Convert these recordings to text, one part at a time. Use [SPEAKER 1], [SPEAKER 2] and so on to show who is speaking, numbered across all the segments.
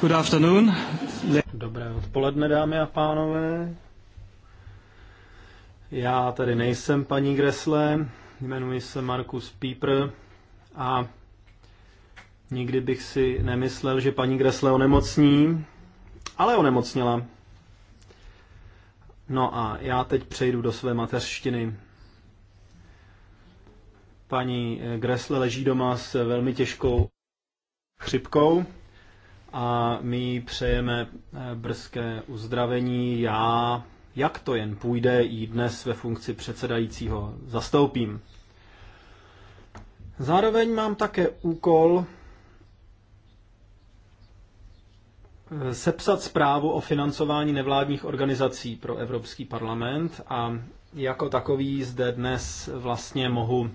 [SPEAKER 1] Good afternoon. Dobré odpoledne, dámy a pánové. Já tady nejsem paní Gresle, jmenuji se Markus Pípr a nikdy bych si nemyslel, že paní Gresle onemocní, ale onemocněla. No a já teď přejdu do své mateřštiny. Paní Gresle leží doma s velmi těžkou chřipkou a my přejeme eh, brzké uzdravení. Já, jak to jen půjde, i dnes ve funkci předsedajícího zastoupím. Zároveň mám také úkol eh, sepsat zprávu o financování nevládních organizací pro Evropský parlament a jako takový zde dnes vlastně mohu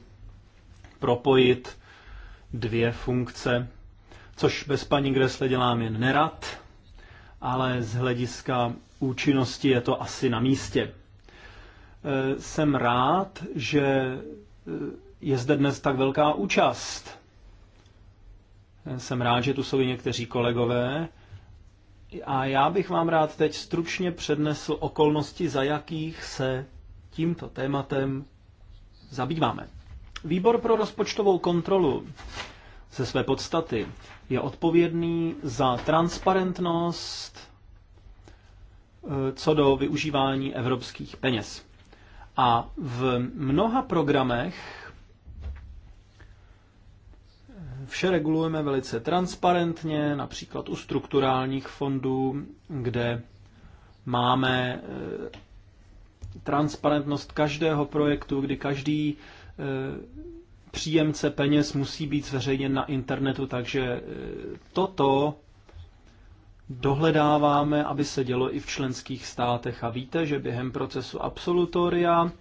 [SPEAKER 1] propojit dvě funkce což bez paní Gressle dělám jen nerad, ale z hlediska účinnosti je to asi na místě. E, jsem rád, že e, je zde dnes tak velká účast. E, jsem rád, že tu jsou i někteří kolegové. A já bych vám rád teď stručně přednesl okolnosti, za jakých se tímto tématem zabýváme. Výbor pro rozpočtovou kontrolu ze své podstaty. Je odpovědný za transparentnost eh, co do využívání evropských peněz. A v mnoha programech eh, vše regulujeme velice transparentně, například u strukturálních fondů, kde máme eh, transparentnost každého projektu, kdy každý příjemce peněz musí být zveřejněn na internetu, takže e, toto dohledáváme, aby se dělo i v členských státech. A víte, že během procesu absolutoria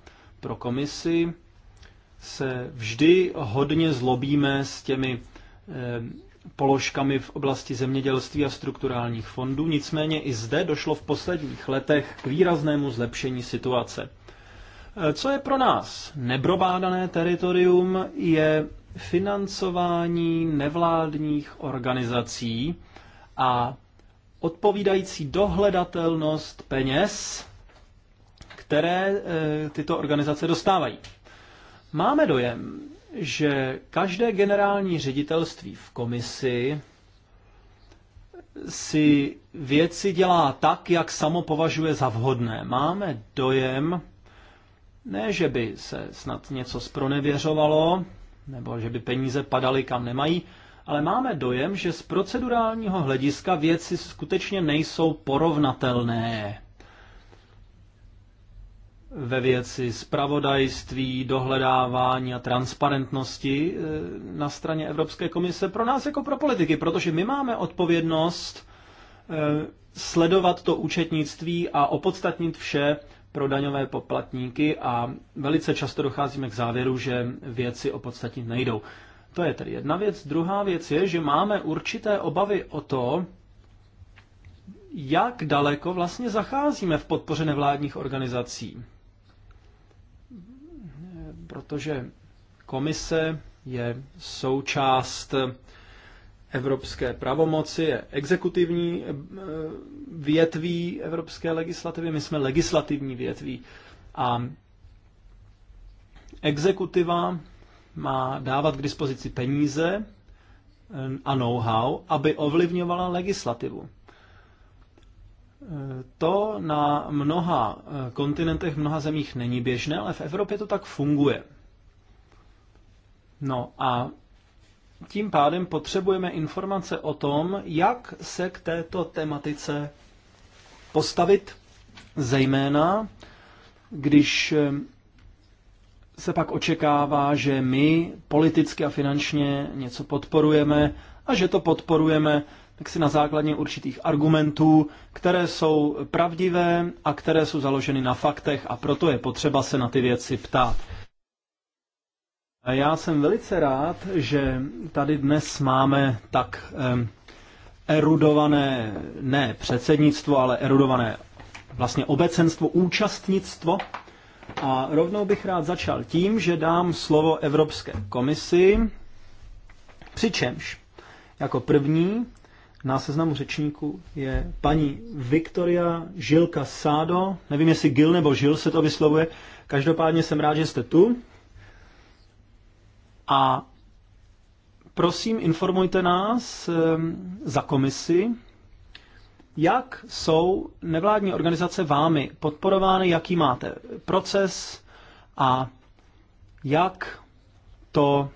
[SPEAKER 1] pro komisi se vždy hodně zlobíme s těmi e, položkami v oblasti zemědělství a strukturálních fondů, nicméně i zde došlo v posledních letech k výraznému zlepšení situace. Co je pro nás neprobádané teritorium, je financování nevládních organizací a odpovídající dohledatelnost peněz, které eh, tyto organizace dostávají. Máme dojem, že každé generální ředitelství v komisi si věci dělá tak, jak samo považuje za vhodné. Máme dojem, ne, že by se snad něco spronevěřovalo, nebo že by peníze padaly kam nemají, ale máme dojem, že z procedurálního hlediska věci skutečně nejsou porovnatelné ve věci spravodajství, dohledávání a transparentnosti eh, na straně Evropské komise pro nás jako pro politiky, protože my máme odpovědnost eh, sledovat to účetnictví a opodstatnit vše pro daňové poplatníky a velice často docházíme k závěru, že věci o podstatě nejdou. To je tedy jedna věc. Druhá věc je, že máme určité obavy o to, jak daleko vlastně zacházíme v podpoře nevládních organizací. Protože komise je součást evropské pravomoci, je exekutivní eh, větví evropské legislativy, my jsme legislativní větví. A exekutiva má dávat k dispozici peníze eh, a know-how, aby ovlivňovala legislativu. Eh, to na mnoha kontinentech, mnoha zemích není běžné, ale v Evropě to tak funguje. No a tím pádem potřebujeme informace o tom, jak se k této tematice postavit, zejména když eh, se pak očekává, že my politicky a finančně něco podporujeme a že to podporujeme tak si na základě určitých argumentů, které jsou pravdivé a které jsou založeny na faktech a proto je potřeba se na ty věci ptát. Já jsem velice rád, že tady dnes máme tak erudované, ne předsednictvo, ale erudované vlastně obecenstvo, účastnictvo. A rovnou bych rád začal tím, že dám slovo Evropské komisi, přičemž jako první na seznamu řečníků je paní Viktoria Žilka Sádo, nevím jestli Gil nebo Žil se to vyslovuje, každopádně jsem rád, že jste tu a prosím, informujte nás ehm, za komisi, jak jsou nevládní organizace vámi podporovány, jaký máte proces a jak to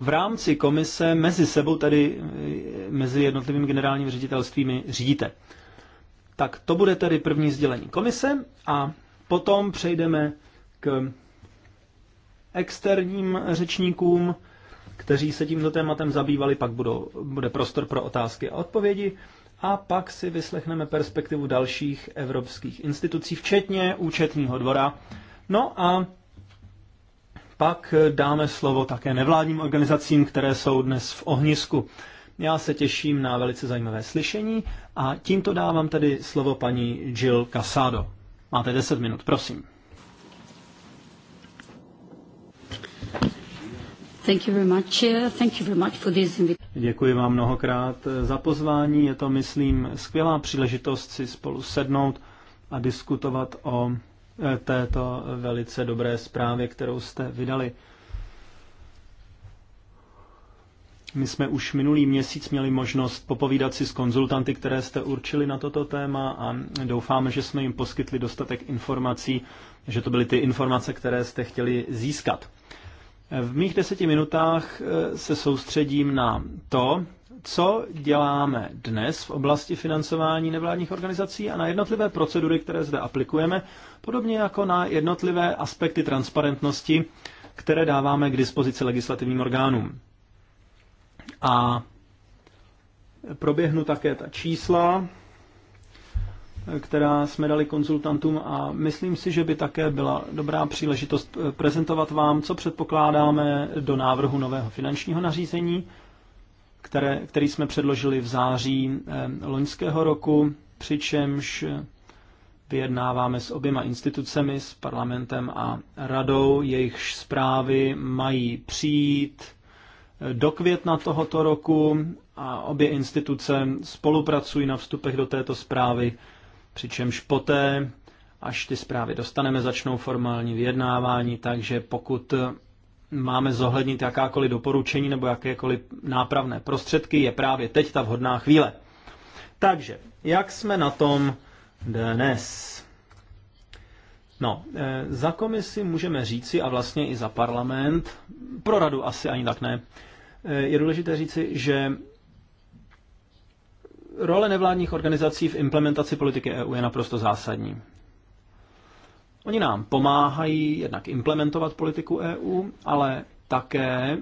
[SPEAKER 1] v rámci komise mezi sebou, tedy eh, mezi jednotlivými generálními ředitelstvími, řídíte. Tak to bude tedy první sdělení komise a potom přejdeme k externím řečníkům, kteří se tímto tématem zabývali, pak budou, bude prostor pro otázky a odpovědi a pak si vyslechneme perspektivu dalších evropských institucí, včetně účetního dvora. No a pak dáme slovo také nevládním organizacím, které jsou dnes v ohnisku. Já se těším na velice zajímavé slyšení a tímto dávám tedy slovo paní Jill Casado. Máte 10 minut, prosím. Děkuji vám mnohokrát eh, za pozvání. Je to, myslím, skvělá příležitost si spolu sednout a diskutovat o eh, této velice dobré zprávě, kterou jste vydali. My jsme už minulý měsíc měli možnost popovídat si s konzultanty, které jste určili na toto téma a doufáme, že jsme jim poskytli dostatek informací, že to byly ty informace, které jste chtěli získat. V mých deseti minutách eh, se soustředím na to, co děláme dnes v oblasti financování nevládních organizací a na jednotlivé procedury, které zde aplikujeme, podobně jako na jednotlivé aspekty transparentnosti, které dáváme k dispozici legislativním orgánům. A proběhnu také ta čísla, která jsme dali konzultantům a myslím si, že by také byla dobrá příležitost eh, prezentovat vám, co předpokládáme do návrhu nového finančního nařízení, které, který jsme předložili v září eh, loňského roku, přičemž eh, vyjednáváme s oběma institucemi, s parlamentem a radou, jejich zprávy mají přijít do května tohoto roku a obě instituce spolupracují na vstupech do této zprávy Přičemž poté, až ty zprávy dostaneme, začnou formální vyjednávání, takže pokud máme zohlednit jakákoliv doporučení nebo jakékoliv nápravné prostředky, je právě teď ta vhodná chvíle. Takže, jak jsme na tom dnes? No, e, za komisi můžeme říci a vlastně i za parlament, pro radu asi ani tak ne, e, je důležité říci, že Role nevládních organizací v implementaci politiky EU je naprosto zásadní. Oni nám pomáhají jednak implementovat politiku EU, ale také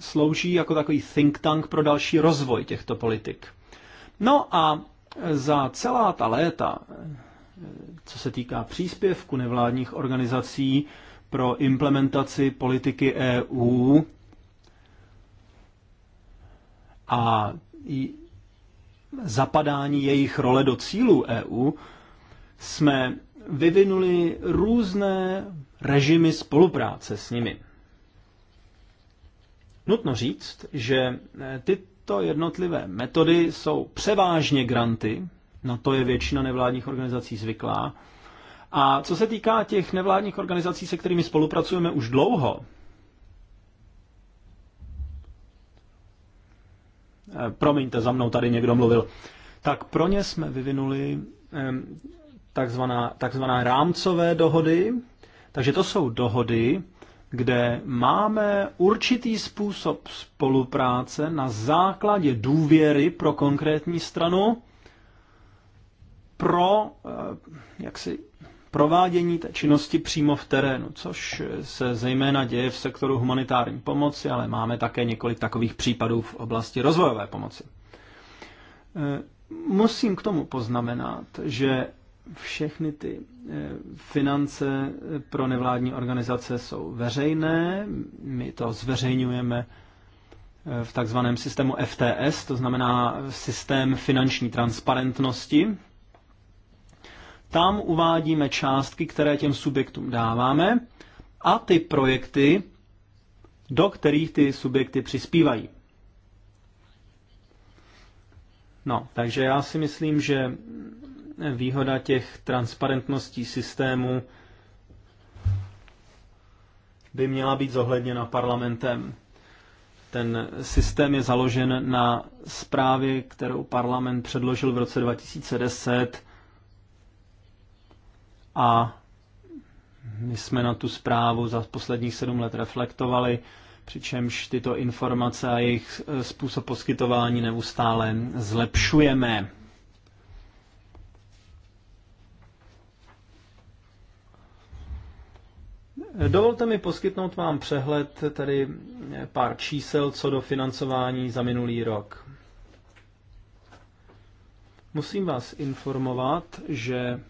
[SPEAKER 1] slouží jako takový think tank pro další rozvoj těchto politik. No a za celá ta léta, co se týká příspěvku nevládních organizací pro implementaci politiky EU a zapadání jejich role do cílů EU, jsme vyvinuli různé režimy spolupráce s nimi. Nutno říct, že e, tyto jednotlivé metody jsou převážně granty, na to je většina nevládních organizací zvyklá. A co se týká těch nevládních organizací, se kterými spolupracujeme už dlouho, Eh, promiňte, za mnou tady někdo mluvil. Tak pro ně jsme vyvinuli takzvaná, takzvaná rámcové dohody. Takže to jsou dohody, kde máme určitý způsob spolupráce na základě důvěry pro konkrétní stranu, pro eh, jaksi provádění té činnosti přímo v terénu, což se zejména děje v sektoru humanitární pomoci, ale máme také několik takových případů v oblasti rozvojové pomoci. E, musím k tomu poznamenat, že všechny ty e, finance pro nevládní organizace jsou veřejné, my to zveřejňujeme e, v takzvaném systému FTS, to znamená systém finanční transparentnosti, tam uvádíme částky, které těm subjektům dáváme a ty projekty, do kterých ty subjekty přispívají. No, takže já si myslím, že výhoda těch transparentností systému by měla být zohledněna parlamentem. Ten systém je založen na zprávě, kterou parlament předložil v roce 2010 a my jsme na tu zprávu za posledních sedm let reflektovali, přičemž tyto informace a jejich eh, způsob poskytování neustále zlepšujeme. Dovolte mi poskytnout vám přehled, tedy eh, pár čísel co do financování za minulý rok. Musím vás informovat, že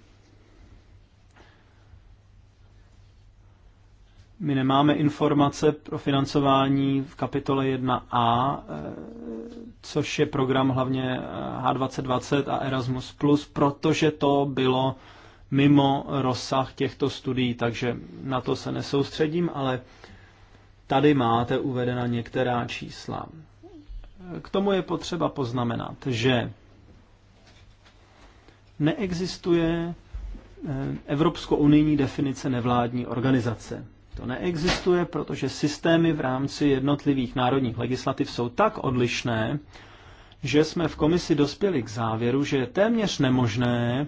[SPEAKER 1] My nemáme informace pro financování v kapitole 1a, eh, což je program hlavně H2020 eh, a Erasmus+, protože to bylo mimo rozsah těchto studií, takže na to se nesoustředím, ale tady máte uvedena některá čísla. K tomu je potřeba poznamenat, že neexistuje eh, evropsko-unijní definice nevládní organizace. To neexistuje, protože systémy v rámci jednotlivých národních legislativ jsou tak odlišné, že jsme v komisi dospěli k závěru, že je téměř nemožné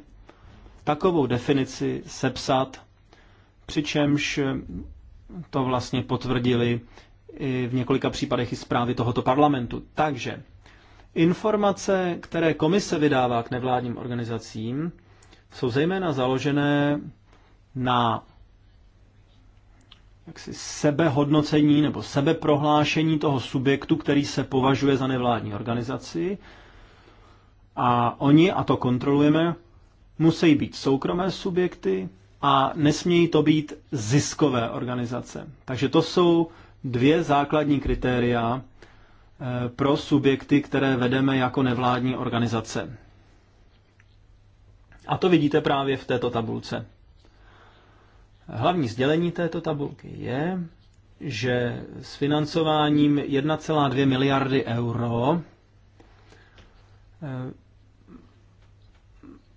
[SPEAKER 1] takovou definici sepsat, přičemž to vlastně potvrdili i v několika případech i zprávy tohoto parlamentu. Takže informace, které komise vydává k nevládním organizacím, jsou zejména založené na jaksi sebehodnocení nebo sebeprohlášení toho subjektu, který se považuje za nevládní organizaci. A oni, a to kontrolujeme, musí být soukromé subjekty a nesmějí to být ziskové organizace. Takže to jsou dvě základní kritéria eh, pro subjekty, které vedeme jako nevládní organizace. A to vidíte právě v této tabulce. Hlavní sdělení této tabulky je, že s financováním 1,2 miliardy euro eh,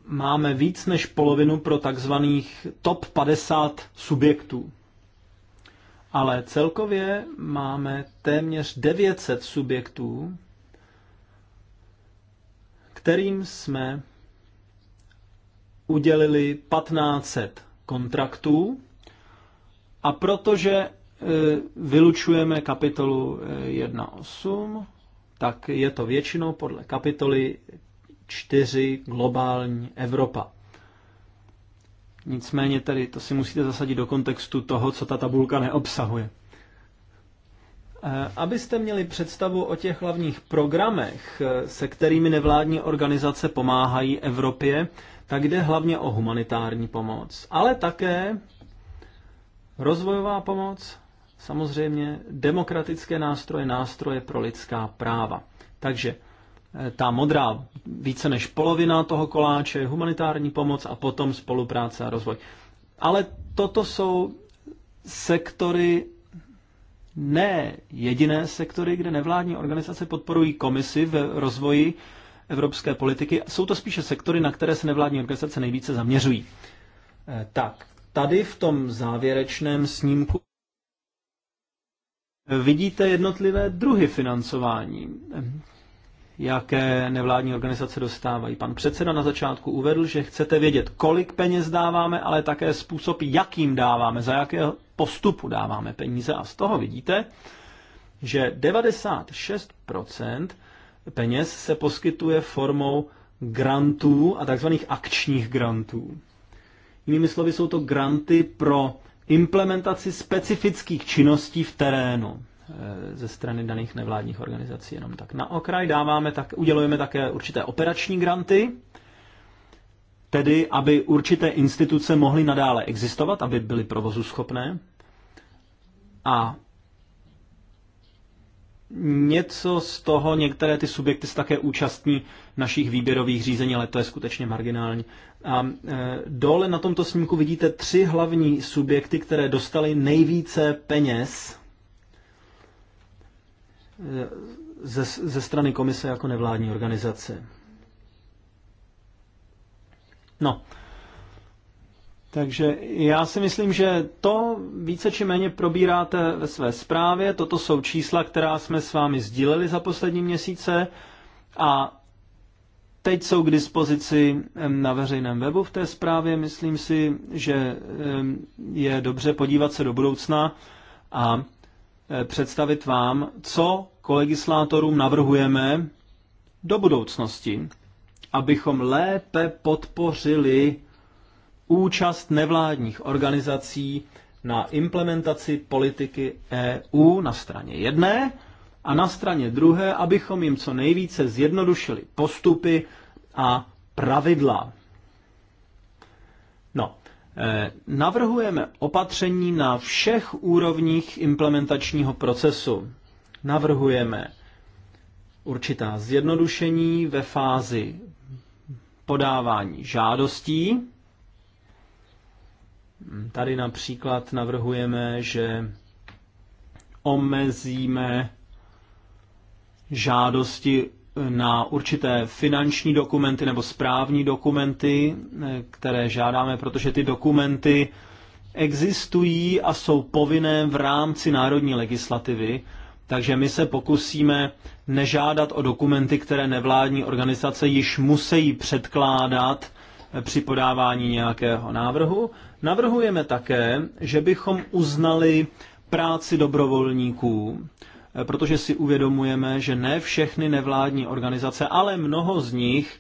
[SPEAKER 1] máme víc než polovinu pro takzvaných top 50 subjektů. Ale celkově máme téměř 900 subjektů, kterým jsme udělili 1500 kontraktů a protože e, vylučujeme kapitolu 1.8, e, tak je to většinou podle kapitoly 4 globální Evropa. Nicméně tady to si musíte zasadit do kontextu toho, co ta tabulka neobsahuje. E, abyste měli představu o těch hlavních programech, se kterými nevládní organizace pomáhají Evropě, tak jde hlavně o humanitární pomoc, ale také rozvojová pomoc, samozřejmě demokratické nástroje, nástroje pro lidská práva. Takže eh, ta modrá více než polovina toho koláče je humanitární pomoc a potom spolupráce a rozvoj. Ale toto jsou sektory, ne jediné sektory, kde nevládní organizace podporují komisi v rozvoji evropské politiky. Jsou to spíše sektory, na které se nevládní organizace nejvíce zaměřují. Eh, tak, tady v tom závěrečném snímku vidíte jednotlivé druhy financování, eh, jaké nevládní organizace dostávají. Pan předseda na začátku uvedl, že chcete vědět, kolik peněz dáváme, ale také způsob, jakým dáváme, za jakého postupu dáváme peníze. A z toho vidíte, že 96% peněz se poskytuje formou grantů a tzv. akčních grantů. Jinými slovy jsou to granty pro implementaci specifických činností v terénu eh, ze strany daných nevládních organizací. Jenom tak na okraj dáváme tak, udělujeme také určité operační granty, tedy aby určité instituce mohly nadále existovat, aby byly provozu schopné A něco z toho, některé ty subjekty se také účastní našich výběrových řízení, ale to je skutečně marginální. A e, dole na tomto snímku vidíte tři hlavní subjekty, které dostaly nejvíce peněz e, ze, ze strany komise jako nevládní organizace. No, takže já si myslím, že to více či méně probíráte ve své zprávě. Toto jsou čísla, která jsme s vámi sdíleli za poslední měsíce a teď jsou k dispozici na veřejném webu v té zprávě. Myslím si, že je dobře podívat se do budoucna a e, představit vám, co kolegislátorům navrhujeme do budoucnosti, abychom lépe podpořili účast nevládních organizací na implementaci politiky EU na straně jedné a na straně druhé, abychom jim co nejvíce zjednodušili postupy a pravidla. No, eh, navrhujeme opatření na všech úrovních implementačního procesu. Navrhujeme určitá zjednodušení ve fázi podávání žádostí, Tady například navrhujeme, že omezíme žádosti na určité finanční dokumenty nebo správní dokumenty, eh, které žádáme, protože ty dokumenty existují a jsou povinné v rámci národní legislativy, takže my se pokusíme nežádat o dokumenty, které nevládní organizace již musí předkládat eh, při podávání nějakého návrhu, Navrhujeme také, že bychom uznali práci dobrovolníků, protože si uvědomujeme, že ne všechny nevládní organizace, ale mnoho z nich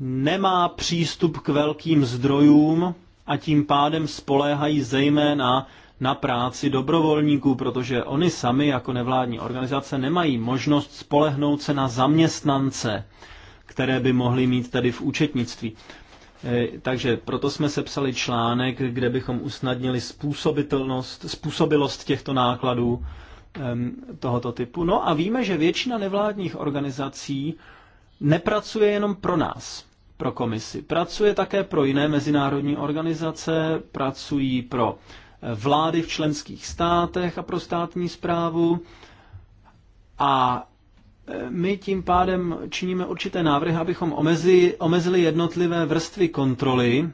[SPEAKER 1] nemá přístup k velkým zdrojům a tím pádem spoléhají zejména na práci dobrovolníků, protože oni sami jako nevládní organizace nemají možnost spolehnout se na zaměstnance, které by mohly mít tady v účetnictví. E, takže proto jsme sepsali článek, kde bychom usnadnili způsobitelnost, způsobilost těchto nákladů tohoto typu. No a víme, že většina nevládních organizací nepracuje jenom pro nás, pro komisi. Pracuje také pro jiné mezinárodní organizace, pracují pro e, vlády v členských státech a pro státní zprávu. A my tím pádem činíme určité návrhy, abychom omezi, omezili jednotlivé vrstvy kontroly,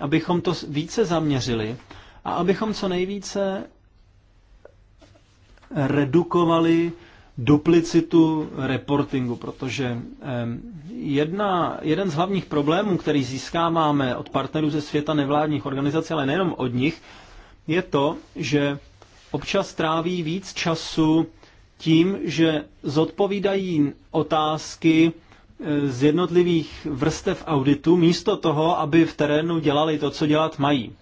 [SPEAKER 1] abychom to více zaměřili a abychom co nejvíce redukovali duplicitu reportingu, protože jedna, jeden z hlavních problémů, který získáváme od partnerů ze světa nevládních organizací, ale nejenom od nich, je to, že občas tráví víc času tím, že zodpovídají otázky e, z jednotlivých vrstev auditu, místo toho, aby v terénu dělali to, co dělat mají.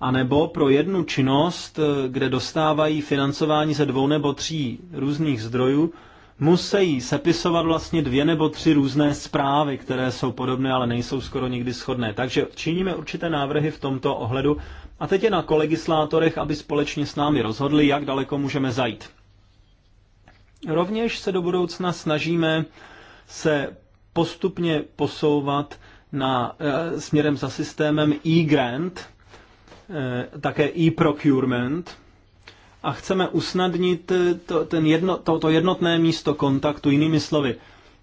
[SPEAKER 1] A nebo pro jednu činnost, e, kde dostávají financování ze dvou nebo tří různých zdrojů, musí sepisovat vlastně dvě nebo tři různé zprávy, které jsou podobné, ale nejsou skoro nikdy shodné. Takže činíme určité návrhy v tomto ohledu a teď je na kolegislátorech, aby společně s námi rozhodli, jak daleko můžeme zajít. Rovněž se do budoucna snažíme se postupně posouvat na, e, směrem za systémem e-grant, e, také e-procurement, a chceme usnadnit eh, to, ten jedno, to, to jednotné místo kontaktu, jinými slovy,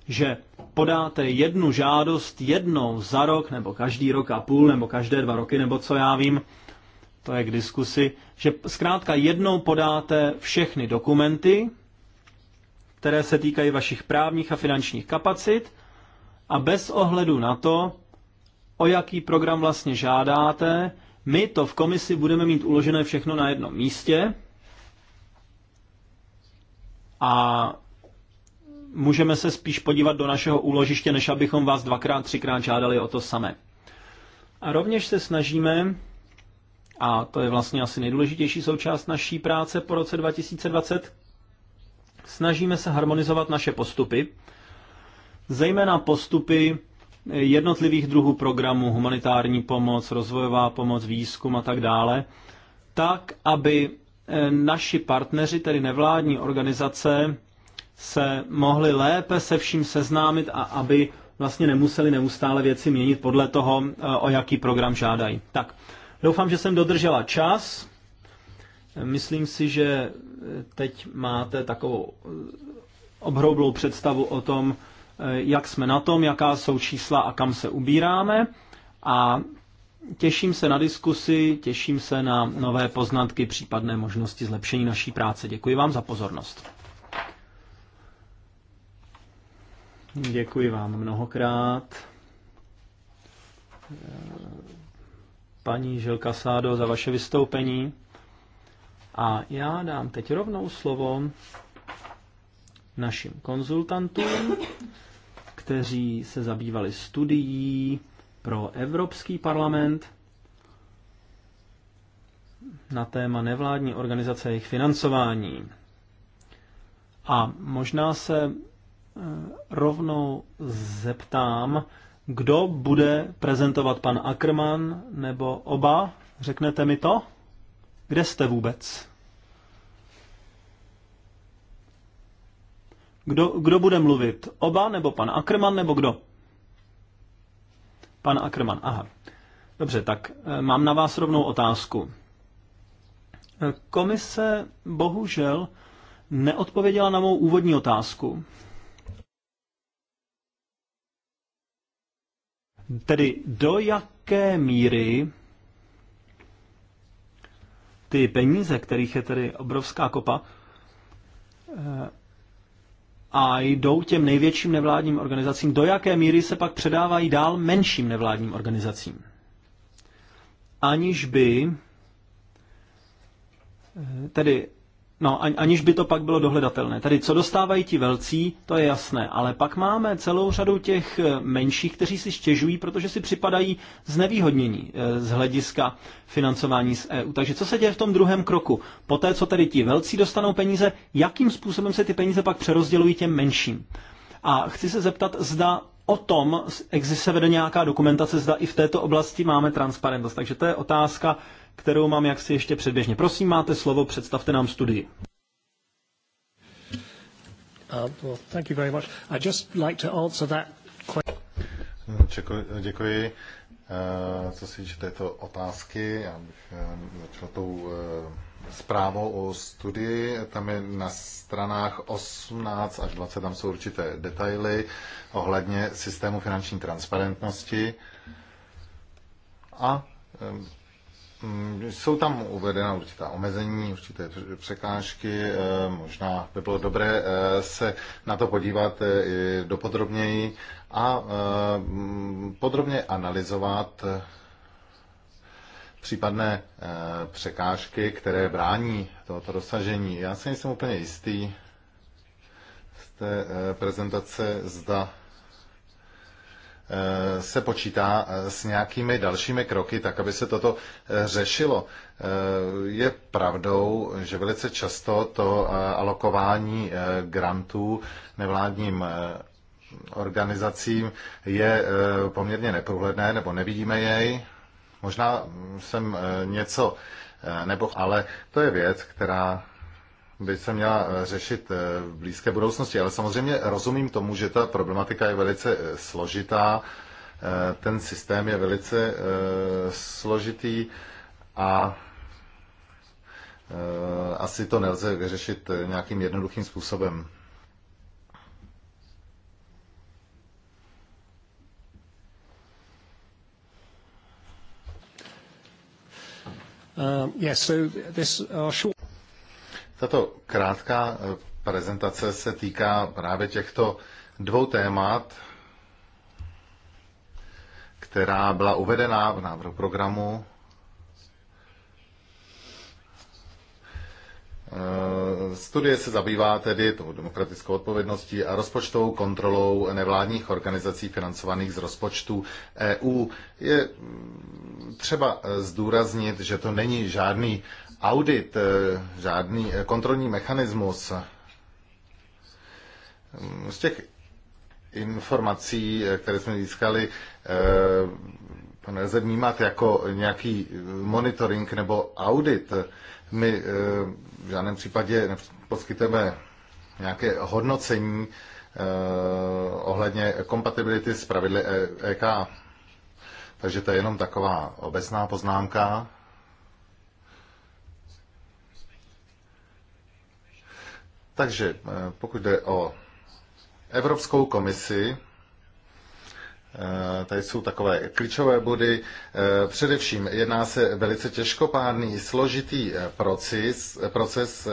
[SPEAKER 1] že podáte jednu žádost jednou za rok, nebo každý rok a půl, nebo každé dva roky, nebo co já vím, to je k diskusi, že zkrátka jednou podáte všechny dokumenty, které se týkají vašich právních a finančních kapacit a bez ohledu na to, o jaký program vlastně žádáte, my to v komisi budeme mít uložené všechno na jednom místě a můžeme se spíš podívat do našeho úložiště, než abychom vás dvakrát, třikrát žádali o to samé. A rovněž se snažíme, a to je vlastně asi nejdůležitější součást naší práce po roce 2020, Snažíme se harmonizovat naše postupy, zejména postupy jednotlivých druhů programů, humanitární pomoc, rozvojová pomoc, výzkum a tak dále, tak, aby eh, naši partneři, tedy nevládní organizace, se mohli lépe se vším seznámit a aby vlastně nemuseli neustále věci měnit podle toho, eh, o jaký program žádají. Tak, doufám, že jsem dodržela čas. Myslím si, že teď máte takovou obhroublou představu o tom, jak jsme na tom, jaká jsou čísla a kam se ubíráme. A těším se na diskusi, těším se na nové poznatky, případné možnosti zlepšení naší práce. Děkuji vám za pozornost. Děkuji vám mnohokrát. Paní Žilka Sádo za vaše vystoupení. A já dám teď rovnou slovo našim konzultantům, kteří se zabývali studií pro Evropský parlament na téma nevládní organizace a jejich financování. A možná se eh, rovnou zeptám, kdo bude prezentovat pan Ackerman nebo oba? Řeknete mi to? Kde jste vůbec? Kdo, kdo bude mluvit? Oba nebo pan Ackerman nebo kdo? Pan Ackerman, aha. Dobře, tak eh, mám na vás rovnou otázku. Eh, komise bohužel neodpověděla na mou úvodní otázku. Tedy do jaké míry ty peníze, kterých je tedy obrovská kopa, eh, a jdou těm největším nevládním organizacím, do jaké míry se pak předávají dál menším nevládním organizacím. Aniž by eh, tedy No, aniž by to pak bylo dohledatelné. Tedy co dostávají ti velcí, to je jasné, ale pak máme celou řadu těch eh, menších, kteří si stěžují, protože si připadají znevýhodnění eh, z hlediska financování z EU. Takže co se děje v tom druhém kroku? Poté, co tedy ti velcí dostanou peníze, jakým způsobem se ty peníze pak přerozdělují těm menším? A chci se zeptat, zda o tom existuje vede nějaká dokumentace, zda i v této oblasti máme transparentnost. Takže to je otázka kterou mám jaksi ještě předběžně. Prosím, máte slovo, představte nám studii. Uh,
[SPEAKER 2] mm, děkuji. Uh, co se týče této otázky, já bych um, začal tou uh, zprávou o studii. Tam je na stranách 18 až 20, tam jsou určité detaily ohledně systému finanční transparentnosti. A um, Mm, jsou tam uvedena určitá omezení, určité překážky. Eh, možná by bylo dobré eh, se na to podívat eh, i dopodrobněji a podrobně analyzovat případné překážky, které brání tohoto dosažení. Já si nejsem úplně jistý z té prezentace, zda Eh, se počítá eh, s nějakými dalšími kroky, tak aby se toto eh, řešilo. Je pravdou, že velice často to alokování grantů nevládním organizacím je poměrně neprůhledné, nebo nevidíme jej. Možná mm, jsem něco nebo, ale to je věc, která by se měla eh, řešit eh, v blízké budoucnosti. Ale samozřejmě rozumím tomu, že ta problematika je velice eh, složitá, ten systém je velice složitý a asi to nelze vyřešit nějakým jednoduchým způsobem.
[SPEAKER 1] Uh, yes, so this, uh, short...
[SPEAKER 2] Tato krátká eh, prezentace se týká právě těchto dvou témat, která byla uvedena v návrhu programu. Eh, studie se zabývá tedy tou demokratickou odpovědností a rozpočtovou kontrolou nevládních organizací financovaných z rozpočtu EU. Je mm, třeba eh, zdůraznit, že to není žádný audit, eh, žádný eh, kontrolní mechanismus. Mm, z těch informací, eh, které jsme získali, nelze vnímat jako nějaký monitoring nebo audit. My v žádném případě poskytujeme nějaké hodnocení ohledně kompatibility s pravidly EK. E Takže to je jenom taková obecná poznámka. Takže eh, pokud jde o Evropskou komisi, eh, Tady jsou takové klíčové body. Eh, především jedná se velice těžkopádný, složitý proces, proces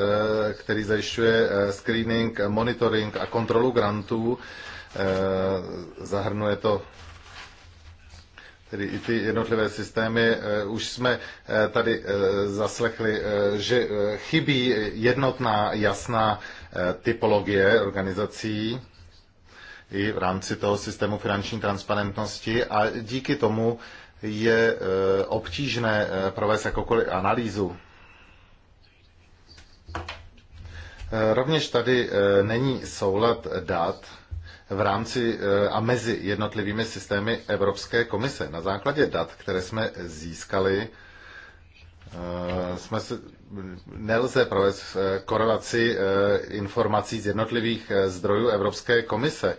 [SPEAKER 2] který zajišťuje screening, monitoring a kontrolu grantů. Zahrnuje to tedy i ty jednotlivé systémy. Už jsme tady zaslechli, že chybí jednotná, jasná Eh, typologie organizací i v rámci toho systému finanční transparentnosti a díky tomu je eh, obtížné eh, provést jakoukoliv analýzu. Rovněž tady není soulad dat v rámci a mezi jednotlivými systémy Evropské komise. Na základě dat, které jsme získali, Eh, jsme se, nelze provést eh, korelaci eh, informací z jednotlivých zdrojů Evropské komise.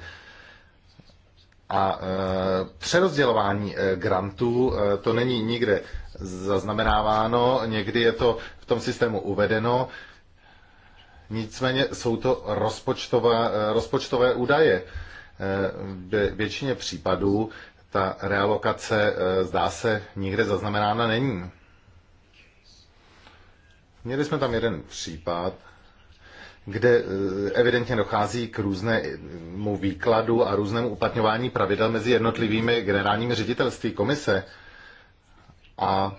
[SPEAKER 2] A přerozdělování grantů to není nikde zaznamenáváno, někdy je to v tom systému uvedeno, nicméně jsou to rozpočtové, rozpočtové údaje. V většině případů ta realokace zdá se nikde zaznamenána není. Měli jsme tam jeden případ, kde eh, evidentně dochází k různému výkladu a různému uplatňování pravidel mezi jednotlivými generálními ředitelství komise. A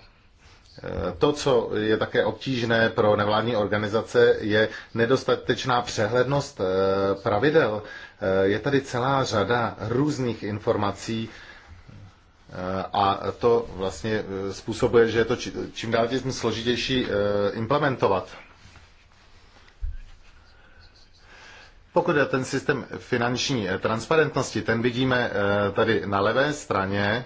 [SPEAKER 2] eh, to, co je také obtížné pro nevládní organizace, je nedostatečná přehlednost eh, pravidel. Je tady celá řada různých informací, Eh, a to vlastně eh, způsobuje, že je to čím dál tím složitější eh, implementovat. Pokud je ten systém finanční transparentnosti, ten vidíme tady na levé straně,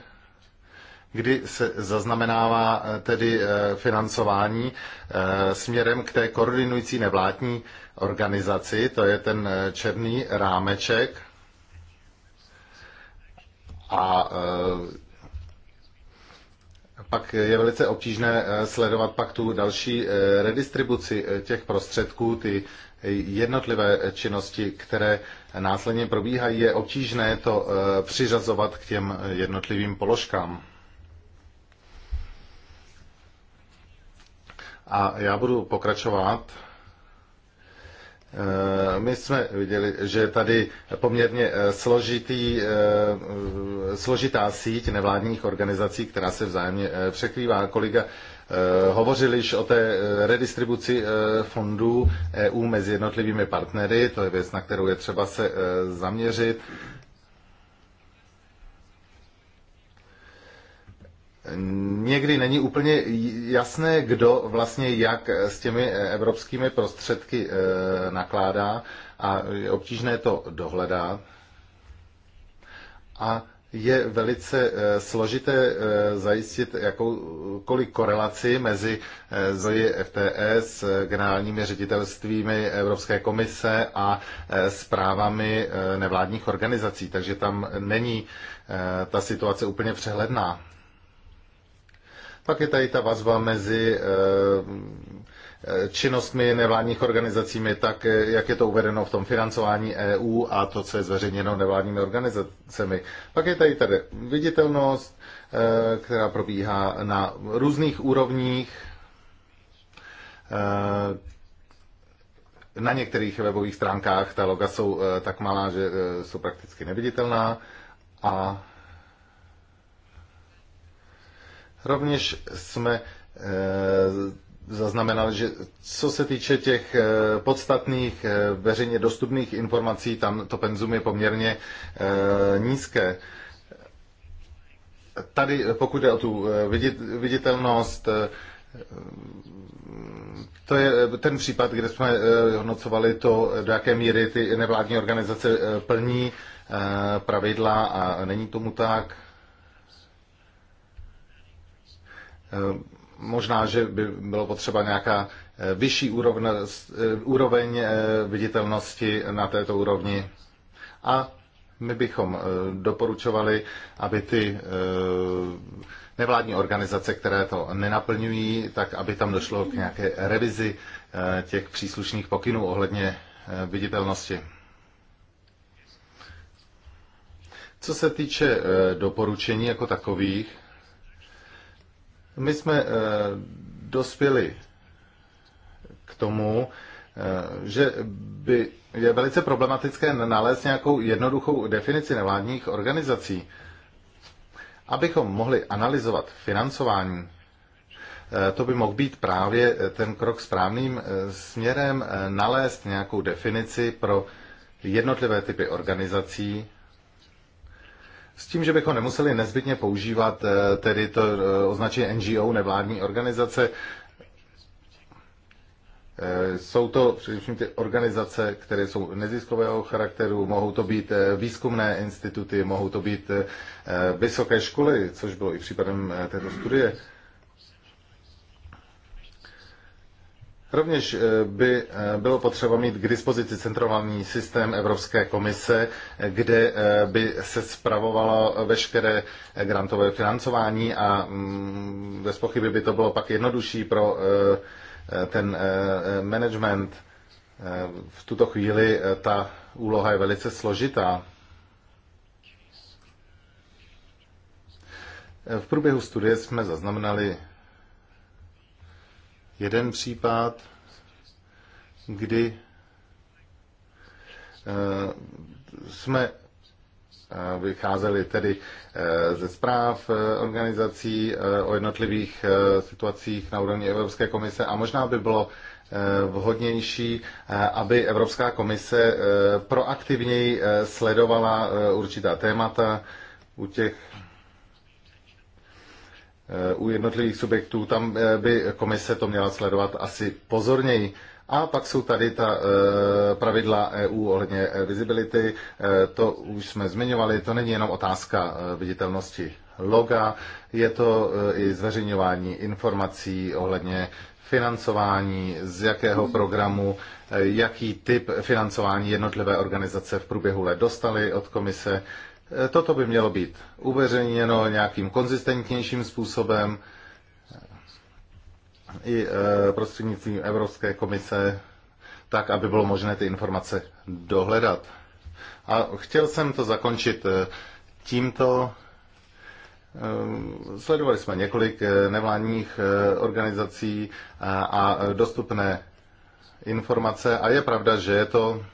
[SPEAKER 2] kdy se zaznamenává tedy financování směrem k té koordinující nevládní organizaci, to je ten černý rámeček. A pak je velice obtížné eh, sledovat pak tu další eh, redistribuci eh, těch prostředků, ty jednotlivé činnosti, které následně probíhají, je obtížné to přiřazovat k těm jednotlivým položkám. A já budu pokračovat. Eh, my jsme viděli, že je tady poměrně eh, složitý, eh, složitá síť nevládních organizací, která se vzájemně překrývá. Kolega hovořil již o té redistribuci fondů EU mezi jednotlivými partnery, to je věc, na kterou je třeba se zaměřit. někdy není úplně jasné, kdo vlastně jak s těmi eh, evropskými prostředky eh, nakládá a je obtížné to dohledat. A je velice eh, složité zajistit jakoukoliv korelaci mezi ZOI FTS, generálními ředitelstvími Evropské komise a zprávami nevládních organizací, takže tam není ta situace úplně přehledná. Pak je tady ta vazba mezi eh, eh, činnostmi nevládních organizacími, tak eh, jak je to uvedeno v tom financování EU a to, co je zveřejněno nevládními organizacemi. Pak je tady tady viditelnost, která probíhá na různých úrovních, na některých webových stránkách ta loga jsou tak malá, že jsou prakticky neviditelná a Rovněž jsme eh, zaznamenali, že co se týče těch eh, podstatných eh, veřejně dostupných informací, tam to penzum je poměrně nízké. Tady, pokud jde o tu viditelnost, to je ten případ, kde jsme hodnocovali to, do jaké míry ty nevládní organizace plní pravidla a není tomu tak. Eh, možná, že by bylo potřeba nějaká eh, vyšší úrovne, eh, úroveň viditelnosti na této úrovni. A my bychom doporučovali, aby ty nevládní organizace, které to nenaplňují, tak aby tam došlo k nějaké revizi těch příslušných pokynů ohledně viditelnosti. Co se týče doporučení jako takových, my jsme eh, dospěli k tomu, eh, že by je velice problematické nalézt nějakou jednoduchou definici nevládních organizací. Abychom mohli analyzovat financování, eh, to by mohl být právě ten krok správným směrem nalézt nějakou definici pro jednotlivé typy organizací s tím, že bychom nemuseli nezbytně používat eh, tedy to eh, označení NGO, nevládní organizace. Eh, jsou to především ty organizace, které jsou neziskového charakteru, mohou to být výzkumné instituty, mohou to být vysoké školy, což bylo i případem této studie. Rovněž eh, by eh, bylo potřeba mít k dispozici centrovaný systém Evropské komise, eh, kde by se spravovalo veškeré grantové financování a mm, bez pochyby by to bylo pak jednodušší pro ten management. V tuto chvíli ta úloha je velice složitá. V průběhu studie jsme zaznamenali jeden případ, kdy eh, jsme eh, vycházeli tedy eh, ze zpráv organizací o jednotlivých situacích na úrovni Evropské komise a možná by bylo vhodnější, aby Evropská komise proaktivněji sledovala určitá témata u těch Eh, u jednotlivých subjektů, tam eh, by komise to měla sledovat asi pozorněji. A pak jsou tady ta eh, pravidla EU ohledně visibility, to už jsme zmiňovali, to není jenom otázka viditelnosti loga, je to i zveřejňování informací ohledně financování, z jakého programu, jaký typ financování jednotlivé organizace v průběhu let dostaly od komise, Eh, toto by mělo být uveřejněno nějakým konzistentnějším způsobem eh, i eh, prostřednictvím Evropské komise, tak, aby bylo možné ty informace dohledat. A chtěl jsem to zakončit tímto. Sledovali jsme několik nevládních organizací a dostupné informace a je pravda, že je to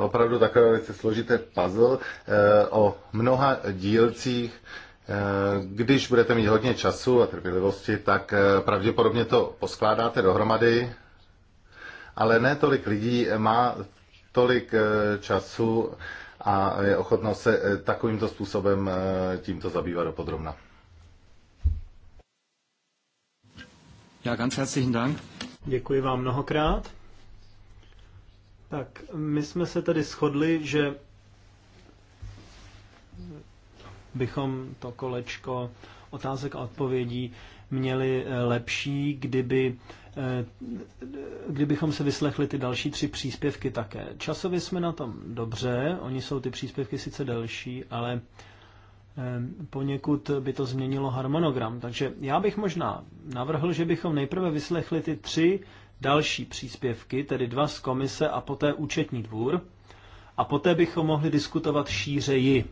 [SPEAKER 2] opravdu takové velice složité puzzle eh, o mnoha dílcích. Eh, když budete mít hodně času a trpělivosti, tak eh, pravděpodobně to poskládáte dohromady, ale ne tolik lidí má tolik času a je ochotno se takovýmto způsobem tímto zabývat dopodrobna.
[SPEAKER 1] Ja, ganz herzlichen Dank. Děkuji vám mnohokrát. Tak, my jsme se tedy shodli, že bychom to kolečko otázek a odpovědí měli eh, lepší, kdyby, eh, kdybychom se vyslechli ty další tři příspěvky také. Časově jsme na tom dobře, oni jsou ty příspěvky sice delší, ale eh, poněkud by to změnilo harmonogram. Takže já bych možná navrhl, že bychom nejprve vyslechli ty tři další příspěvky, tedy dva z komise a poté účetní dvůr. A poté bychom mohli diskutovat šířeji.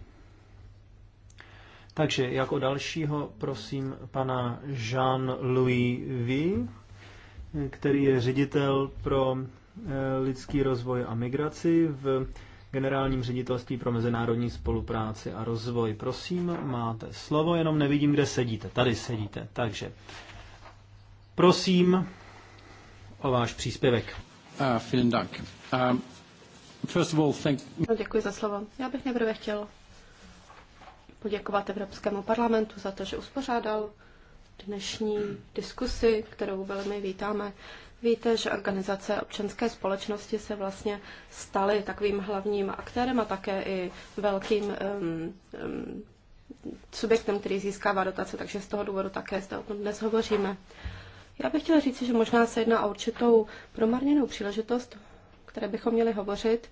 [SPEAKER 1] Takže jako dalšího prosím pana Jean-Louis V, který je ředitel pro eh, lidský rozvoj a migraci v generálním ředitelství pro mezinárodní spolupráci a rozvoj. Prosím, máte slovo, jenom nevidím, kde sedíte. Tady sedíte. Takže prosím, o váš příspěvek. Uh, um,
[SPEAKER 3] no, děkuji za slovo. Já bych nejprve chtěl poděkovat Evropskému parlamentu za to, že uspořádal dnešní diskusi, kterou velmi vítáme. Víte, že organizace občanské společnosti se vlastně staly takovým hlavním aktérem a také i velkým um, um, subjektem, který získává dotace, takže z toho důvodu také zde o tom dnes hovoříme. Já bych chtěla říct, že možná se jedná o určitou promarněnou příležitost, které bychom měli hovořit.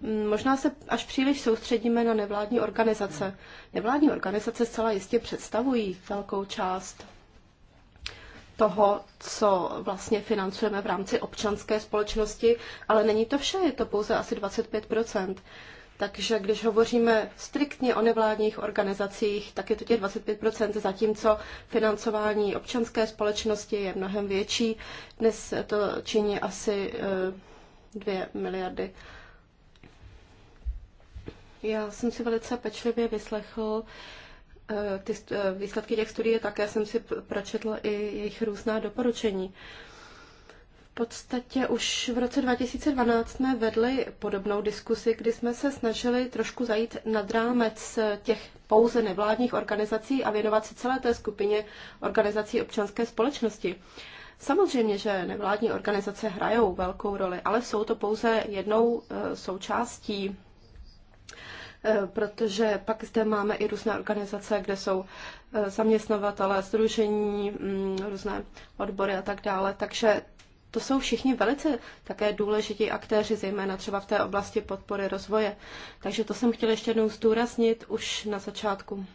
[SPEAKER 3] Mm, možná se až příliš soustředíme na nevládní organizace. Nevládní organizace zcela jistě představují velkou část toho, co vlastně financujeme v rámci občanské společnosti, ale není to vše, je to pouze asi 25 takže když hovoříme striktně o nevládních organizacích, tak je to těch 25 zatímco financování občanské společnosti je mnohem větší. Dnes to činí asi 2 eh, miliardy. Já jsem si velice pečlivě vyslechl eh, ty eh, výsledky těch studií, také jsem si pročetl i jejich různá doporučení podstatě už v roce 2012 jsme vedli podobnou diskusi, kdy jsme se snažili trošku zajít nad rámec těch pouze nevládních organizací a věnovat se celé té skupině organizací občanské společnosti. Samozřejmě, že nevládní organizace hrajou velkou roli, ale jsou to pouze jednou eh, součástí eh, protože pak zde máme i různé organizace, kde jsou eh, zaměstnavatele, združení, mm, různé odbory a tak dále. Takže to jsou všichni velice také důležití aktéři, zejména třeba v té oblasti podpory rozvoje. Takže to jsem chtěla ještě jednou zdůraznit už na začátku.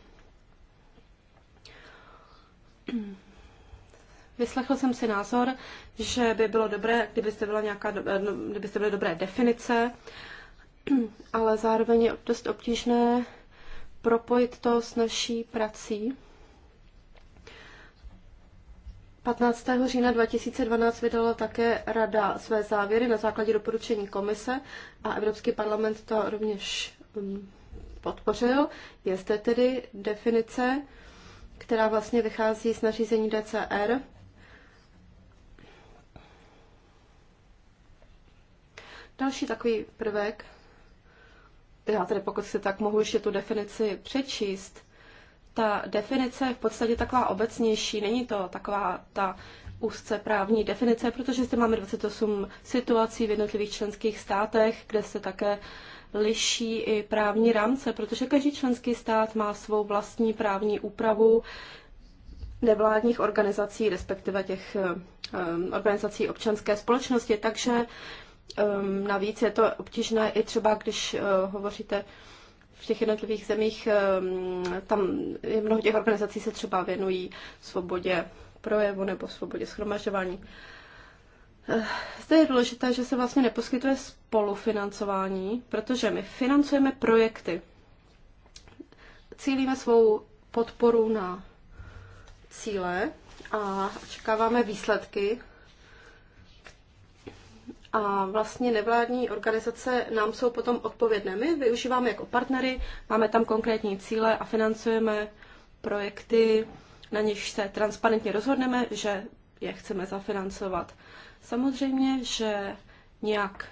[SPEAKER 3] Vyslechl jsem si názor, že by bylo dobré, kdybyste, byla nějaká, no, kdybyste byly dobré definice, ale zároveň je dost obtížné propojit to s naší prací. 15. října 2012 vydala také Rada své závěry na základě doporučení komise a Evropský parlament to rovněž um, podpořil. Je zde tedy definice, která vlastně vychází z nařízení DCR. Další takový prvek, já tedy pokud si tak mohu ještě tu definici přečíst, ta definice je v podstatě taková obecnější, není to taková ta úzce právní definice, protože zde máme 28 situací v jednotlivých členských státech, kde se také liší i právní rámce, protože každý členský stát má svou vlastní právní úpravu nevládních organizací, respektive těch um, organizací občanské společnosti. Takže um, navíc je to obtížné i třeba, když uh, hovoříte v těch jednotlivých zemích, ehm, tam je mnoho těch organizací se třeba věnují svobodě projevu nebo svobodě schromažďování. Eh, zde je důležité, že se vlastně neposkytuje spolufinancování, protože my financujeme projekty. Cílíme svou podporu na cíle a očekáváme výsledky a vlastně nevládní organizace nám jsou potom odpovědné. My využíváme jako partnery, máme tam konkrétní cíle a financujeme projekty, na něž se transparentně rozhodneme, že je chceme zafinancovat. Samozřejmě, že nějak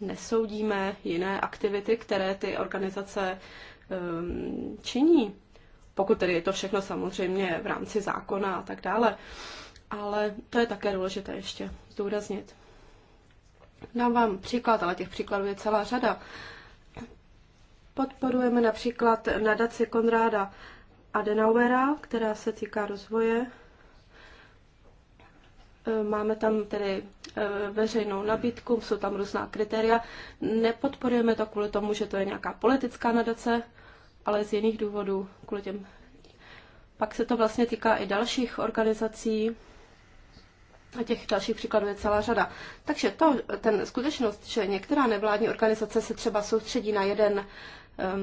[SPEAKER 3] nesoudíme jiné aktivity, které ty organizace um, činí. Pokud tedy je to všechno samozřejmě v rámci zákona a tak dále. Ale to je také důležité ještě zdůraznit. Dám vám příklad, ale těch příkladů je celá řada. Podporujeme například nadaci Konráda Adenauera, která se týká rozvoje. E, máme tam tedy e, veřejnou nabídku, jsou tam různá kritéria. Nepodporujeme to kvůli tomu, že to je nějaká politická nadace, ale z jiných důvodů, kvůli těm. Pak se to vlastně týká i dalších organizací, a těch dalších příkladů je celá řada. Takže to, ten skutečnost, že některá nevládní organizace se třeba soustředí na jeden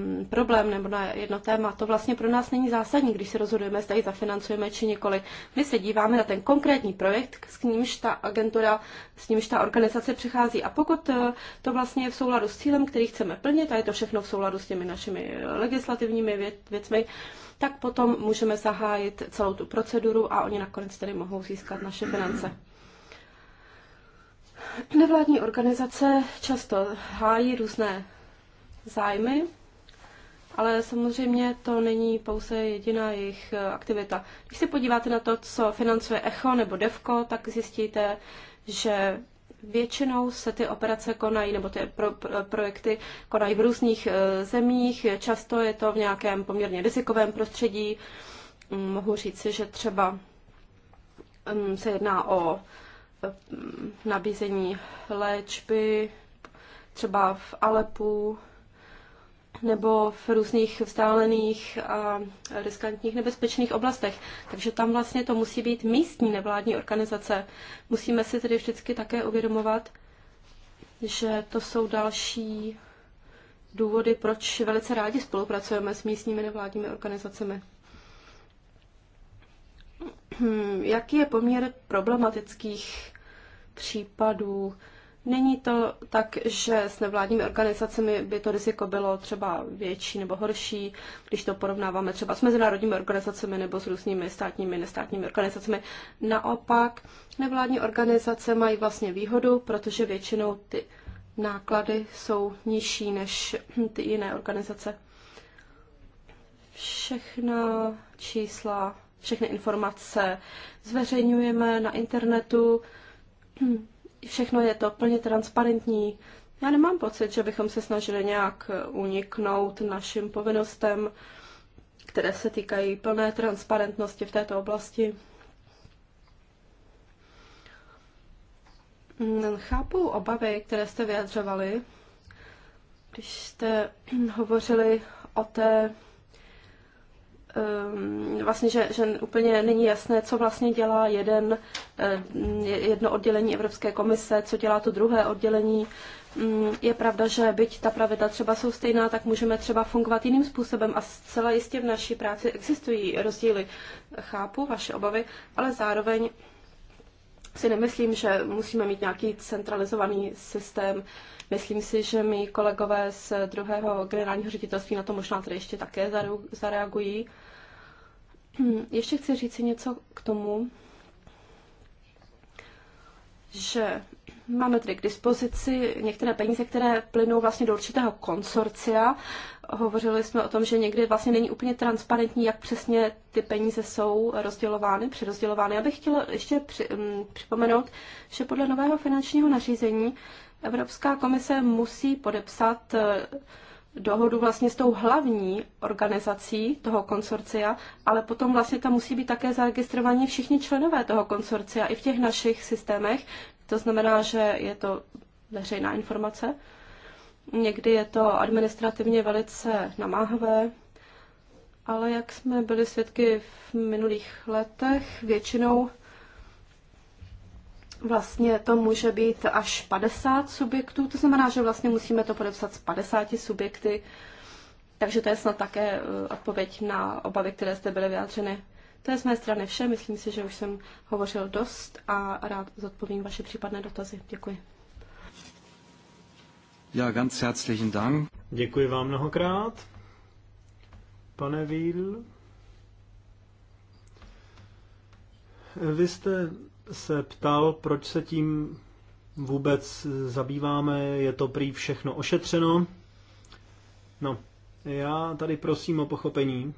[SPEAKER 3] um, problém nebo na jedno téma, to vlastně pro nás není zásadní, když se rozhodujeme, zda ji zafinancujeme či nikoli. My se díváme na ten konkrétní projekt, s nímž ta agentura, s nímž ta organizace přichází. A pokud eh, to vlastně je v souladu s cílem, který chceme plnit, a je to všechno v souladu s těmi našimi legislativními věc, věcmi, tak potom můžeme zahájit celou tu proceduru a oni nakonec tedy mohou získat naše finance. Nevládní organizace často hájí různé zájmy, ale samozřejmě to není pouze jediná jejich aktivita. Když se podíváte na to, co financuje ECHO nebo DEVCO, tak zjistíte, že Většinou se ty operace konají, nebo ty pro, pro, projekty konají v různých e, zemích, často je to v nějakém poměrně rizikovém prostředí. Mm, mohu říci, že třeba mm, se jedná o e, nabízení léčby třeba v Alepu nebo v různých vzdálených a riskantních nebezpečných oblastech. Takže tam vlastně to musí být místní nevládní organizace. Musíme si tedy vždycky také uvědomovat, že to jsou další důvody, proč velice rádi spolupracujeme s místními nevládními organizacemi. Hmm, jaký je poměr problematických případů? Není to tak, že s nevládními organizacemi by to riziko bylo třeba větší nebo horší, když to porovnáváme třeba s mezinárodními organizacemi nebo s různými státními, nestátními organizacemi. Naopak, nevládní organizace mají vlastně výhodu, protože většinou ty náklady jsou nižší než ty jiné organizace. Všechna čísla, všechny informace zveřejňujeme na internetu všechno je to plně transparentní. Já nemám pocit, že bychom se snažili nějak uniknout našim povinnostem, které se týkají plné transparentnosti v této oblasti. Mm, chápu obavy, které jste vyjadřovali, když jste hovořili o té Ehm, vlastně, že, že úplně není jasné, co vlastně dělá jeden, eh, jedno oddělení Evropské komise, co dělá to druhé oddělení. Mm, je pravda, že byť ta pravidla třeba jsou stejná, tak můžeme třeba fungovat jiným způsobem a zcela jistě v naší práci existují rozdíly. Chápu vaše obavy, ale zároveň si nemyslím, že musíme mít nějaký centralizovaný systém. Myslím si, že mi kolegové z druhého generálního ředitelství na to možná tady ještě také zareagují. Hm, ještě chci říct si něco k tomu, že máme tedy k dispozici některé peníze, které plynou vlastně do určitého konsorcia. Hovořili jsme o tom, že někdy vlastně není úplně transparentní, jak přesně ty peníze jsou rozdělovány, přerozdělovány. Já bych chtěla ještě při, um, připomenout, že podle nového finančního nařízení Evropská komise musí podepsat uh, dohodu vlastně s tou hlavní organizací toho konsorcia, ale potom vlastně tam musí být také zaregistrovaní všichni členové toho konsorcia i v těch našich systémech. To znamená, že je to veřejná informace. Někdy je to administrativně velice namáhavé, ale jak jsme byli svědky v minulých letech, většinou vlastně to může být až 50 subjektů, to znamená, že vlastně musíme to podepsat s 50 subjekty, takže to je snad také e, odpověď na obavy, které zde byly vyjádřeny. To je z mé strany vše, myslím si, že už jsem hovořil dost a rád zodpovím vaše případné dotazy. Děkuji.
[SPEAKER 2] Ja, ganz herzlichen Dank.
[SPEAKER 1] Děkuji vám mnohokrát. Pane Víl, vy jste se ptal, proč se tím vůbec zabýváme, je to prý všechno ošetřeno. No, já tady prosím o pochopení,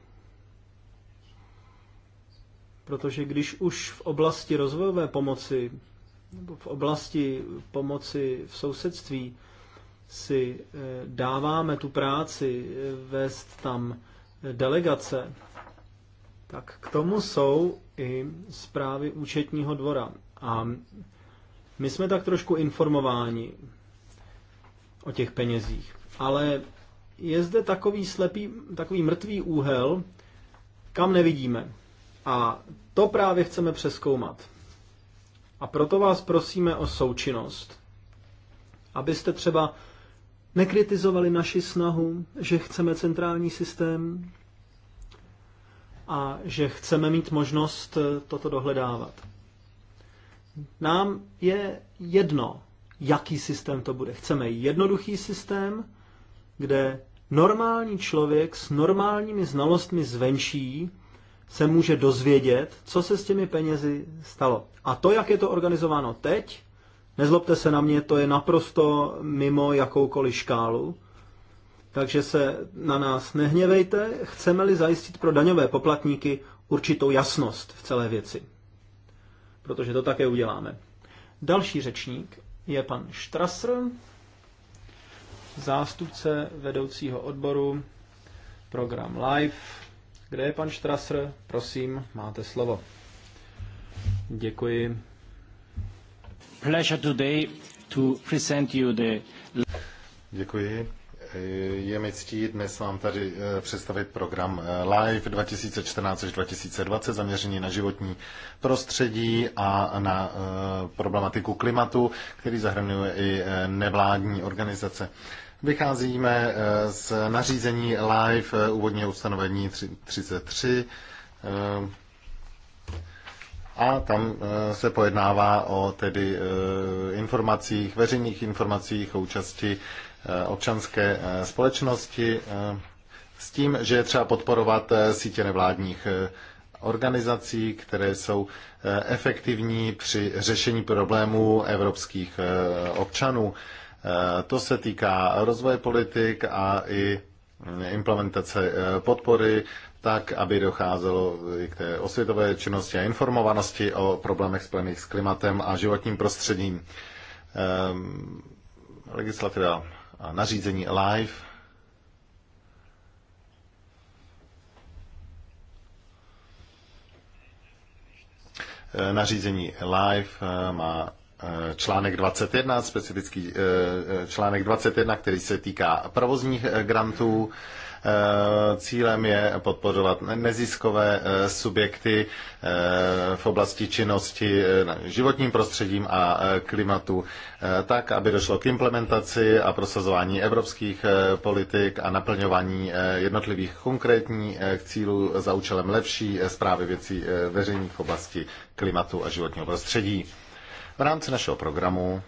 [SPEAKER 1] protože když už v oblasti rozvojové pomoci nebo v oblasti pomoci v sousedství si eh, dáváme tu práci eh, vést tam delegace, tak k tomu jsou i zprávy účetního dvora. A my jsme tak trošku informováni o těch penězích. Ale je zde takový slepý, takový mrtvý úhel, kam nevidíme. A to právě chceme přeskoumat. A proto vás prosíme o součinnost. Abyste třeba nekritizovali naši snahu, že chceme centrální systém, a že chceme mít možnost eh, toto dohledávat. Nám je jedno, jaký systém to bude. Chceme jednoduchý systém, kde normální člověk s normálními znalostmi zvenčí se může dozvědět, co se s těmi penězi stalo. A to, jak je to organizováno teď, nezlobte se na mě, to je naprosto mimo jakoukoliv škálu. Takže se na nás nehněvejte, chceme-li zajistit pro daňové poplatníky určitou jasnost v celé věci. Protože to také uděláme. Další řečník je pan Strasser, zástupce vedoucího odboru program Live. Kde je pan Strasser? Prosím, máte slovo. Děkuji.
[SPEAKER 2] Pleasure today to present you the... Děkuji. Je mi ctí dnes vám tady eh, představit program eh, Live 2014 až 2020 zaměřený na životní prostředí a na eh, problematiku klimatu, který zahrnuje i nevládní organizace. Vycházíme z nařízení Live úvodního ustanovení 33 a tam se pojednává o tedy informacích, veřejných informacích o účasti Eh, občanské eh, společnosti eh, s tím, že je třeba podporovat sítě nevládních organizací, které jsou efektivní při řešení problémů evropských občanů. To se týká rozvoje politik a i mm, implementace podpory, tak, aby docházelo k té osvětové činnosti a informovanosti o problémech spojených s klimatem a životním prostředím. Ehm, legislativa nařízení live. Eh, nařízení live eh, má eh, článek 21, specifický článek 21, který se týká provozních grantů. Eh, cílem je podporovat neziskové eh, subjekty eh, v oblasti činnosti životním prostředím a klimatu tak, aby došlo k implementaci a prosazování evropských politik a naplňování jednotlivých konkrétních cílů za účelem lepší zprávy věcí veřejných v oblasti klimatu a životního prostředí. V rámci našeho programu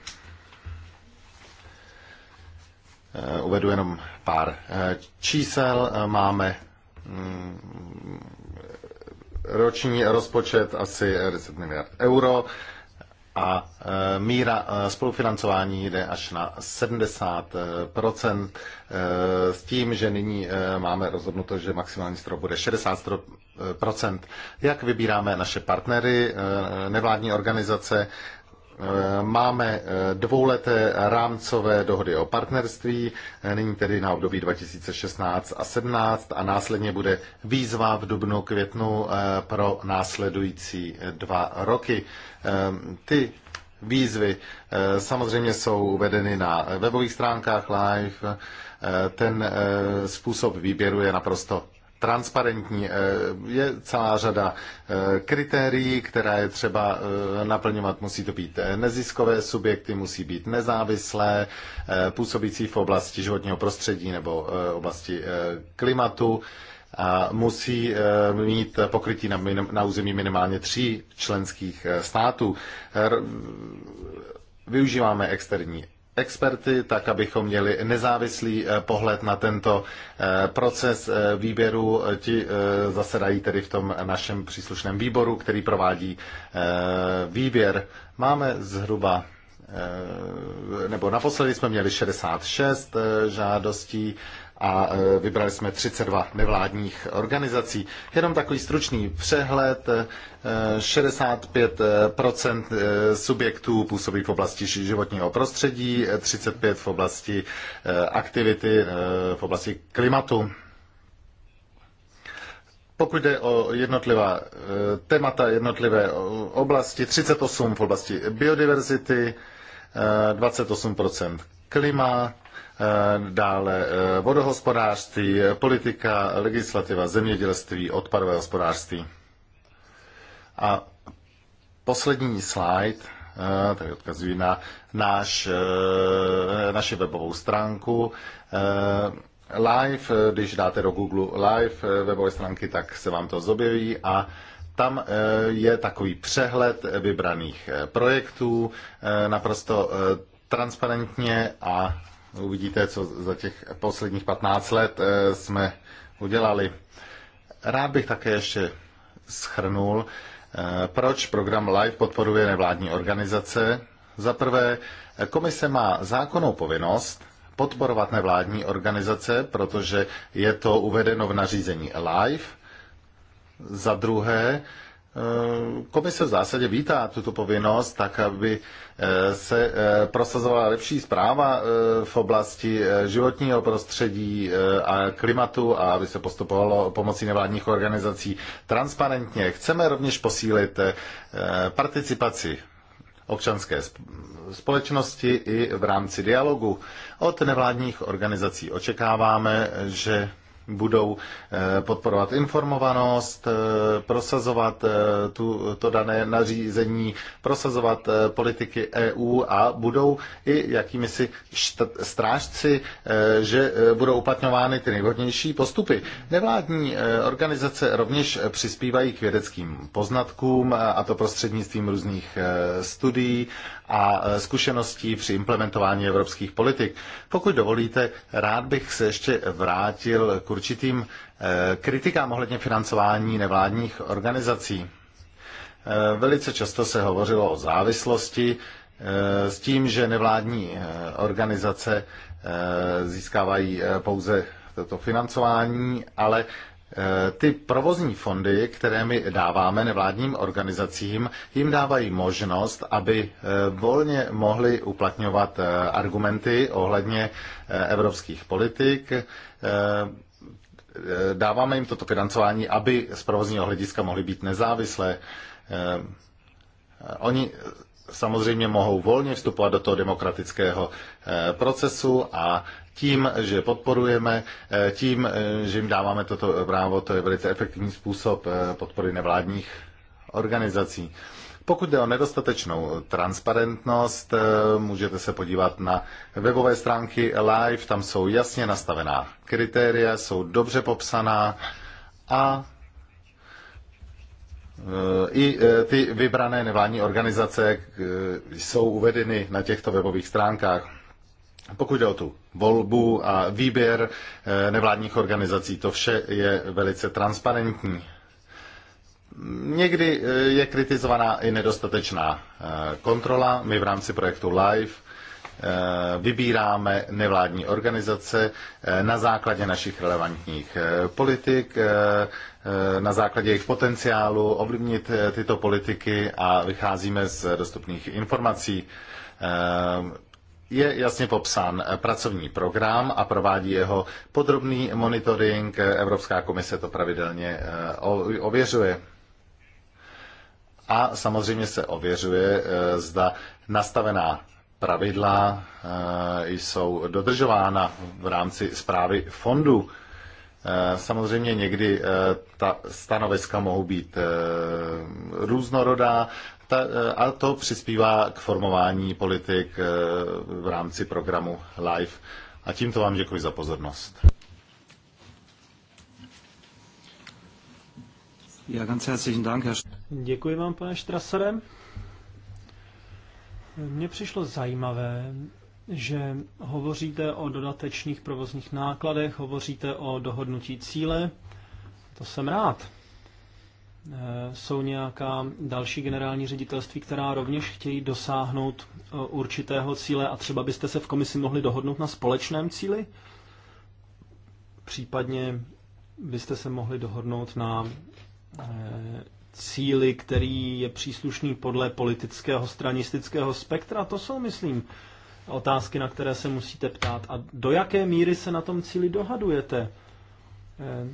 [SPEAKER 2] Eh, uvedu jenom pár eh, čísel. Eh, máme mm, roční rozpočet asi 10 miliard euro a míra spolufinancování jde až na 70 s tím, že nyní máme rozhodnuto, že maximální strop bude 60 Jak vybíráme naše partnery, nevládní organizace, Eh, máme eh, dvouleté rámcové dohody o partnerství, eh, nyní tedy na období 2016 a 17 a následně bude výzva v dubnu květnu pro následující dva roky. Ty výzvy samozřejmě jsou uvedeny na webových stránkách live. Ten způsob výběru je naprosto transparentní. Eh, je celá řada eh, kritérií, která je třeba eh, naplňovat. Musí to být neziskové subjekty, musí být nezávislé, působící v oblasti životního prostředí nebo oblasti klimatu a musí mít pokrytí na, na území minimálně tří členských států. Využíváme externí experty, tak abychom měli nezávislý eh, pohled na tento eh, proces eh, výběru. Ti zasedají tedy v tom našem příslušném výboru, který provádí výběr. Máme zhruba nebo naposledy jsme měli 66 žádostí a e, vybrali jsme 32 nevládních organizací. Jenom takový stručný přehled. 65 e, e, subjektů působí v oblasti životního prostředí, 35 v oblasti aktivity, v oblasti klimatu. Pokud jde o jednotlivá témata, jednotlivé oblasti, 38 v oblasti biodiverzity, 28 klima, eh, dále eh, vodohospodářství, politika, legislativa, zemědělství, odpadové hospodářství. A poslední slide, eh, tady odkazuji na náš, naši webovou stránku. Live, když dáte do Google Live webové stránky, tak se vám to zobjeví a tam eh, je takový přehled vybraných eh, projektů, eh, naprosto transparentně a uvidíte, co za těch posledních 15 let jsme udělali. Rád bych také ještě schrnul, proč program LIFE podporuje nevládní organizace. Za prvé, komise má zákonnou povinnost podporovat nevládní organizace, protože je to uvedeno v nařízení LIFE za druhé, eh, Komise v zásadě vítá tuto povinnost, tak aby eh, se eh, prosazovala lepší zpráva v oblasti životního prostředí a klimatu a aby se postupovalo pomocí nevládních organizací transparentně. Chceme rovněž posílit participaci občanské společnosti i v rámci dialogu. Od nevládních organizací očekáváme, že budou eh, podporovat informovanost, eh, prosazovat eh, tu, to dané nařízení, prosazovat politiky EU a budou i jakými si strážci, že budou uplatňovány ty nejvhodnější postupy. Nevládní organizace rovněž přispívají k vědeckým poznatkům a to prostřednictvím různých studií a zkušeností při implementování evropských politik. Pokud dovolíte, rád bych se ještě vrátil k určitým eh, kritikám ohledně financování nevládních organizací. Eh, velice často se hovořilo o závislosti eh, s tím, že nevládní organizace získávají pouze toto financování, ale ty provozní fondy, které my dáváme nevládním organizacím, jim dávají možnost, aby volně mohli uplatňovat argumenty ohledně evropských politik, dáváme jim toto financování, aby z provozního hlediska mohly být nezávislé. Eh, oni samozřejmě mohou volně vstupovat do toho demokratického eh, procesu a tím, že podporujeme, eh, tím, že jim dáváme toto právo, to je velice efektivní způsob podpory nevládních organizací. Pokud jde o nedostatečnou transparentnost, eh, můžete se podívat na webové stránky Live, tam jsou jasně nastavená kritéria, jsou dobře popsaná a eh, i eh, ty vybrané nevládní organizace jsou uvedeny na těchto webových stránkách. Pokud jde o tu volbu a výběr nevládních organizací, to vše je velice transparentní. Někdy eh, je kritizovaná i nedostatečná eh, kontrola. My v rámci projektu LIFE eh, vybíráme nevládní organizace na základě našich relevantních politik, na základě jejich potenciálu ovlivnit tyto politiky a vycházíme z dostupných informací. Je jasně popsán pracovní program a provádí jeho podrobný monitoring. Evropská komise to pravidelně ověřuje a samozřejmě se ověřuje, eh, zda nastavená pravidla eh, jsou dodržována v rámci zprávy fondu. Eh, samozřejmě někdy ta stanoviska mohou být různorodá a to přispívá k formování politik v rámci programu LIFE. A tímto vám děkuji za pozornost. Ja, ganz herzlichen Dank, Herr
[SPEAKER 1] Děkuji vám, pane Štrasere. Mně přišlo zajímavé, že hovoříte o dodatečných provozních nákladech, hovoříte o dohodnutí cíle. To jsem rád. Eh, jsou nějaká další generální ředitelství, která rovněž chtějí dosáhnout eh, určitého cíle a třeba byste se v komisi mohli dohodnout na společném cíli? Případně byste se mohli dohodnout na Eh, cíly, který je příslušný podle politického stranistického spektra. To jsou, myslím, otázky, na které se musíte ptát. A do jaké míry se na tom cíli dohadujete? Eh,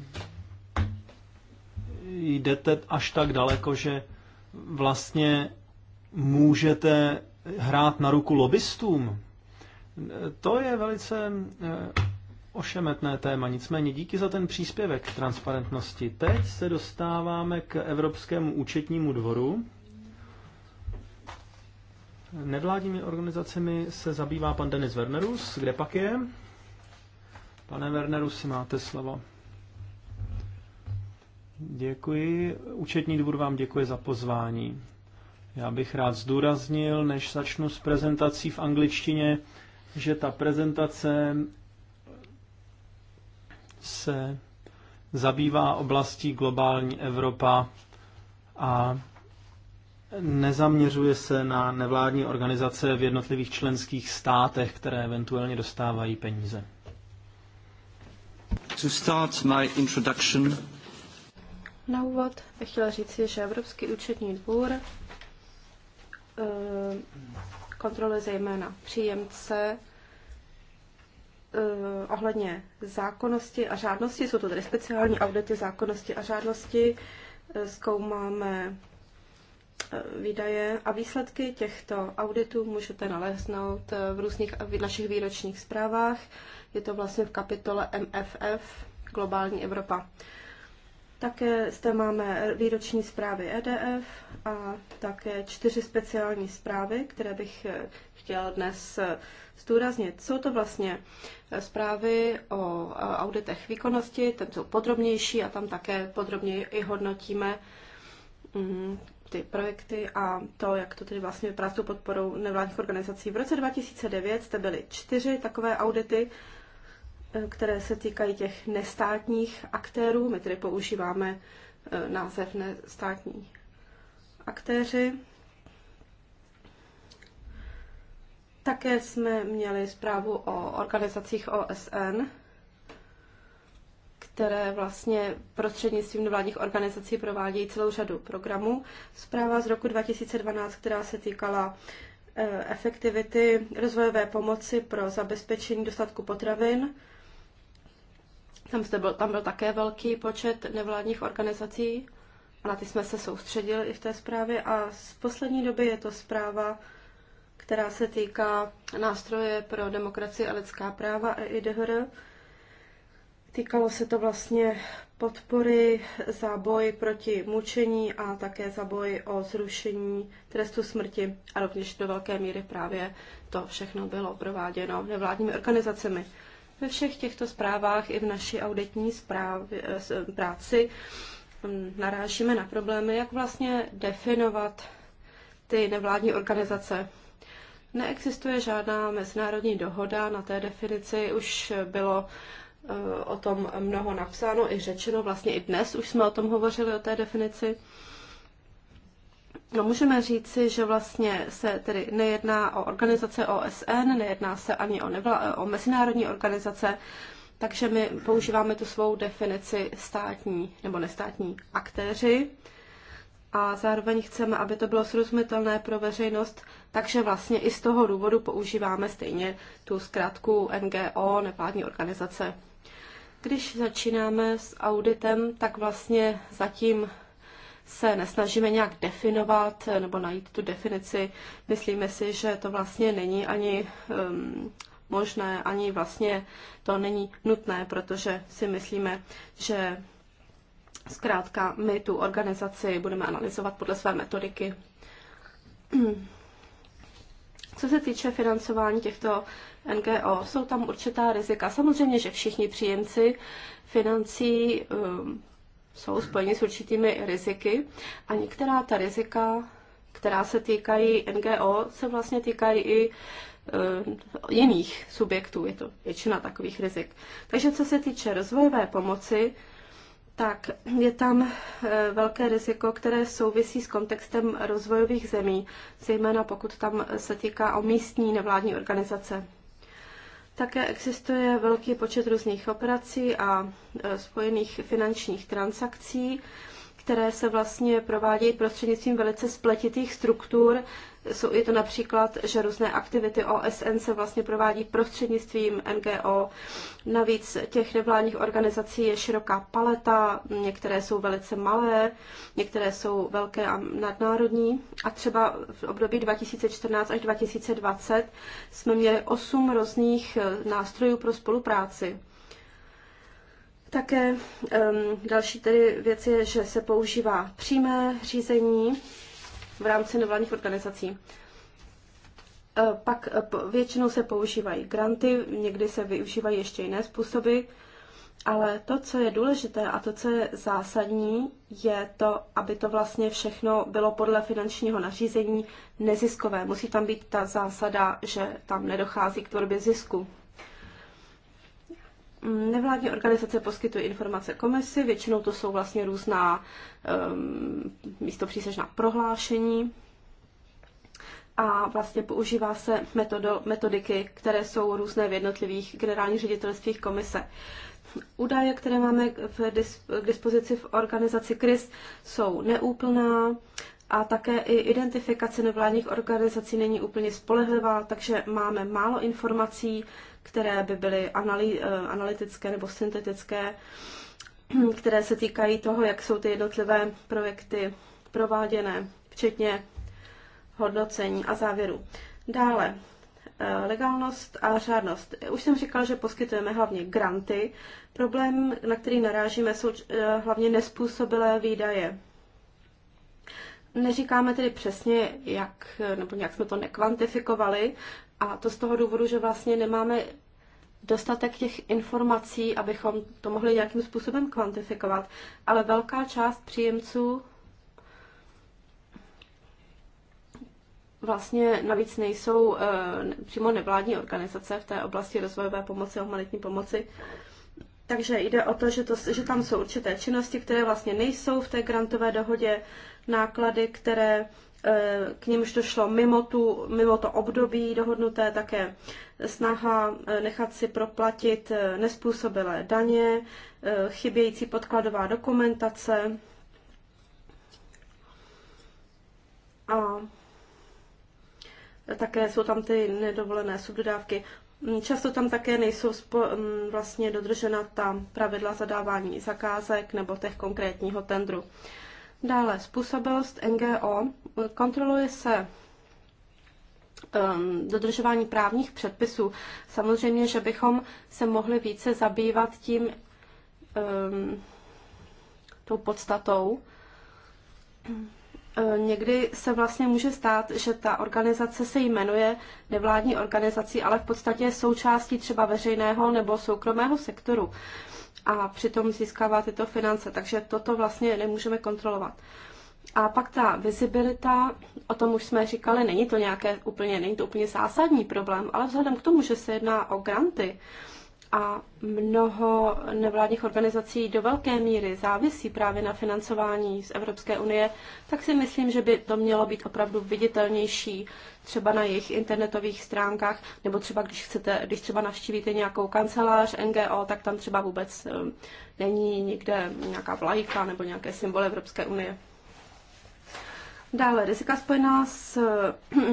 [SPEAKER 1] jdete až tak daleko, že vlastně můžete hrát na ruku lobbystům? Eh, to je velice ošemetné téma, nicméně díky za ten příspěvek transparentnosti. Teď se dostáváme k Evropskému účetnímu dvoru. Nevládními organizacemi se zabývá pan Denis Wernerus. Kde pak je? Pane Wernerus, si máte slovo. Děkuji. Účetní dvůr vám děkuje za pozvání. Já bych rád zdůraznil, než začnu s prezentací v angličtině, že ta prezentace se zabývá oblastí globální Evropa a nezaměřuje se na nevládní organizace v jednotlivých členských státech, které eventuálně dostávají peníze. To
[SPEAKER 3] start my introduction. Na úvod bych chtěla říct, že Evropský účetní dvůr eh, kontroluje zejména příjemce Eh, ohledně zákonnosti a řádnosti, jsou to tedy speciální audity zákonnosti a řádnosti, eh, zkoumáme eh, výdaje a výsledky těchto auditů můžete naleznout v různých našich výročních zprávách. Je to vlastně v kapitole MFF Globální Evropa. Také zde máme výroční zprávy EDF a také čtyři speciální zprávy, které bych chtěl dnes eh, zdůraznit. Jsou to vlastně eh, zprávy o eh, auditech výkonnosti, ten jsou podrobnější a tam také podrobněji i hodnotíme mm, ty projekty a to, jak to tedy vlastně vypadá s tou podporou nevládních organizací. V roce 2009 jste byly čtyři takové audity, které se týkají těch nestátních aktérů. My tedy používáme název nestátní aktéři. Také jsme měli zprávu o organizacích OSN, které vlastně prostřednictvím nevládních organizací provádějí celou řadu programů. Zpráva z roku 2012, která se týkala eh, efektivity rozvojové pomoci pro zabezpečení dostatku potravin. Tam, zde byl, tam byl také velký počet nevládních organizací a na ty jsme se soustředili i v té zprávě. A z poslední doby je to zpráva která se týká nástroje pro demokracii a lidská práva EIDHR. Týkalo se to vlastně podpory za boj proti mučení a také za boj o zrušení trestu smrti a rovněž do velké míry právě to všechno bylo prováděno nevládními organizacemi. Ve všech těchto zprávách i v naší auditní zprávě, práci mm, narážíme na problémy, jak vlastně definovat ty nevládní organizace. Neexistuje žádná mezinárodní dohoda na té definici, už bylo eh, o tom mnoho napsáno i řečeno, vlastně i dnes už jsme o tom hovořili, o té definici. No, můžeme říci, že vlastně se tedy nejedná o organizace OSN, nejedná se ani o, nevla, eh, o mezinárodní organizace, takže my používáme tu svou definici státní nebo nestátní aktéři a zároveň chceme, aby to bylo srozumitelné pro veřejnost, takže vlastně i z toho důvodu používáme stejně tu zkrátku NGO, nevládní organizace. Když začínáme s auditem, tak vlastně zatím se nesnažíme nějak definovat nebo najít tu definici. Myslíme si, že to vlastně není ani um, možné, ani vlastně to není nutné, protože si myslíme, že Zkrátka, my tu organizaci budeme analyzovat podle své metodiky. Co se týče financování těchto NGO, jsou tam určitá rizika. Samozřejmě, že všichni příjemci financí um, jsou spojeni s určitými riziky a některá ta rizika, která se týkají NGO, se vlastně týkají i um, jiných subjektů. Je to většina takových rizik. Takže co se týče rozvojové pomoci, tak je tam eh, velké riziko, které souvisí s kontextem rozvojových zemí, zejména pokud tam se týká o místní nevládní organizace. Také existuje velký počet různých operací a eh, spojených finančních transakcí, které se vlastně provádějí prostřednictvím velice spletitých struktur, jsou, je to například, že různé aktivity OSN se vlastně provádí prostřednictvím NGO. Navíc těch nevládních organizací je široká paleta, některé jsou velice malé, některé jsou velké a nadnárodní. A třeba v období 2014 až 2020 jsme měli osm různých eh, nástrojů pro spolupráci. Také um, další tedy věc je, že se používá přímé řízení v rámci nevládních organizací. E, pak e, většinou se používají granty, někdy se využívají ještě jiné způsoby, ale to, co je důležité a to, co je zásadní, je to, aby to vlastně všechno bylo podle finančního nařízení neziskové. Musí tam být ta zásada, že tam nedochází k tvorbě zisku. Nevládní organizace poskytují informace komisi, většinou to jsou vlastně různá um, ehm, místopřísežná prohlášení a vlastně používá se metodo, metodiky, které jsou různé v jednotlivých generálních ředitelstvích komise. Údaje, které máme v dis, k dispozici v organizaci KRIS, jsou neúplná a také i identifikace nevládních organizací není úplně spolehlivá, takže máme málo informací, které by byly eh, analytické nebo syntetické, které se týkají toho, jak jsou ty jednotlivé projekty prováděné, včetně hodnocení a závěru. Dále, eh, legálnost a řádnost. Už jsem říkal, že poskytujeme hlavně granty. Problém, na který narážíme, jsou eh, hlavně nespůsobilé výdaje. Neříkáme tedy přesně, jak, nebo nějak jsme to nekvantifikovali, a to z toho důvodu, že vlastně nemáme dostatek těch informací, abychom to mohli nějakým způsobem kvantifikovat. Ale velká část příjemců vlastně navíc nejsou eh, přímo nevládní organizace v té oblasti rozvojové pomoci a humanitní pomoci. Takže jde o to že, to, že tam jsou určité činnosti, které vlastně nejsou v té grantové dohodě, náklady, které Eh, k nímž šlo mimo, tu, mimo to období dohodnuté, také snaha eh, nechat si proplatit eh, nespůsobilé daně, chybějící podkladová dokumentace a také jsou tam ty nedovolené subdodávky. Mm, často tam také nejsou spo, mm, vlastně dodržena ta pravidla zadávání zakázek nebo těch konkrétního tendru. Dále způsobilost NGO. Kontroluje se ehm, dodržování právních předpisů. Samozřejmě, že bychom se mohli více zabývat tím, um, tou podstatou. Ehm, někdy se vlastně může stát, že ta organizace se jmenuje nevládní organizací, ale v podstatě je součástí třeba veřejného nebo soukromého sektoru. Um, a přitom získává tyto finance, takže toto vlastně nemůžeme kontrolovat. A pak ta vizibilita, o tom už jsme říkali, není to nějaké úplně, není to úplně zásadní problém, ale vzhledem k tomu, že se jedná o granty, a mnoho nevládních organizací do velké míry závisí právě na financování z Evropské unie, tak si myslím, že by to mělo být opravdu viditelnější třeba na jejich internetových stránkách, nebo třeba když, chcete, když třeba navštívíte nějakou kancelář NGO, tak tam třeba vůbec um, není nikde nějaká vlajka nebo nějaké symbol Evropské unie. Dále rizika spojená s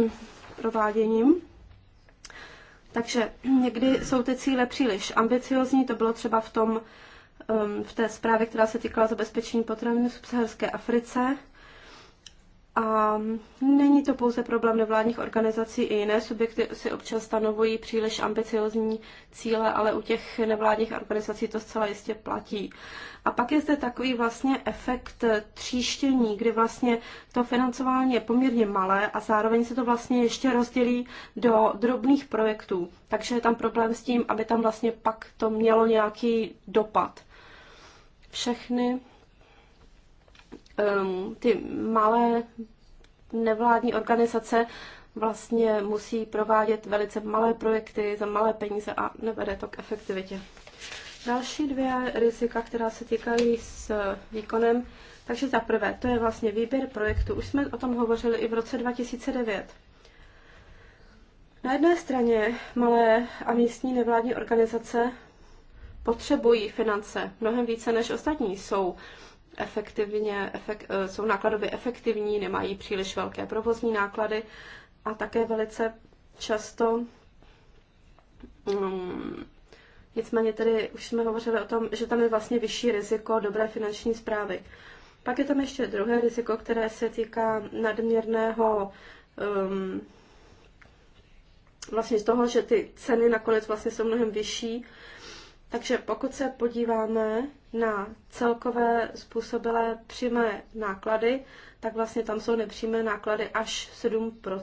[SPEAKER 3] prováděním takže někdy jsou ty cíle příliš ambiciozní, to bylo třeba v tom, um, v té zprávě, která se týkala zabezpečení potravin v subsaharské Africe. A není to pouze problém nevládních organizací, i jiné subjekty si občas stanovují příliš ambiciozní cíle, ale u těch nevládních organizací to zcela jistě platí. A pak je zde takový vlastně efekt tříštění, kdy vlastně to financování je poměrně malé a zároveň se to vlastně ještě rozdělí do drobných projektů. Takže je tam problém s tím, aby tam vlastně pak to mělo nějaký dopad. Všechny Ehm, ty malé nevládní organizace vlastně musí provádět velice malé projekty za malé peníze a nevede to k efektivitě. Další dvě rizika, která se týkají s výkonem. Takže za prvé, to je vlastně výběr projektu. Už jsme o tom hovořili i v roce 2009. Na jedné straně malé a místní nevládní organizace potřebují finance mnohem více než ostatní. Jsou efektivně, efek, eh, jsou nákladově efektivní, nemají příliš velké provozní náklady a také velice často um, Nicméně tedy už jsme hovořili o tom, že tam je vlastně vyšší riziko dobré finanční zprávy. Pak je tam ještě druhé riziko, které se týká nadměrného um, vlastně z toho, že ty ceny nakonec vlastně jsou mnohem vyšší. Takže pokud se podíváme na celkové způsobilé přímé náklady, tak vlastně tam jsou nepřímé náklady až 7 To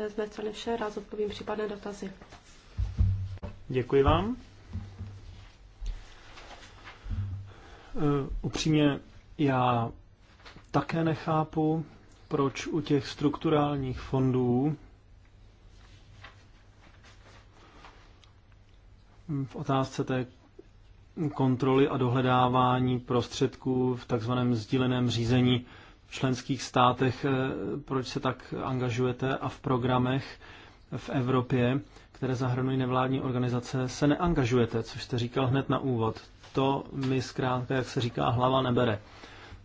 [SPEAKER 3] je z mé strany vše, rád odpovím případné dotazy.
[SPEAKER 1] Děkuji vám. E, upřímně, já také nechápu, proč u těch strukturálních fondů v otázce té kontroly a dohledávání prostředků v takzvaném sdíleném řízení v členských státech, eh, proč se tak angažujete a v programech v Evropě, které zahrnují nevládní organizace, se neangažujete, což jste říkal hned na úvod. To mi zkrátka, jak se říká, hlava nebere.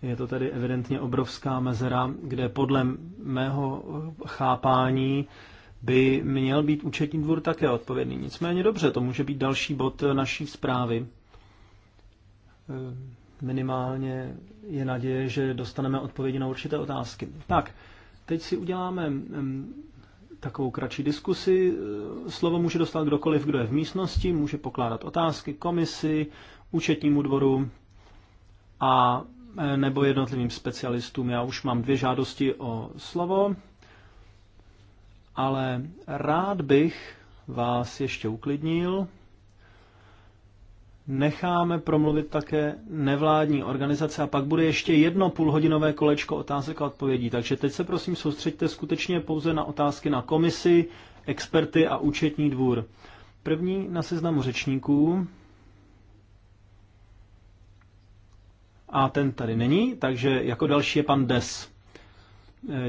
[SPEAKER 1] Je to tedy evidentně obrovská mezera, kde podle mého chápání by měl být účetní dvůr také odpovědný. Nicméně dobře, to může být další bod naší zprávy. E, minimálně je naděje, že dostaneme odpovědi na určité otázky. Tak, teď si uděláme mm, takovou kratší diskusi. E, slovo může dostat kdokoliv, kdo je v místnosti, může pokládat otázky komisi, účetnímu dvoru a e, nebo jednotlivým specialistům. Já už mám dvě žádosti o slovo ale rád bych vás ještě uklidnil. Necháme promluvit také nevládní organizace a pak bude ještě jedno půlhodinové kolečko otázek a odpovědí. Takže teď se prosím soustřeďte skutečně pouze na otázky na komisi, experty a účetní dvůr. První na seznamu řečníků. A ten tady není, takže jako další je pan Des.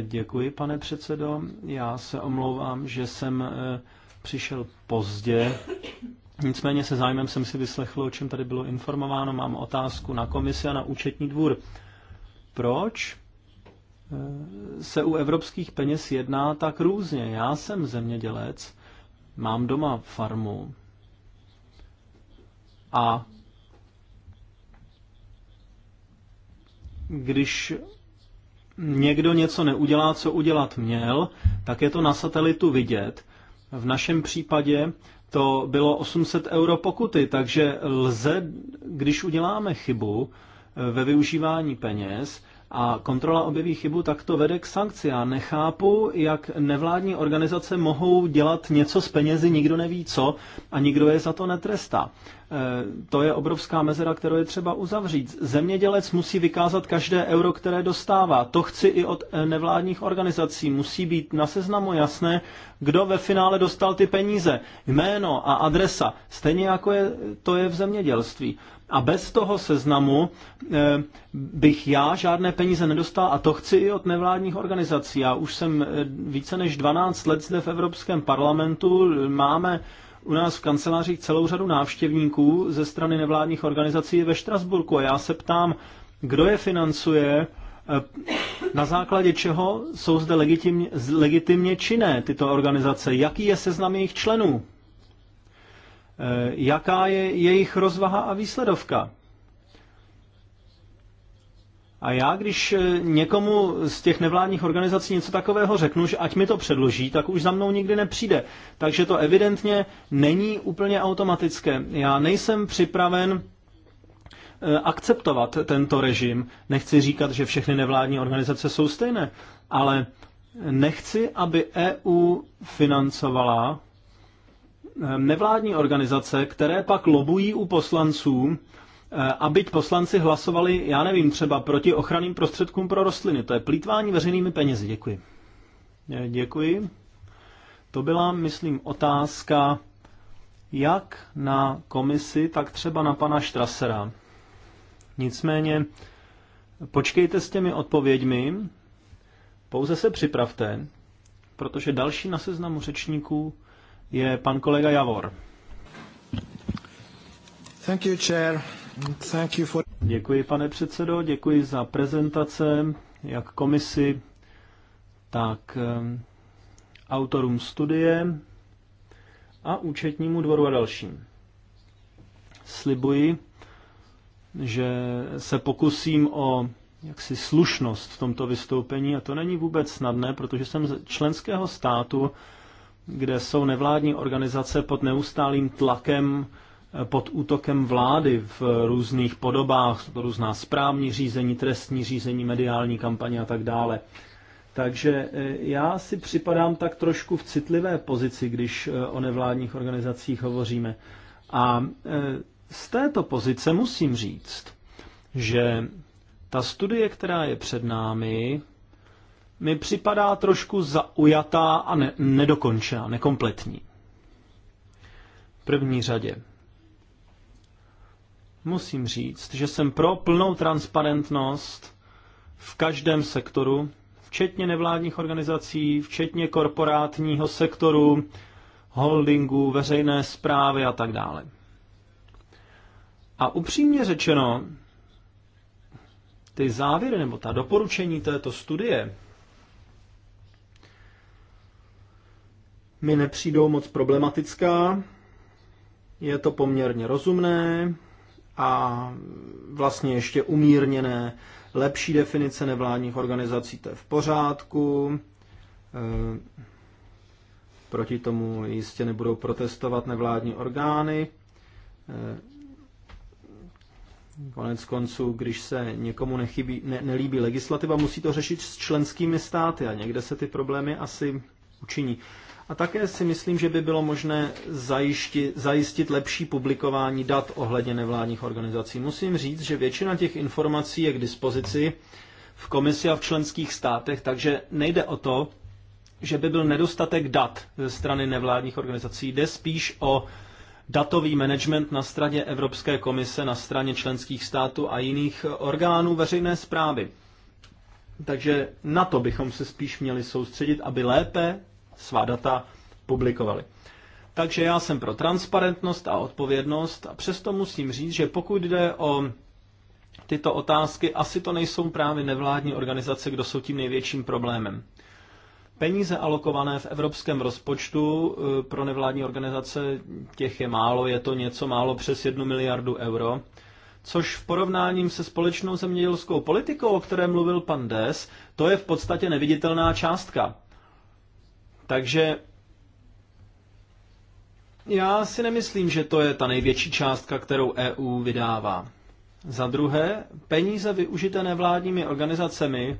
[SPEAKER 1] Děkuji, pane předsedo. Já se omlouvám, že jsem eh, přišel pozdě. Nicméně se zájmem jsem si vyslechl, o čem tady bylo informováno. Mám otázku na komisi a na účetní dvůr. Proč eh, se u evropských peněz jedná tak různě? Já jsem zemědělec, mám doma farmu a když někdo něco neudělá, co udělat měl, tak je to na satelitu vidět. V našem případě to bylo 800 euro pokuty, takže lze, když uděláme chybu eh, ve využívání peněz a kontrola objeví chybu, tak to vede k sankci. Já nechápu, jak nevládní organizace mohou dělat něco s penězi, nikdo neví co a nikdo je za to netrestá. Eh, to je obrovská mezera, kterou je třeba uzavřít. Zemědělec musí vykázat každé euro, které dostává. To chci i od eh, nevládních organizací. Musí být na seznamu jasné, kdo ve finále dostal ty peníze. Jméno a adresa. Stejně jako je, to je v zemědělství. A bez toho seznamu eh, bych já žádné peníze nedostal a to chci i od nevládních organizací. Já už jsem více než 12 let zde v Evropském parlamentu. Máme u nás v kancelářích celou řadu návštěvníků ze strany nevládních organizací ve Štrasburku. A já se ptám, kdo je financuje, eh, na základě čeho jsou zde legitimně, legitimně činné tyto organizace, jaký je seznam jejich členů, eh, jaká je jejich rozvaha a výsledovka. A já, když eh, někomu z těch nevládních organizací něco takového řeknu, že ať mi to předloží, tak už za mnou nikdy nepřijde. Takže to evidentně není úplně automatické. Já nejsem připraven eh, akceptovat tento režim. Nechci říkat, že všechny nevládní organizace jsou stejné, ale nechci, aby EU financovala eh, nevládní organizace, které pak lobují u poslanců Eh, aby poslanci hlasovali, já nevím, třeba proti ochranným prostředkům pro rostliny. To je plítvání veřejnými penězi. Děkuji. Eh, děkuji. To byla, myslím, otázka jak na komisi, tak třeba na pana Štrasera. Nicméně počkejte s těmi odpověďmi, pouze se připravte, protože další na seznamu řečníků je pan kolega Javor. Thank you, chair. Děkuji, pane předsedo, děkuji za prezentace, jak komisi, tak autorům studie a účetnímu dvoru a dalším. Slibuji, že se pokusím o jaksi slušnost v tomto vystoupení a to není vůbec snadné, protože jsem z členského státu, kde jsou nevládní organizace pod neustálým tlakem pod útokem vlády v různých podobách, to různá správní řízení, trestní řízení, mediální kampaně a tak dále. Takže e, já si připadám tak trošku v citlivé pozici, když e, o nevládních organizacích hovoříme. A e, z této pozice musím říct, že ta studie, která je před námi, mi připadá trošku zaujatá a ne- nedokončená, nekompletní. V první řadě musím říct, že jsem pro plnou transparentnost v každém sektoru, včetně nevládních organizací, včetně korporátního sektoru, holdingů, veřejné zprávy a tak dále. A upřímně řečeno, ty závěry nebo ta doporučení této studie mi nepřijdou moc problematická, je to poměrně rozumné, a vlastně ještě umírněné lepší definice nevládních organizací, to je v pořádku. Eh, proti tomu jistě nebudou protestovat nevládní orgány. Eh, konec konců, když se někomu nechybí, ne, nelíbí legislativa, musí to řešit s členskými státy a někde se ty problémy asi učiní. A také si myslím, že by bylo možné zajištit, zajistit lepší publikování dat ohledně nevládních organizací. Musím říct, že většina těch informací je k dispozici v komisi a v členských státech, takže nejde o to, že by byl nedostatek dat ze strany nevládních organizací. Jde spíš o datový management na straně Evropské komise, na straně členských států a jiných orgánů veřejné zprávy. Takže na to bychom se spíš měli soustředit, aby lépe svá data publikovali. Takže já jsem pro transparentnost a odpovědnost a přesto musím říct, že pokud jde o tyto otázky, asi to nejsou právě nevládní organizace, kdo jsou tím největším problémem. Peníze alokované v evropském rozpočtu eh, pro nevládní organizace, těch je málo, je to něco málo přes jednu miliardu euro, což v porovnáním se společnou zemědělskou politikou, o které mluvil pan Des, to je v podstatě neviditelná částka. Takže já si nemyslím, že to je ta největší částka, kterou EU vydává. Za druhé, peníze využité nevládními organizacemi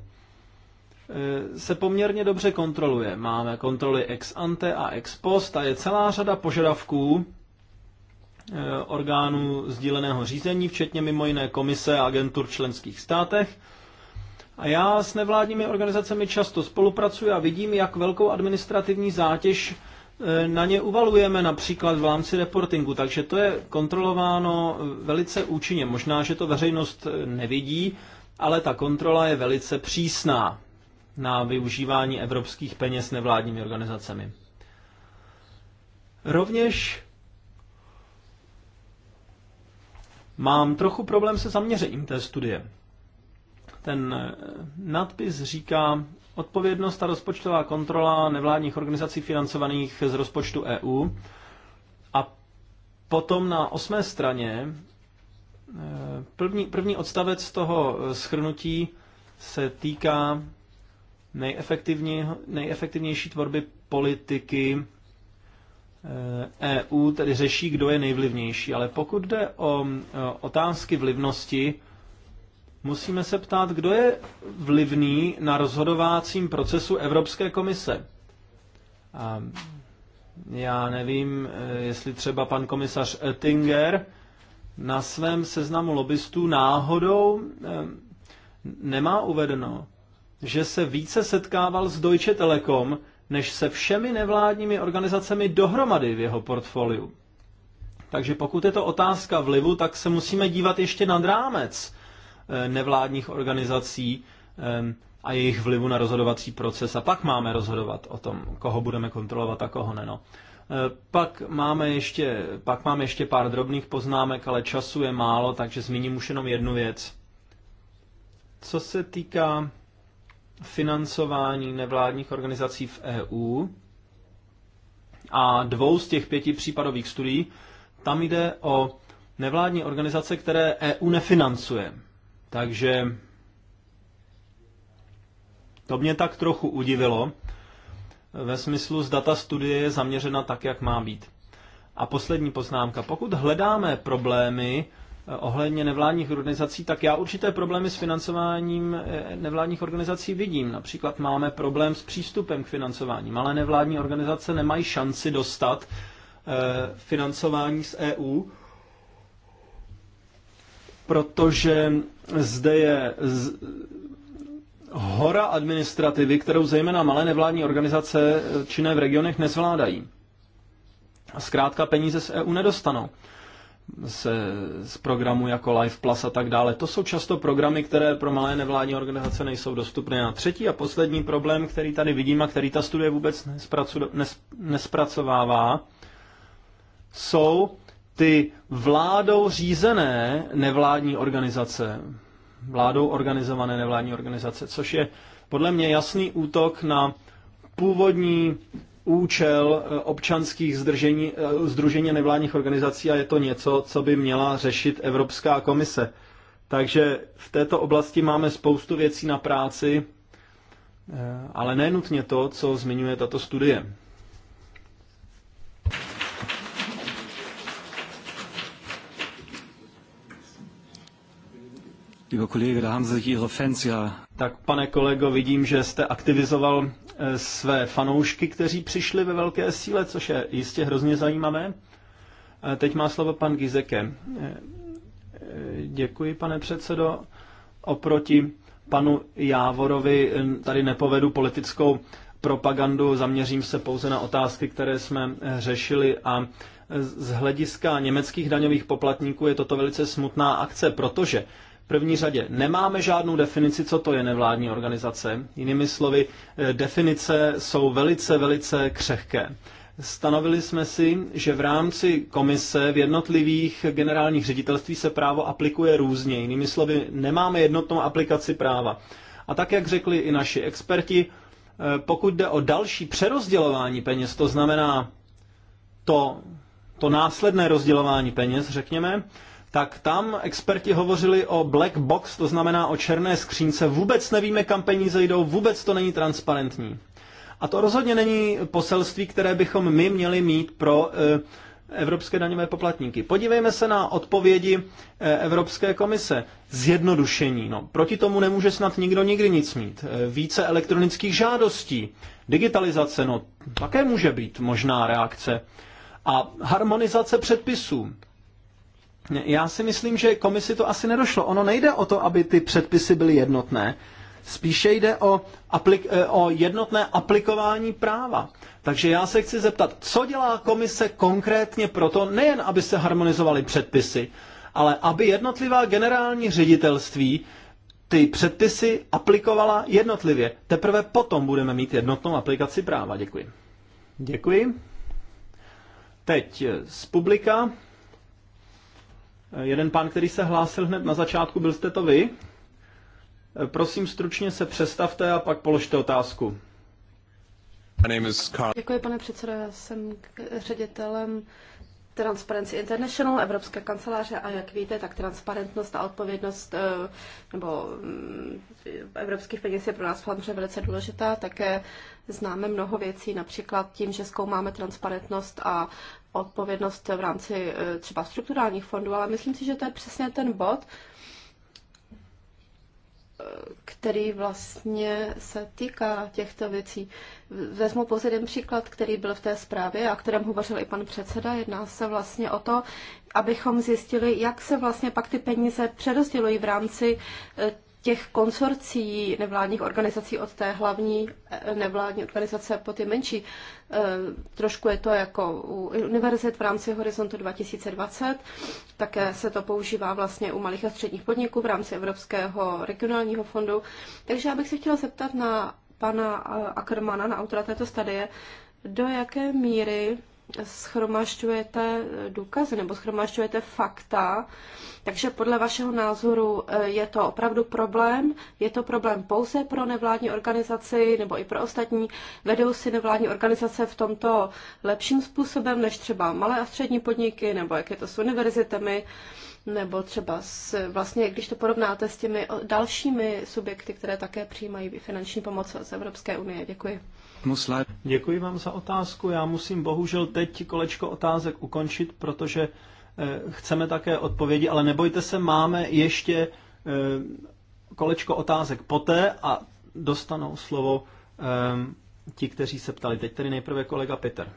[SPEAKER 1] e, se poměrně dobře kontroluje. Máme kontroly ex ante a ex post a je celá řada požadavků e, orgánů sdíleného řízení, včetně mimo jiné komise a agentur v členských státech, a já s nevládními organizacemi často spolupracuji a vidím, jak velkou administrativní zátěž e, na ně uvalujeme například v rámci reportingu, takže to je kontrolováno velice účinně. Možná, že to veřejnost e, nevidí, ale ta kontrola je velice přísná na využívání evropských peněz nevládními organizacemi. Rovněž mám trochu problém se zaměřením té studie. Ten eh, nadpis říká odpovědnost a rozpočtová kontrola nevládních organizací financovaných z rozpočtu EU. A potom na osmé straně eh, první, první odstavec toho eh, schrnutí se týká nejefektivnější tvorby politiky EU, e tedy řeší, kdo je nejvlivnější. Ale pokud jde o otázky vlivnosti, Musíme se ptát, kdo je vlivný na rozhodovacím procesu Evropské komise. A já nevím, eh, jestli třeba pan komisař Oettinger na svém seznamu lobbystů náhodou eh, nemá uvedeno, že se více setkával s Deutsche Telekom, než se všemi nevládními organizacemi dohromady v jeho portfoliu. Takže pokud je to otázka vlivu, tak se musíme dívat ještě nad rámec Eh, nevládních organizací eh, a jejich vlivu na rozhodovací proces. A pak máme rozhodovat o tom, koho budeme kontrolovat a koho ne. No. Eh, pak máme, ještě, pak máme ještě pár drobných poznámek, ale času je málo, takže zmíním už jenom jednu věc. Co se týká financování nevládních organizací v EU a dvou z těch pěti případových studií, tam jde o nevládní organizace, které EU nefinancuje. Takže to mě tak trochu udivilo, ve smyslu z data studie je zaměřena tak, jak má být. A poslední poznámka. Pokud hledáme problémy eh, ohledně nevládních organizací, tak já určité problémy s financováním eh, nevládních organizací vidím. Například máme problém s přístupem k financování. Malé nevládní organizace nemají šanci dostat eh, financování z EU, protože zde je z... hora administrativy, kterou zejména malé nevládní organizace eh, činné v regionech nezvládají. A zkrátka peníze z EU nedostanou se, z programu jako Life Plus a tak dále. To jsou často programy, které pro malé nevládní organizace nejsou dostupné. A třetí a poslední problém, který tady vidím a který ta studie vůbec nespracu, nes, nespracovává, jsou ty vládou řízené nevládní organizace, vládou organizované nevládní organizace, což je podle mě jasný útok na původní účel eh, občanských zdržení, združení eh, nevládních organizací a je to něco, co by měla řešit Evropská komise. Takže v této oblasti máme spoustu věcí na práci, eh, ale nenutně to, co zmiňuje tato studie. Tak pane kolego, vidím, že jste aktivizoval eh, své fanoušky, kteří přišli ve velké síle, což je jistě hrozně zajímavé. Eh, teď má slovo pan Gizeke. Eh, děkuji, pane předsedo. Oproti panu Jávorovi tady nepovedu politickou propagandu, zaměřím se pouze na otázky, které jsme řešili a z hlediska německých daňových poplatníků je toto velice smutná akce, protože první řadě nemáme žádnou definici, co to je nevládní organizace. Jinými slovy, eh, definice jsou velice, velice křehké. Stanovili jsme si, že v rámci komise v jednotlivých generálních ředitelství se právo aplikuje různě. Jinými slovy, nemáme jednotnou aplikaci práva. A tak, jak řekli i naši experti, eh, pokud jde o další přerozdělování peněz, to znamená to, to následné rozdělování peněz, řekněme, tak tam experti hovořili o black box, to znamená o černé skřínce. Vůbec nevíme, kam peníze jdou, vůbec to není transparentní. A to rozhodně není poselství, které bychom my měli mít pro eh, evropské daňové poplatníky. Podívejme se na odpovědi eh, Evropské komise. Zjednodušení. No, proti tomu nemůže snad nikdo nikdy nic mít. Eh, více elektronických žádostí. Digitalizace, no, také může být možná reakce. A harmonizace předpisů. Já si myslím, že komisi to asi nedošlo. Ono nejde o to, aby ty předpisy byly jednotné. Spíše jde o, eh, o jednotné aplikování práva. Takže já se chci zeptat, co dělá komise konkrétně proto, nejen aby se harmonizovaly předpisy, ale aby jednotlivá generální ředitelství ty předpisy aplikovala jednotlivě. Teprve potom budeme mít jednotnou aplikaci práva. Děkuji. Děkuji. Teď z publika Eh, jeden pán, který se hlásil hned na začátku, byl jste to vy? Eh, prosím, stručně se přestavte a pak položte otázku.
[SPEAKER 3] Děkuji, pane předsedo. Já jsem ředitelem Transparency International, Evropské kanceláře a jak víte, tak transparentnost a odpovědnost eh, nebo mm, evropských peněz je pro nás samozřejmě velice důležitá. Také známe mnoho věcí, například tím, že zkoumáme transparentnost a odpovědnost v rámci eh, třeba strukturálních fondů, ale myslím si, že to je přesně ten bod, eh, který vlastně se týká těchto věcí. Vezmu pouze jeden příklad, který byl v té zprávě a kterém hovořil i pan předseda. Jedná se vlastně o to, abychom zjistili, jak se vlastně pak ty peníze přerozdělují v rámci eh, těch konsorcí nevládních organizací od té hlavní eh, nevládní organizace po ty menší. Eh, trošku je to jako u univerzit v rámci Horizontu 2020. Také se to používá vlastně u malých a středních podniků v rámci Evropského regionálního fondu. Takže já bych se chtěla zeptat na pana eh, Ackermana, na autora této studie, do jaké míry schromažďujete důkazy nebo schromažďujete fakta. Takže podle vašeho názoru eh, je to opravdu problém? Je to problém pouze pro nevládní organizaci nebo i pro ostatní? Vedou si nevládní organizace v tomto lepším způsobem než třeba malé a střední podniky nebo jak je to s univerzitami? Nebo třeba s, vlastně, když to porovnáte s těmi dalšími subjekty, které také přijímají finanční pomoc z Evropské unie. Děkuji.
[SPEAKER 1] Děkuji vám za otázku. Já musím bohužel teď kolečko otázek ukončit, protože eh, chceme také odpovědi, ale nebojte se, máme ještě eh, kolečko otázek poté a dostanou slovo eh, ti, kteří se ptali. Teď tedy nejprve kolega Peter.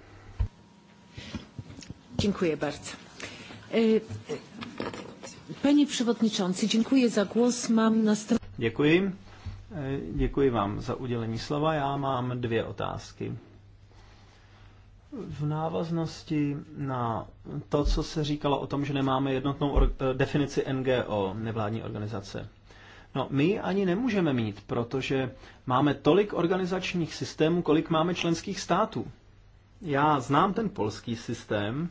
[SPEAKER 1] Děkuji, bardzo. E, e, Pani Przewodniczący, dziękuję za głos. Mam następne... Děkuji. Děkuji vám za udělení slova. Já mám dvě otázky. V návaznosti na to, co se říkalo o tom, že nemáme jednotnou eh, definici NGO, nevládní organizace. No, my ani nemůžeme mít, protože máme tolik organizačních systémů, kolik máme členských států. Já znám ten polský systém.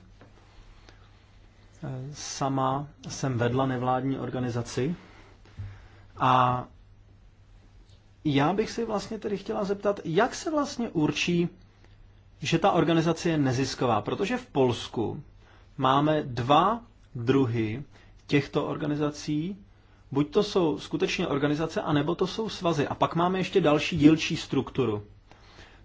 [SPEAKER 1] Eh, sama jsem vedla nevládní organizaci a já bych si vlastně tedy chtěla zeptat, jak se vlastně určí, že ta organizace je nezisková, protože v Polsku máme dva druhy těchto organizací, buď to jsou skutečně organizace, anebo to jsou svazy. A pak máme ještě další dílčí strukturu.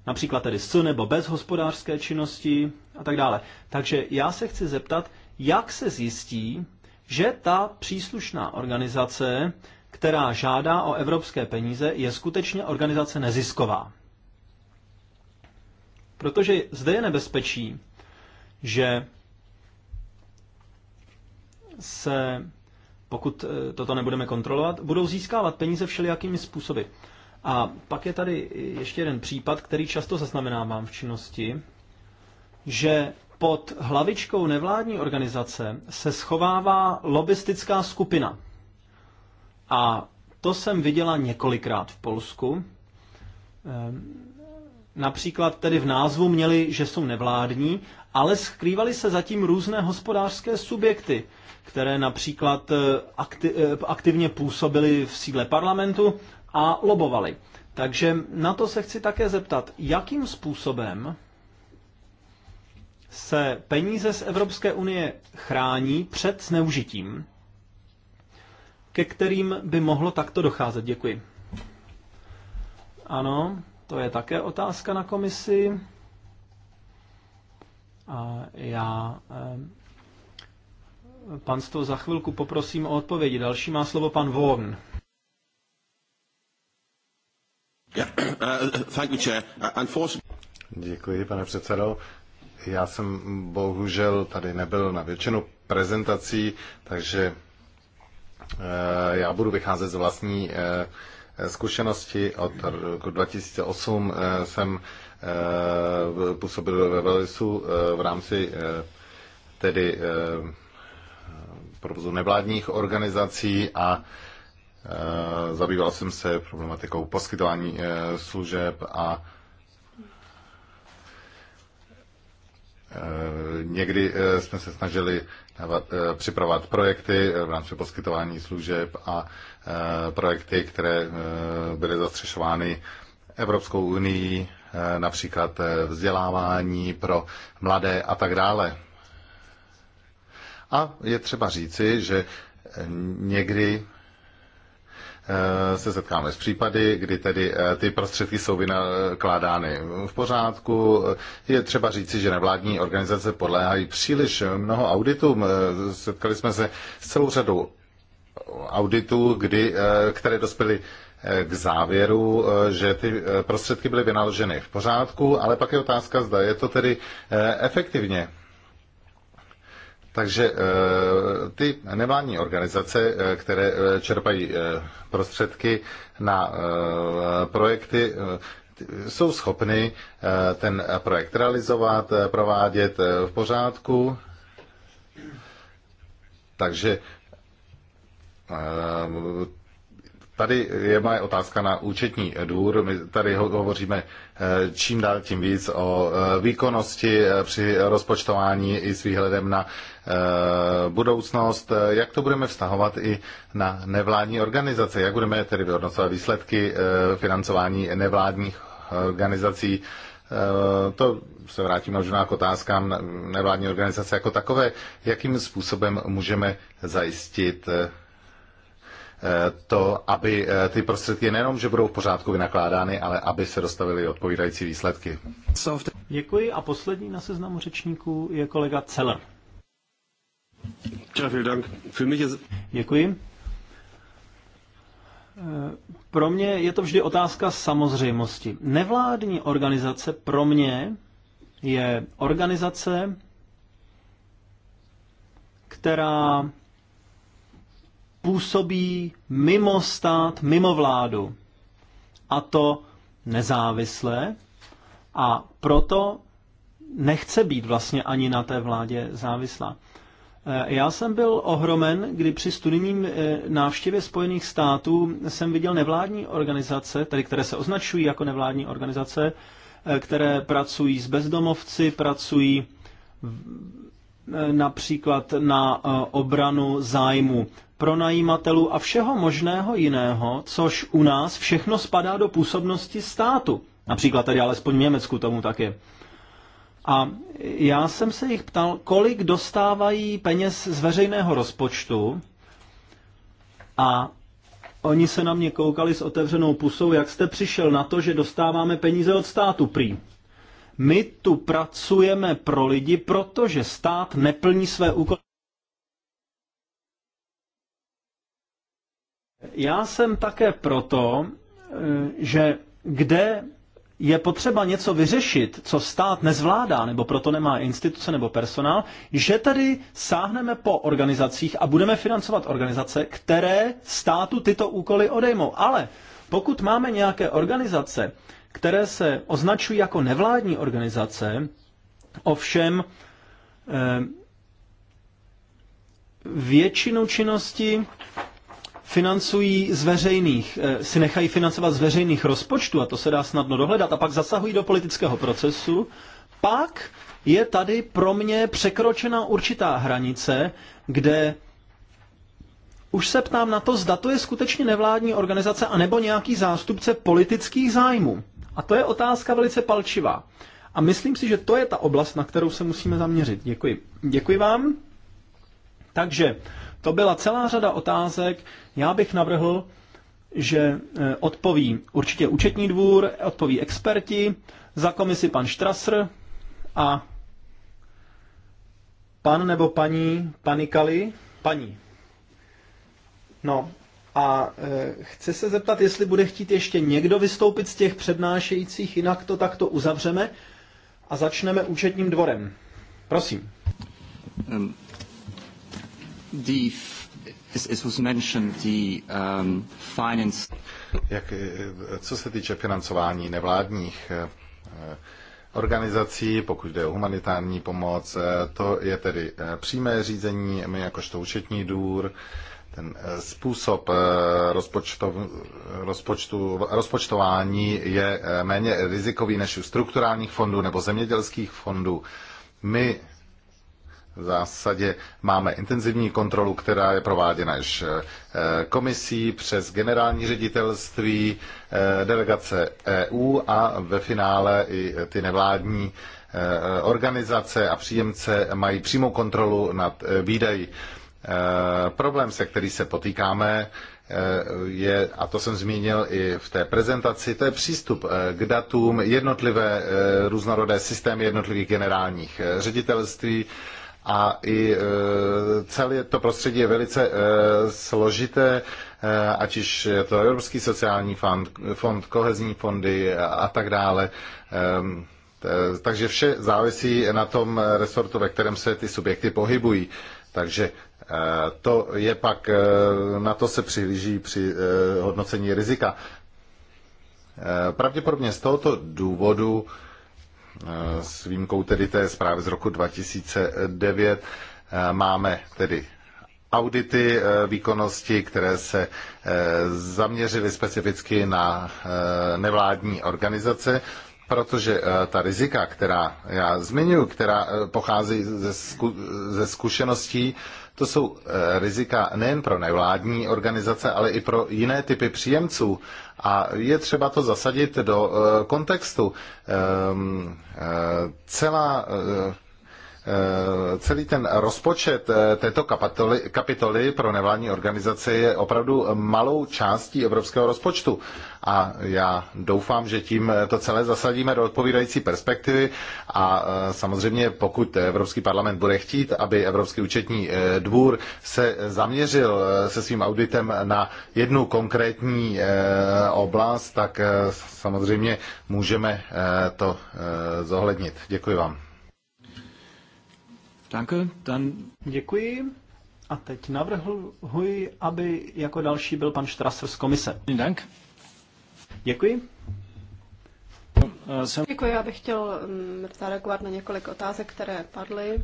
[SPEAKER 1] Například tedy s nebo bez hospodářské činnosti a tak dále. Takže já se chci zeptat, jak se zjistí, že ta příslušná organizace která žádá o evropské peníze, je skutečně organizace nezisková. Protože zde je nebezpečí, že se, pokud eh, toto nebudeme kontrolovat, budou získávat peníze všelijakými způsoby. A pak je tady ještě jeden případ, který často zaznamenávám v činnosti, že pod hlavičkou nevládní organizace se schovává lobistická skupina. A to jsem viděla několikrát v Polsku. Ehm, například tedy v názvu měli, že jsou nevládní, ale skrývaly se zatím různé hospodářské subjekty, které například eh, akti- eh, aktivně působily v sídle parlamentu a lobovaly. Takže na to se chci také zeptat, jakým způsobem se peníze z Evropské unie chrání před zneužitím ke kterým by mohlo takto docházet? Děkuji. Ano, to je také otázka na komisi. A já eh, panstvo za chvilku poprosím o odpovědi. Další má slovo pan Vorn.
[SPEAKER 2] Uh, uh, Děkuji, pane předsedo. Já jsem bohužel tady nebyl na většinu prezentací, takže Eh, já budu vycházet z vlastní eh, zkušenosti. Od roku 2008 eh, jsem působil ve Velisu v rámci tedy provozu nevládních organizací a zabýval jsem se problematikou poskytování služeb a Někdy jsme se snažili Eh, připravovat projekty eh, v rámci poskytování služeb a eh, projekty, které byly zastřešovány Evropskou unii, například vzdělávání pro mladé a tak dále. A je třeba říci, že někdy Eh, se setkáme s případy, kdy tedy eh, ty prostředky jsou vynakládány v pořádku. Je třeba říci, že nevládní organizace podléhají příliš mnoho auditům. Eh, setkali jsme se s celou řadou auditů, kdy, které dospěly k závěru, že ty prostředky byly vynaloženy v pořádku, ale pak je otázka, zda je to tedy efektivně takže eh, ty nevládní organizace, eh, které eh, čerpají prostředky na projekty, jsou schopny ten projekt realizovat, provádět v pořádku. Takže Tady je moje otázka na účetní důr. My tady hovoříme eh, čím dál tím víc o eh, výkonnosti eh, při rozpočtování i s výhledem na budoucnost. Jak to budeme vztahovat i na nevládní organizace? Jak budeme tedy vyhodnocovat výsledky financování nevládních organizací? To se vrátím možná k otázkám nevládní organizace jako takové. Jakým způsobem můžeme zajistit Eh, to, aby eh, ty prostředky nejenom, že budou v pořádku vynakládány, ale aby se dostavily odpovídající výsledky.
[SPEAKER 1] Děkuji a poslední na seznamu řečníků je kolega Celer. Děkuji. Eh, pro mě je to vždy otázka samozřejmosti. Nevládní organizace pro mě je organizace, která působí mimo stát, mimo vládu. A to nezávisle a proto nechce být vlastně ani na té vládě závislá. Eh, já jsem byl ohromen, kdy při studijním eh, návštěvě Spojených států jsem viděl nevládní organizace, tedy které se označují jako nevládní organizace, eh, které pracují s bezdomovci, pracují například na e, obranu zájmu pronajímatelů a všeho možného jiného, což u nás všechno spadá do působnosti státu. Například tady alespoň v Německu tomu tak je. A já jsem se jich ptal, kolik dostávají peněz z veřejného rozpočtu a oni se na mě koukali s otevřenou pusou, jak jste přišel na to, že dostáváme peníze od státu prý. My tu pracujeme pro lidi, protože stát neplní své úkoly. Já jsem také proto,
[SPEAKER 2] eh,
[SPEAKER 1] že kde je potřeba něco vyřešit, co stát nezvládá, nebo proto nemá instituce nebo personál, že tady sáhneme po organizacích a budeme financovat organizace, které státu tyto úkoly odejmou. Ale pokud máme nějaké organizace, které se označují jako nevládní organizace, ovšem eh, většinu činnosti financují z veřejných, eh, si nechají financovat z veřejných rozpočtů, a to se dá snadno dohledat, a pak zasahují do politického procesu, pak je tady pro mě překročena určitá hranice, kde už se ptám na to, zda to je skutečně nevládní organizace anebo nějaký zástupce politických zájmů. A to je otázka velice palčivá. A myslím si, že to je ta oblast, na kterou se musíme zaměřit. Děkuji. Děkuji vám. Takže to byla celá řada otázek. Já bych navrhl, že eh, odpoví určitě účetní dvůr, odpoví experti, za komisi pan Štrasr a pan nebo paní Kali, paní. No, a e, chci se zeptat, jestli bude chtít ještě někdo vystoupit z těch přednášejících, jinak to takto uzavřeme a začneme účetním
[SPEAKER 2] dvorem. Prosím. Um, the, as, as was mentioned, the um, finance... Jak, e, co se týče financování nevládních e, organizací, pokud jde o humanitární pomoc, to je tedy přímé řízení, my jakožto účetní důr, ten eh, způsob eh, rozpočtu, rozpočtování je eh, méně rizikový než u strukturálních fondů nebo zemědělských fondů. My v zásadě máme intenzivní kontrolu, která je prováděna již komisí přes generální ředitelství, delegace EU a ve finále i ty nevládní organizace a příjemce mají přímou kontrolu nad výdaji. Eh, problém, se který se potýkáme, eh, je, a to jsem zmínil i v té prezentaci, to je přístup eh, k datům jednotlivé různorodé systémy jednotlivých generálních ředitelství a i celé to prostředí je velice složité, ať již je to Evropský sociální fond, fond kohezní fondy a tak dále. Ehm, takže vše závisí na tom resortu, ve kterém se ty subjekty pohybují. Takže Eh, to je pak, eh, na to se přihlíží při eh, hodnocení rizika. Pravděpodobně z tohoto důvodu, s výjimkou tedy té zprávy z roku 2009, máme tedy audity výkonnosti, které se zaměřily specificky na nevládní organizace, protože ta rizika, která já zmiňuji, která pochází ze, zkušeností, to jsou eh, rizika nejen pro nevládní organizace, ale i pro jiné typy příjemců. A je třeba to zasadit do eh, kontextu. Ehm, eh, celá Eh, celý ten rozpočet eh, této kapitoly, kapitoly pro nevládní organizace je opravdu malou částí evropského rozpočtu. A já doufám, že tím eh, to celé zasadíme do odpovídající perspektivy a samozřejmě pokud Evropský parlament bude chtít, aby Evropský účetní dvůr se zaměřil se svým auditem na jednu konkrétní oblast, tak samozřejmě můžeme to zohlednit. Děkuji vám. Danke, dann... Děkuji. A teď navrhuji,
[SPEAKER 1] aby jako další byl pan Strasser z komise. Dank. Děkuji. Eh, Děkuji,
[SPEAKER 3] já bych chtěl mm, zareagovat na několik otázek, které padly.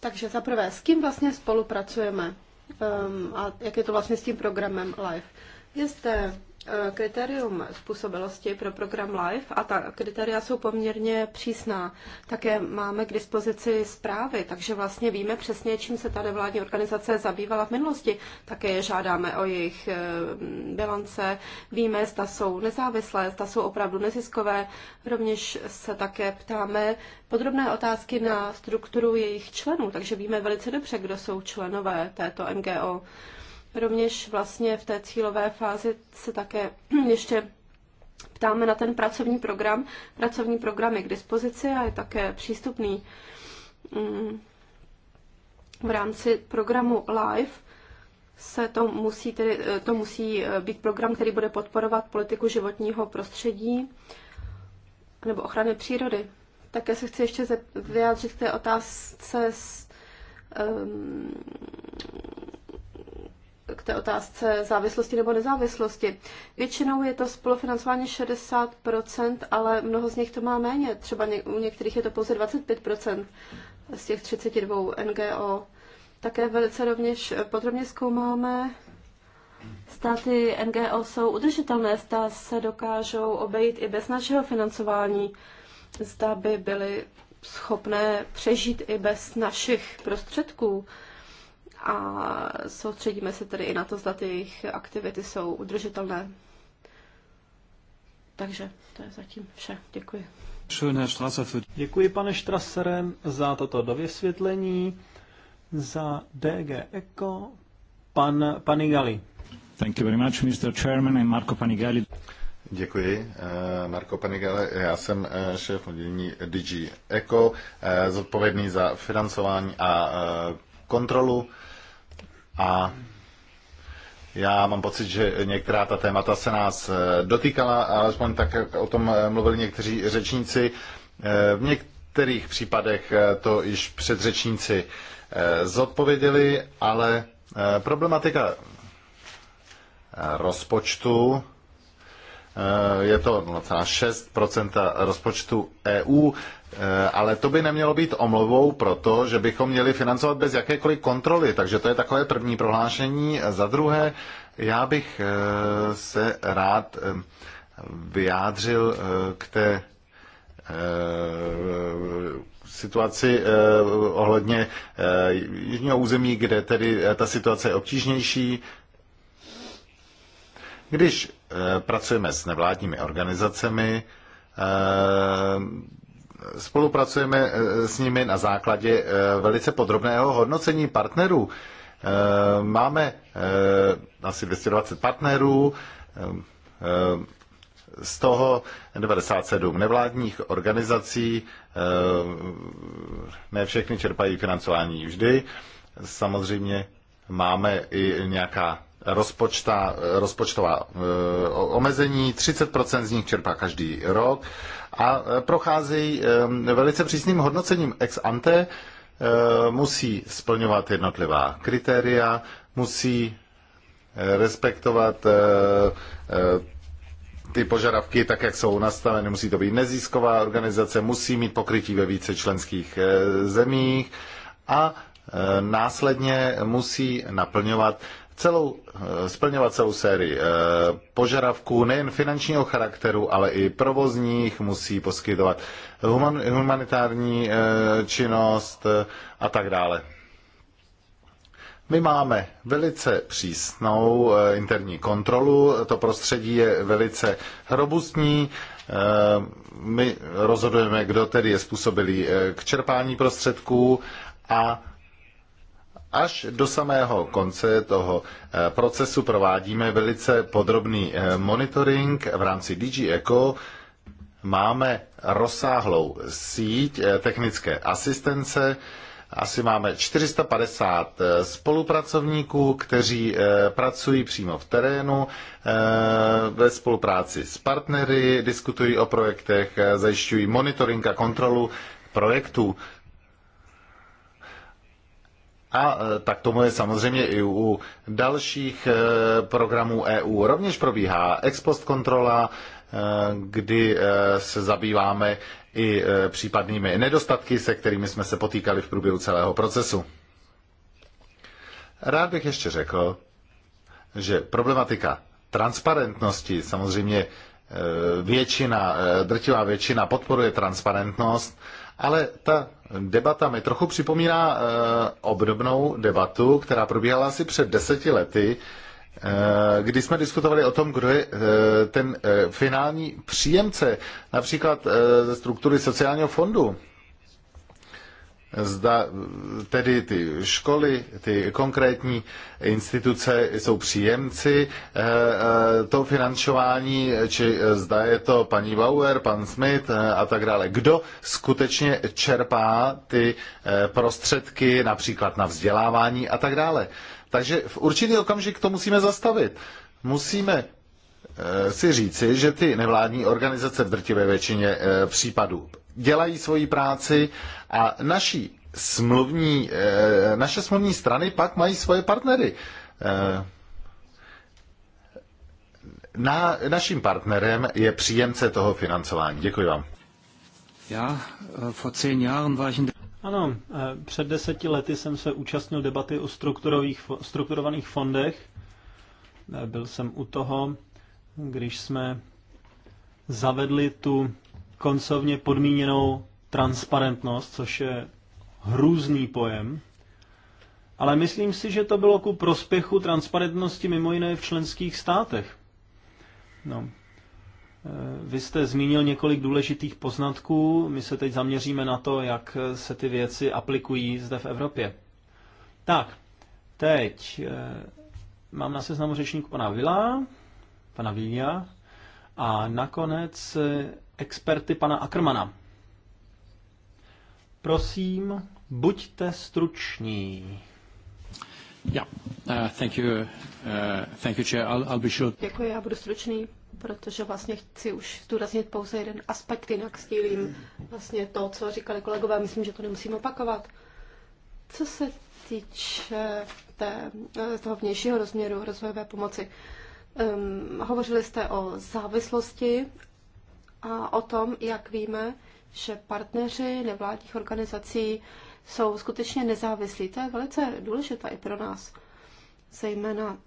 [SPEAKER 3] Takže za prvé, s kým vlastně spolupracujeme um, a jak je to vlastně s tím programem LIFE? Je zde Eh, kritérium způsobilosti pro program LIFE a ta kritéria jsou poměrně přísná. Také máme k dispozici zprávy, takže vlastně víme přesně, čím se ta nevládní organizace zabývala v minulosti. Také žádáme o jejich eh, bilance, víme, zda jsou nezávislé, zda jsou opravdu neziskové. Rovněž se také ptáme podrobné otázky na strukturu jejich členů, takže víme velice dobře, kdo jsou členové této MGO. Rovněž vlastně v té cílové fázi se také ještě ptáme na ten pracovní program. Pracovní program je k dispozici a je také přístupný mm, v rámci programu LIFE se to musí, tedy, eh, to musí eh, být program, který bude podporovat politiku životního prostředí nebo ochrany přírody. Také se chci ještě vyjádřit k té otázce s, um, k té otázce závislosti nebo nezávislosti. Většinou je to spolufinancování 60%, ale mnoho z nich to má méně. Třeba u některých je to pouze 25% z těch 32 NGO. Také velice rovněž podrobně zkoumáme Státy NGO jsou udržitelné, zda se dokážou obejít i bez našeho financování, zda by byly schopné přežít i bez našich prostředků a soustředíme se tedy i na to, zda ty jejich aktivity jsou udržitelné. Takže to je zatím vše. Děkuji.
[SPEAKER 1] Děkuji, pane Štrasere, za toto dovysvětlení. Za DG Eco,
[SPEAKER 2] pan Panigali. Thank you very much, Mr. Chairman and Marco Panigali. Děkuji. Eh, Marko Panigale, já jsem eh, šéf oddělení DG Eco, eh, zodpovědný za financování a kontrolu a já mám pocit, že některá ta témata se nás eh, dotýkala, alespoň tak, jak o tom eh, mluvili někteří řečníci. Eh, v některých případech to již předřečníci zodpověděli, ale problematika rozpočtu Eh, je to 0,6 rozpočtu EU, eh, ale to by nemělo být omluvou pro to, že bychom měli financovat bez jakékoliv kontroly. Takže to je takové první prohlášení. Za druhé, já bych eh, se rád vyjádřil k té situaci ohledně jižního území, kde tedy ta situace je obtížnější. Když Eh, pracujeme s nevládními organizacemi, eh, spolupracujeme eh, s nimi na základě velice podrobného hodnocení partnerů. Máme asi 220 partnerů, z toho 97 nevládních organizací, ne všechny čerpají financování vždy. Samozřejmě máme i nějaká rozpočta, rozpočtová e, omezení, 30% z nich čerpá každý rok a e, procházejí e, velice přísným hodnocením ex ante, musí splňovat jednotlivá kritéria, musí respektovat ty požadavky tak, jak jsou nastaveny. Musí to být nezisková organizace, musí mít pokrytí ve více členských zemích a následně musí naplňovat celou, eh, splňovat celou sérii eh, požadavků nejen finančního charakteru, ale i provozních, musí poskytovat humanitární eh, činnost a tak dále. My máme velice přísnou interní kontrolu, to prostředí je velice robustní, my rozhodujeme, kdo tedy je způsobilý k čerpání prostředků a Až do samého konce toho eh, procesu provádíme velice podrobný eh, monitoring v rámci DG Eco. Máme rozsáhlou síť eh, technické asistence, asi máme 450 spolupracovníků, kteří pracují přímo v terénu, ve spolupráci s partnery, diskutují o projektech, zajišťují monitoring a kontrolu projektů. A e, tak tomu je samozřejmě i u dalších e, programů EU. Rovněž probíhá ex post kontrola, e, kdy se zabýváme i případnými nedostatky, se kterými jsme se potýkali v průběhu celého procesu. Rád bych ještě řekl, že problematika transparentnosti samozřejmě většina, drtivá většina podporuje transparentnost, ale ta debata mi trochu připomíná eh, obdobnou debatu, která probíhala asi před deseti lety, eh, kdy jsme diskutovali o tom, kdo je eh, ten finální příjemce, například ze struktury sociálního fondu zda tedy ty školy, ty konkrétní instituce jsou příjemci eh, eh, toho financování, či zda je to paní Bauer, pan Smith eh, a tak dále. Kdo skutečně čerpá ty prostředky například na vzdělávání a tak dále. Takže v určitý okamžik to musíme zastavit. Musíme si říci, že ty nevládní organizace v drtivé většině případů dělají svoji práci a naší smluvní, eh, naše smluvní strany pak mají svoje partnery. Eh, na, naším partnerem je příjemce toho financování. Děkuji vám. Já,
[SPEAKER 1] eh, v zehn ano, před deseti lety jsem se účastnil debaty o strukturových, strukturovaných fondech. Byl jsem u toho, když jsme zavedli tu koncovně podmíněnou transparentnost, což je hrůzný pojem, ale myslím si, že to bylo ku prospěchu transparentnosti mimo jiné v členských státech. No. E, vy jste zmínil několik důležitých poznatků, my se teď zaměříme na to, jak se ty věci aplikují zde v Evropě. Tak, teď e, mám na seznamu řečníku pana Vila, pana Vilia, a nakonec e, experty pana Ackermana. Prosím, buďte struční. Yeah. Uh, thank you. Uh, thank you, Chair. I'll, I'll be sure.
[SPEAKER 3] Děkuji, já budu stručný, protože vlastně chci už zdůraznit pouze jeden aspekt, jinak sdílím vlastně to, co říkali kolegové, myslím, že to nemusím opakovat. Co se týče té, eh, toho vnějšího rozměru rozvojové pomoci, um, hovořili jste o závislosti a o tom, jak víme, že partneři nevládních organizací jsou skutečně nezávislí. To je velice důležité i pro nás, zejména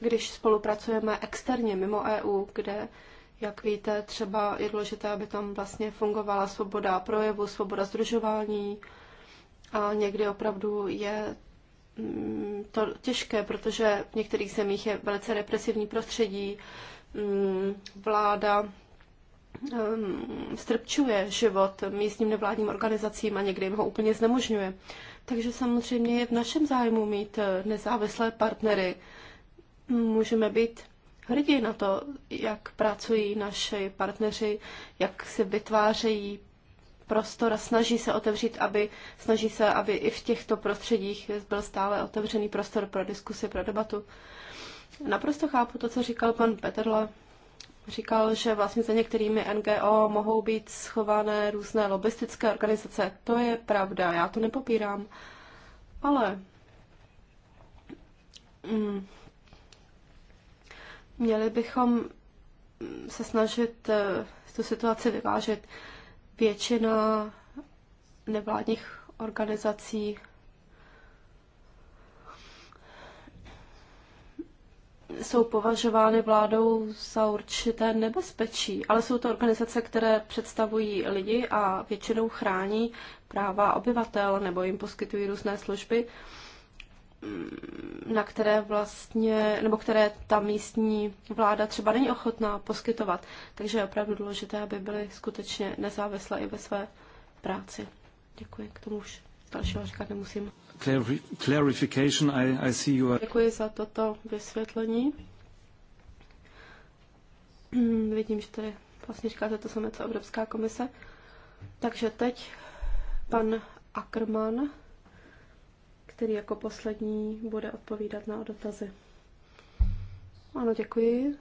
[SPEAKER 3] když spolupracujeme externě mimo EU, kde, jak víte, třeba je důležité, aby tam vlastně fungovala svoboda projevu, svoboda združování a někdy opravdu je mm, to těžké, protože v některých zemích je velice represivní prostředí, mm, vláda Ehm, strpčuje život místním nevládním organizacím a někdy jim ho úplně znemožňuje. Takže samozřejmě je v našem zájmu mít eh, nezávislé partnery. Můžeme být hrdí na to, jak pracují naši partneři, jak se vytvářejí prostor a snaží se otevřít, aby, snaží se, aby i v těchto prostředích byl stále otevřený prostor pro diskusi, pro debatu. Naprosto chápu to, co říkal pan Petrla, říkal, že vlastně za některými NGO mohou být schované různé lobbystické organizace. To je pravda, já to nepopírám. Ale mm, měli bychom mm, se snažit eh, tu situaci vyvážet. Většina nevládních organizací jsou považovány vládou za určité nebezpečí, ale jsou to organizace, které představují lidi a většinou chrání práva obyvatel nebo jim poskytují různé služby, mm, na které vlastně, nebo které ta místní vláda třeba není ochotná poskytovat. Takže je opravdu důležité, aby byly skutečně nezávislé i ve své práci. Děkuji, k tomu už dalšího říkat nemusím
[SPEAKER 1] clarification. I, I see you are... Děkuji
[SPEAKER 3] za toto vysvětlení. Hmm, vidím, že tady vlastně říkáte to samé, co Evropská komise. Takže teď pan Ackermann, který jako poslední bude odpovídat na dotazy. Ano, děkuji.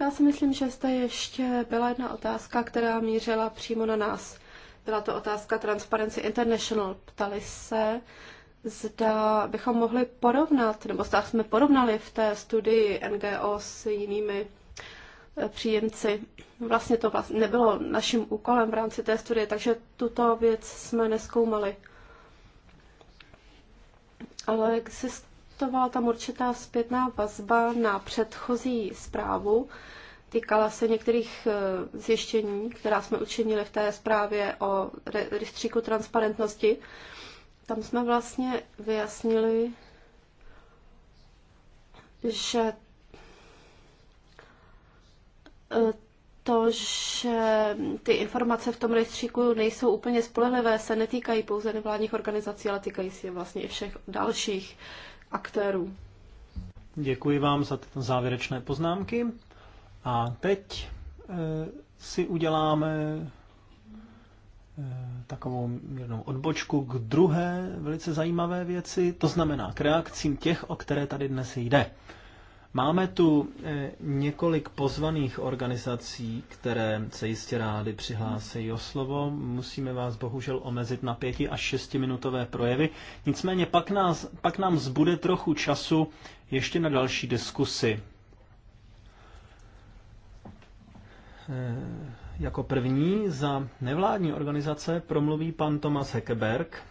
[SPEAKER 3] Já si myslím, že zde ještě byla jedna otázka, která mířila přímo na nás. Byla to otázka Transparency International. Ptali se, zda bychom mohli porovnat, nebo zda jsme porovnali v té studii NGO s jinými eh, příjemci. Vlastně to vlastně nebylo naším úkolem v rámci té studie, takže tuto věc jsme neskoumali. Ale existovala tam určitá zpětná vazba na předchozí zprávu, Týkala se některých eh, zjištění, která jsme učinili v té zprávě o rejstříku transparentnosti. Tam jsme vlastně vyjasnili, že eh, to, že ty informace v tom rejstříku nejsou úplně spolehlivé, se netýkají pouze nevládních organizací, ale týkají se vlastně i všech dalších aktérů.
[SPEAKER 1] Děkuji vám za tyto závěrečné poznámky a teď eh, si uděláme eh, takovou mírnou odbočku k druhé velice zajímavé věci, to znamená k reakcím těch, o které tady dnes jde. Máme tu eh, několik pozvaných organizací, které se jistě rády přihlásí o slovo. Musíme vás bohužel omezit na pěti až šestiminutové projevy. Nicméně pak, nás, pak nám zbude trochu času ještě na další diskusy Eh, jako první za nevládní organizace promluví pan Tomas Hekeberg,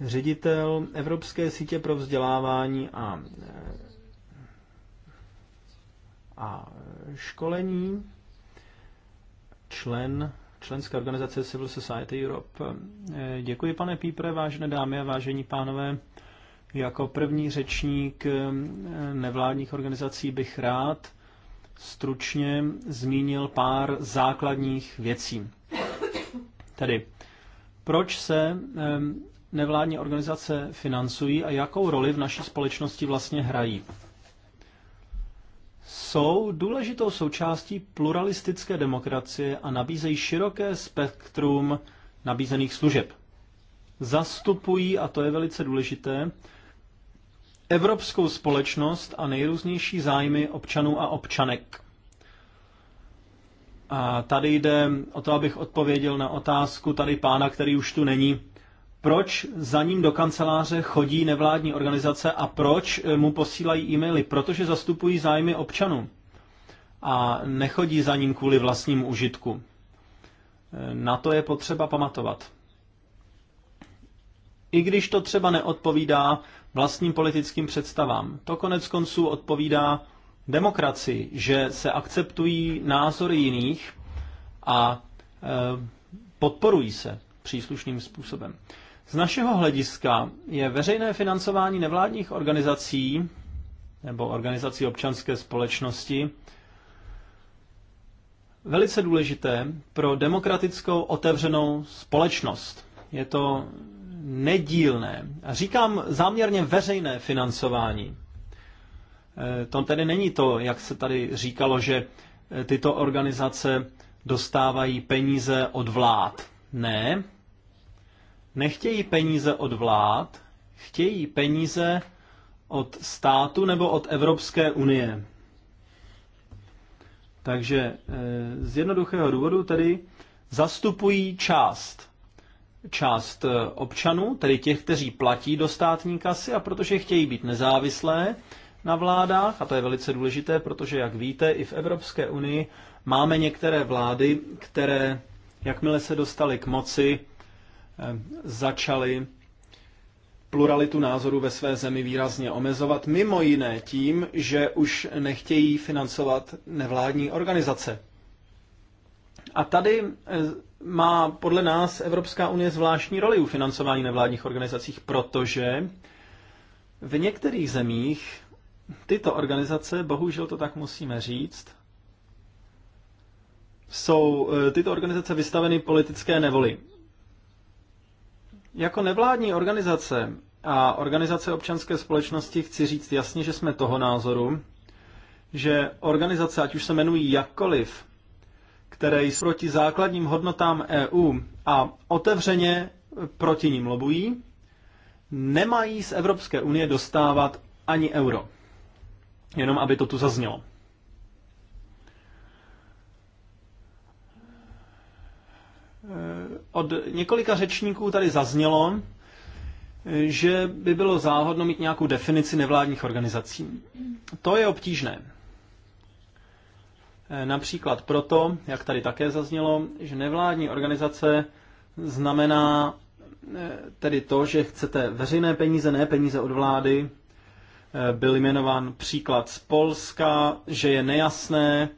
[SPEAKER 1] ředitel Evropské sítě pro vzdělávání a, eh, a školení, člen členské organizace Civil Society Europe. Eh, děkuji, pane Pípre, vážené dámy a vážení pánové. Jako první řečník nevládních organizací bych rád stručně zmínil pár základních věcí. Tedy, proč se nevládní organizace financují a jakou roli v naší společnosti vlastně hrají? Jsou důležitou součástí pluralistické demokracie a nabízejí široké spektrum nabízených služeb. Zastupují, a to je velice důležité, evropskou společnost a nejrůznější zájmy občanů a občanek. A tady jde o to, abych odpověděl na otázku tady pána, který už tu není. Proč za ním do kanceláře chodí nevládní organizace a proč mu posílají e-maily? Protože zastupují zájmy občanů a nechodí za ním kvůli vlastnímu užitku. Na to je potřeba pamatovat i když to třeba neodpovídá vlastním politickým představám. To konec konců odpovídá demokracii, že se akceptují názory jiných a e, podporují se příslušným způsobem. Z našeho hlediska je veřejné financování nevládních organizací nebo organizací občanské společnosti velice důležité pro demokratickou otevřenou společnost. Je to nedílné, a říkám záměrně veřejné financování, e, to tedy není to, jak se tady říkalo, že e, tyto organizace dostávají peníze od vlád. Ne, nechtějí peníze od vlád, chtějí peníze od státu nebo od Evropské unie. Takže e, z jednoduchého důvodu tedy zastupují část část eh, občanů, tedy těch, kteří platí do státní kasy a protože chtějí být nezávislé na vládách, a to je velice důležité, protože, jak víte, i v Evropské unii máme některé vlády, které, jakmile se dostaly k moci, eh, začaly pluralitu názorů ve své zemi výrazně omezovat, mimo jiné tím, že už nechtějí financovat nevládní organizace. A tady eh, má podle nás Evropská unie zvláštní roli u financování nevládních organizacích, protože v některých zemích tyto organizace, bohužel to tak musíme říct, jsou e, tyto organizace vystaveny politické nevoli. Jako nevládní organizace a organizace občanské společnosti chci říct jasně, že jsme toho názoru, že organizace, ať už se jmenují jakkoliv, které jsou proti základním hodnotám EU a otevřeně proti ním lobují, nemají z Evropské unie dostávat ani euro. Jenom aby to tu zaznělo. Eh, od několika řečníků tady zaznělo, že by bylo záhodno mít nějakou definici nevládních organizací. To je obtížné. Eh, například proto, jak tady také zaznělo, že nevládní organizace znamená eh, tedy to, že chcete veřejné peníze, ne peníze od vlády. Eh, byl jmenován příklad z Polska, že je nejasné,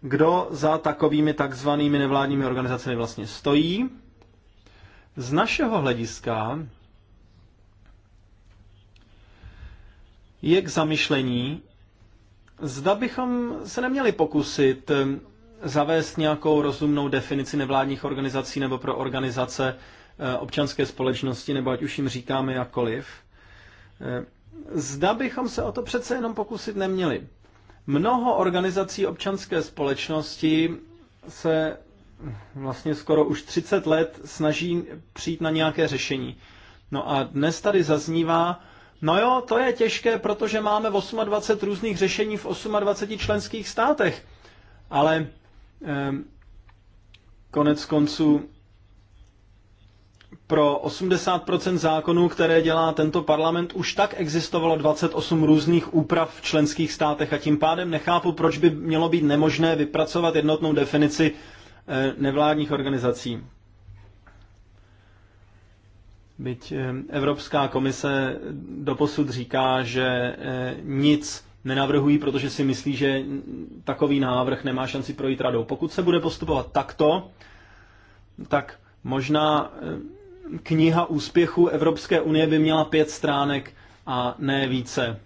[SPEAKER 1] kdo za takovými takzvanými nevládními organizacemi vlastně stojí. Z našeho hlediska je k zamyšlení, Zda bychom se neměli pokusit eh, zavést nějakou rozumnou definici nevládních organizací nebo pro organizace eh, občanské společnosti, nebo ať už jim říkáme jakkoliv. Eh, zda bychom se o to přece jenom pokusit neměli. Mnoho organizací občanské společnosti se vlastně skoro už 30 let snaží přijít na nějaké řešení. No a dnes tady zaznívá, No jo, to je těžké, protože máme 28 různých řešení v 28 členských státech. Ale eh, konec konců pro 80% zákonů, které dělá tento parlament, už tak existovalo 28 různých úprav v členských státech a tím pádem nechápu, proč by mělo být nemožné vypracovat jednotnou definici eh, nevládních organizací. Byť eh, Evropská komise doposud říká, že eh, nic nenavrhují, protože si myslí, že takový návrh nemá šanci projít radou. Pokud se bude postupovat takto, tak možná eh, kniha úspěchu Evropské unie by měla pět stránek a ne více.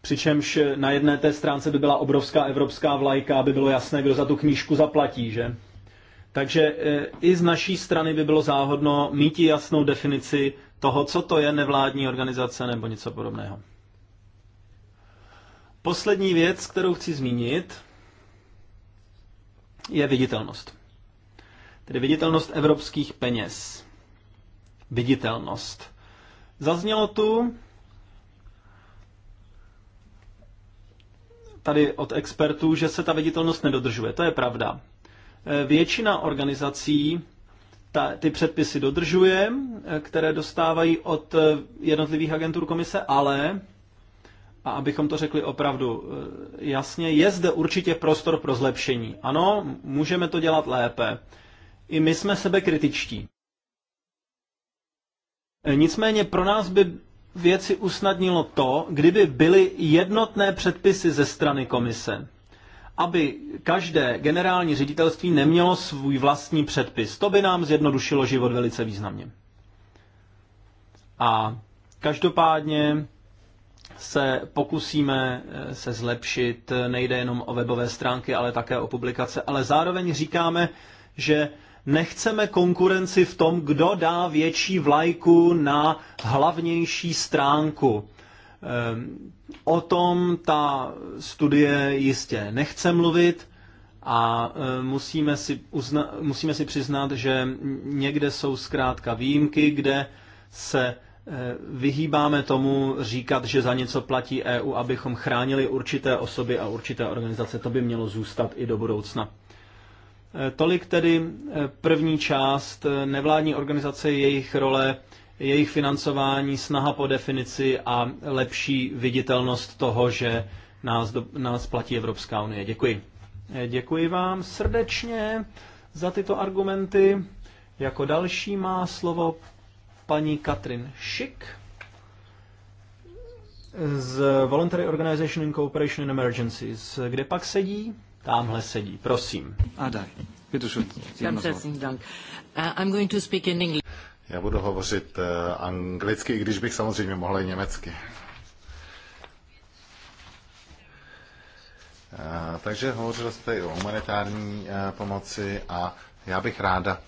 [SPEAKER 1] Přičemž na jedné té stránce by byla obrovská evropská vlajka, aby bylo jasné, kdo za tu knížku zaplatí, že? Takže eh, i z naší strany by bylo záhodno mít jasnou definici toho, co to je nevládní organizace nebo něco podobného. Poslední věc, kterou chci zmínit, je viditelnost. Tedy viditelnost evropských peněz. Viditelnost. Zaznělo tu tady od expertů, že se ta viditelnost nedodržuje. To je pravda. Eh, většina organizací ta, ty předpisy dodržuje, eh, které dostávají od eh, jednotlivých agentur komise, ale, a abychom to řekli opravdu jasně, je zde určitě prostor pro zlepšení. Ano, můžeme to dělat lépe. I my jsme sebe kritičtí. Nicméně pro nás by věci usnadnilo to, kdyby byly jednotné předpisy ze strany komise aby každé generální ředitelství nemělo svůj vlastní předpis. To by nám zjednodušilo život velice významně. A každopádně se pokusíme eh, se zlepšit, eh, nejde jenom o webové stránky, ale také o publikace, ale zároveň říkáme, že nechceme konkurenci v tom, kdo dá větší vlajku na hlavnější stránku. Ehm, o tom ta studie jistě nechce mluvit a ehm, musíme si, uzna, musíme si přiznat, že někde jsou zkrátka výjimky, kde se ehm, vyhýbáme tomu říkat, že za něco platí EU, abychom chránili určité osoby a určité organizace. To by mělo zůstat i do budoucna. Tolik tedy první část nevládní organizace, jejich role jejich financování, snaha po definici a lepší viditelnost toho, že nás, do, nás platí Evropská unie. Děkuji. Eh, děkuji vám srdečně za tyto argumenty. Jako další má slovo paní Katrin Šik z Voluntary Organization in Cooperation in Emergencies. Kde pak sedí? Tamhle sedí, prosím. A daj. Bitte schön. Ganz herzlichen
[SPEAKER 2] Dank. Uh, I'm going to speak in English. Já budu hovořit eh, anglicky, i když bych samozřejmě mohl i německy. Eh, takže hovořil jste i o humanitární eh, pomoci a já bych ráda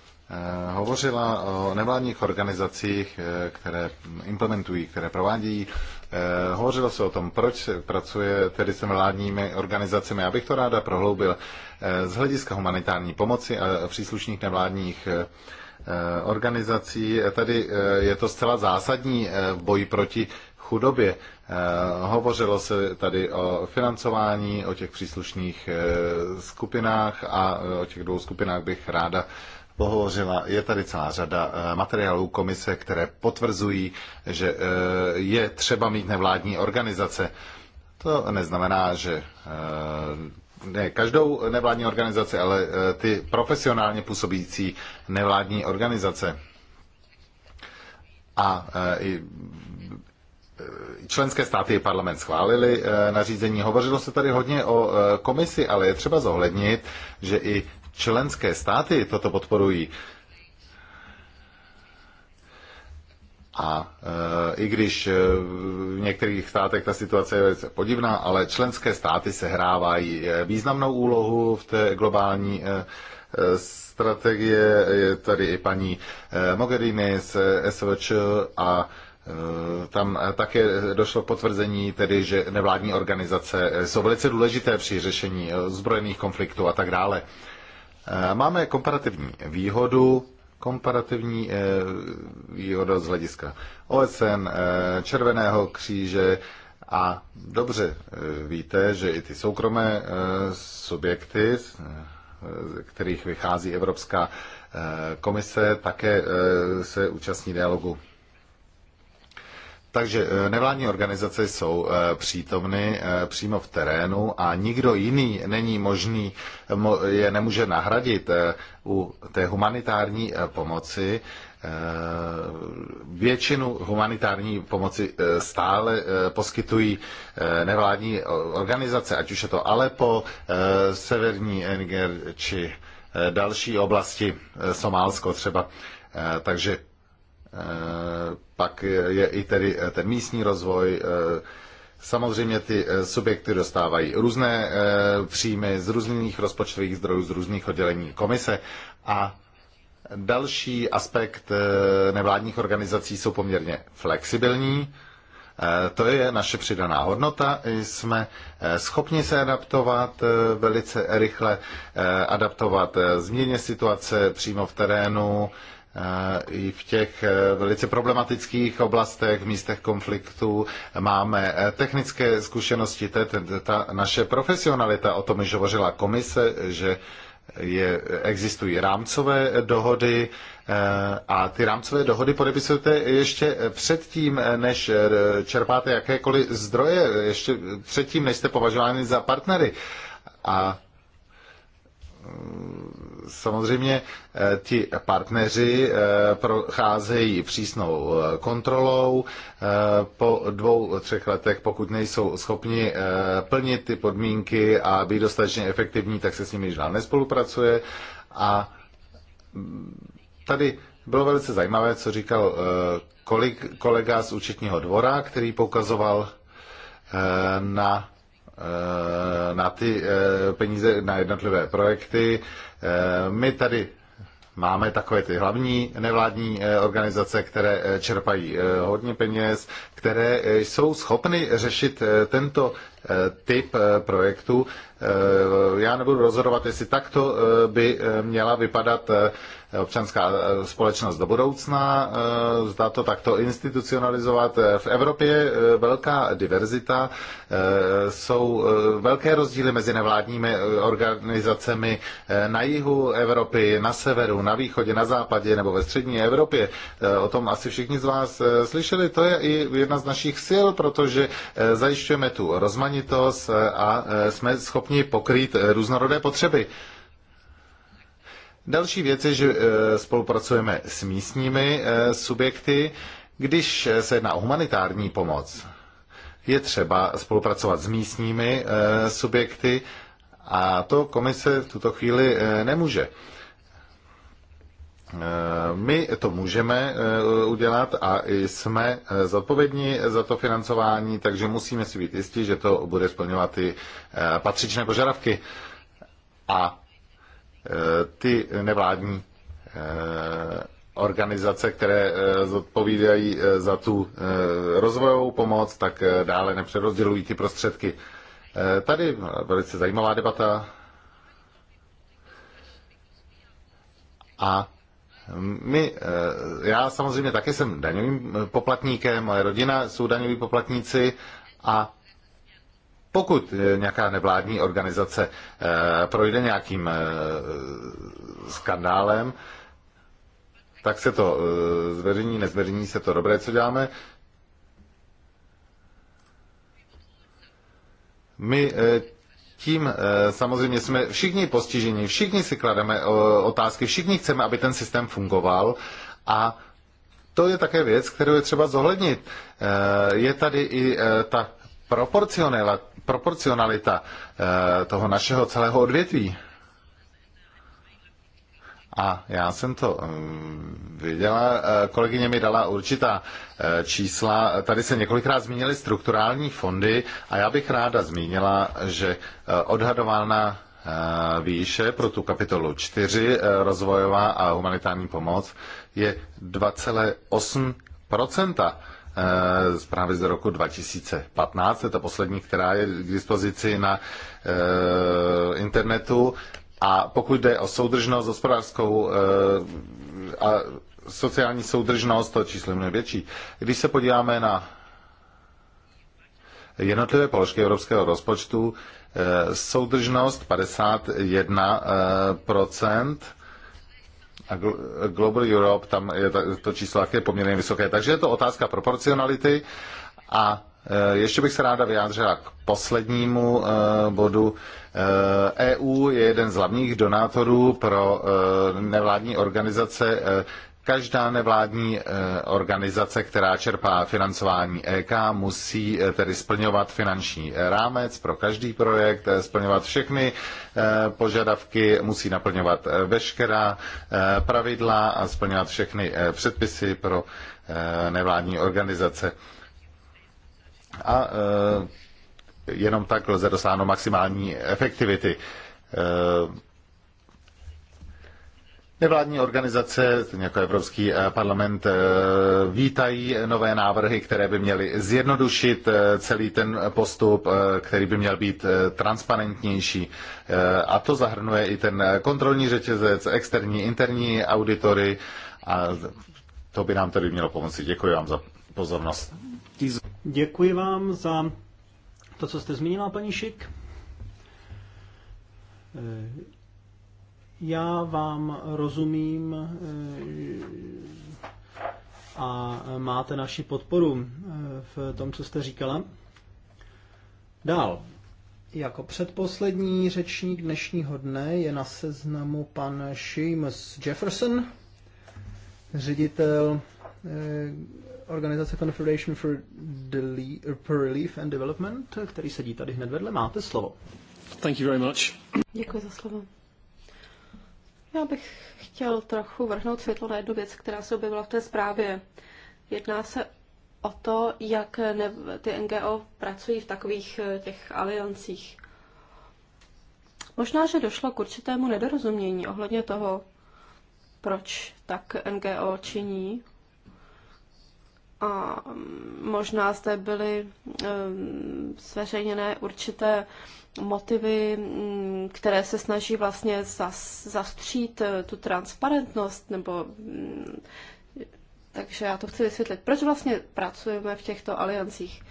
[SPEAKER 2] hovořila o nevládních organizacích, které implementují, které provádějí. Hovořilo se o tom, proč se pracuje tedy s nevládními organizacemi. Já bych to ráda prohloubil z hlediska humanitární pomoci a příslušných nevládních organizací Eh, organizací. Eh, tady eh, je to zcela zásadní v boji proti chudobě. Hovořilo se tady o financování, o těch příslušných skupinách a o těch dvou skupinách bych ráda pohovořila. Je tady celá řada materiálů komise, které potvrzují, že je třeba mít nevládní organizace. To neznamená, že ne každou nevládní organizaci, ale eh, ty profesionálně působící nevládní organizace a eh, eh, členské státy i parlament schválili nařízení. Hovořilo se tady hodně o komisi, ale je třeba zohlednit, že i členské státy toto podporují. A e, i když e, v některých státech ta situace je velice podivná, ale členské státy sehrávají e, významnou úlohu v té globální strategie. Je tady i paní Mogherini z SVČ a tam také došlo potvrzení, tedy, že nevládní organizace jsou velice důležité při řešení zbrojených konfliktů a tak dále. Máme komparativní výhodu, komparativní eh, výhoda z hlediska OSN, eh, Červeného kříže a dobře eh, víte, že i ty soukromé subjekty, kterých vychází Evropská komise, také se účastní dialogu takže eh, nevládní organizace jsou eh, přítomny eh, přímo v terénu a nikdo jiný není možný, je nemůže nahradit u té humanitární pomoci. Většinu humanitární pomoci stále poskytují nevládní organizace, ať už je to Alepo, Severní Niger či další oblasti, Somálsko třeba. Takže Eh, pak je i tedy eh, ten místní rozvoj. Eh, samozřejmě ty subjekty dostávají různé příjmy z různých rozpočtových zdrojů, z různých oddělení komise a Další aspekt nevládních organizací jsou poměrně flexibilní. To je naše přidaná hodnota. Jsme schopni se adaptovat velice rychle, adaptovat změně situace přímo v terénu, i v těch eh, velice problematických oblastech, v místech konfliktů máme eh, technické zkušenosti, to je ta naše profesionalita, o tom již hovořila komise, že je, existují rámcové dohody eh, a ty rámcové dohody podepisujete ještě předtím, než čerpáte jakékoliv zdroje, ještě předtím, než jste považováni za partnery. A Eh, samozřejmě eh, ti partneři eh, procházejí přísnou kontrolou. Po dvou, třech letech, pokud nejsou schopni plnit ty podmínky a být dostatečně efektivní, tak se s nimi již dál nespolupracuje. A mm, tady bylo velice zajímavé, co říkal kolik, kolega z účetního dvora, který poukazoval na Eh, na ty eh, peníze na jednotlivé projekty. Eh, my tady máme takové ty hlavní nevládní organizace, které čerpají hodně peněz, které jsou schopny řešit tento typ eh, projektu. Eh, já nebudu rozhodovat, jestli takto eh, by měla vypadat občanská společnost do budoucna, zda to takto institucionalizovat. V Evropě velká diverzita, jsou velké rozdíly mezi nevládními organizacemi na jihu Evropy, na severu, na východě, na západě nebo ve střední Evropě. O tom asi všichni z vás slyšeli, to je i jedna z našich sil, protože zajišťujeme tu rozmanitost rozmanitost eh, a eh, jsme schopni pokrýt eh, různorodé potřeby. Další věc je, že spolupracujeme s místními subjekty, když se jedná o humanitární pomoc. Je třeba spolupracovat s místními subjekty a to komise v tuto chvíli nemůže. Eh, my to můžeme eh, udělat a jsme eh, zodpovědní za to financování, takže musíme si být jistí, že to bude splňovat ty patřičné požadavky. A ty nevládní organizace, které zodpovídají za tu rozvojovou pomoc, tak dále nepřerozdělují ty prostředky. Tady velice zajímavá debata. A my, eh, já samozřejmě také jsem daňovým eh, poplatníkem, moje rodina jsou daňoví poplatníci a pokud eh, nějaká nevládní organizace projde nějakým skandálem, tak se to zveřejní, nezveřejní se to dobré, co děláme. My tím eh, samozřejmě jsme všichni postiženi, všichni si klademe eh, otázky, všichni chceme, aby ten systém fungoval a to je také věc, kterou je třeba zohlednit. Eh, je tady i ta proporcionalita toho našeho celého odvětví. A já jsem to eh, viděla, eh, kolegyně mi dala určitá eh, čísla. Tady se několikrát zmínily strukturální fondy a já bych ráda zmínila, že odhadována výše pro tu kapitolu 4, rozvojová a humanitární pomoc, je 2,8 zprávy z roku 2015, je ta poslední, která je k dispozici na internetu. A pokud jde o soudržnost hospodářskou eh, a sociální soudržnost, to číslo je větší. Když se podíváme na jednotlivé položky evropského rozpočtu, eh, soudržnost 51%, eh, a Global Europe, tam je to číslo také poměrně vysoké. Takže je to otázka proporcionality a Eh, ještě bych se ráda vyjádřila k poslednímu eh, bodu. EU eh, e je jeden z hlavních donátorů pro nevládní organizace. Každá nevládní organizace, která čerpá financování EK, musí tedy splňovat finanční rámec pro každý projekt, splňovat všechny požadavky, musí naplňovat veškerá pravidla a splňovat všechny předpisy pro nevládní organizace a eh, jenom tak lze dosáhnout maximální efektivity. Eh, nevládní organizace, jako Evropský eh, parlament, vítají nové návrhy, které by měly zjednodušit celý ten postup, který by měl být transparentnější. A to zahrnuje i ten kontrolní řetězec, externí, interní auditory a to by nám tedy mělo pomoci. Děkuji vám za pozornost.
[SPEAKER 1] Děkuji vám za to, co jste zmínila, paní Šik. Já vám rozumím eh, a máte naši podporu eh, v tom, co jste říkala. Dál. Jako předposlední řečník dnešního dne je na seznamu pan Seamus Jefferson, ředitel eh, organizace Confederation for, Deli- for Relief and Development, který sedí tady hned vedle. Máte slovo. Thank you
[SPEAKER 3] very much. Děkuji za slovo. Já bych chtěl trochu vrhnout světlo na jednu věc, která se objevila v té zprávě. Jedná se o to, jak ne, ty NGO pracují v takových eh, těch aliancích. Možná, že došlo k určitému nedorozumění ohledně toho, proč tak NGO činí a možná zde byly eh, zveřejněné určité motivy, mm, které se snaží vlastně zastřít eh, tu transparentnost, nebo mm, takže já to chci vysvětlit. Proč vlastně pracujeme v těchto aliancích?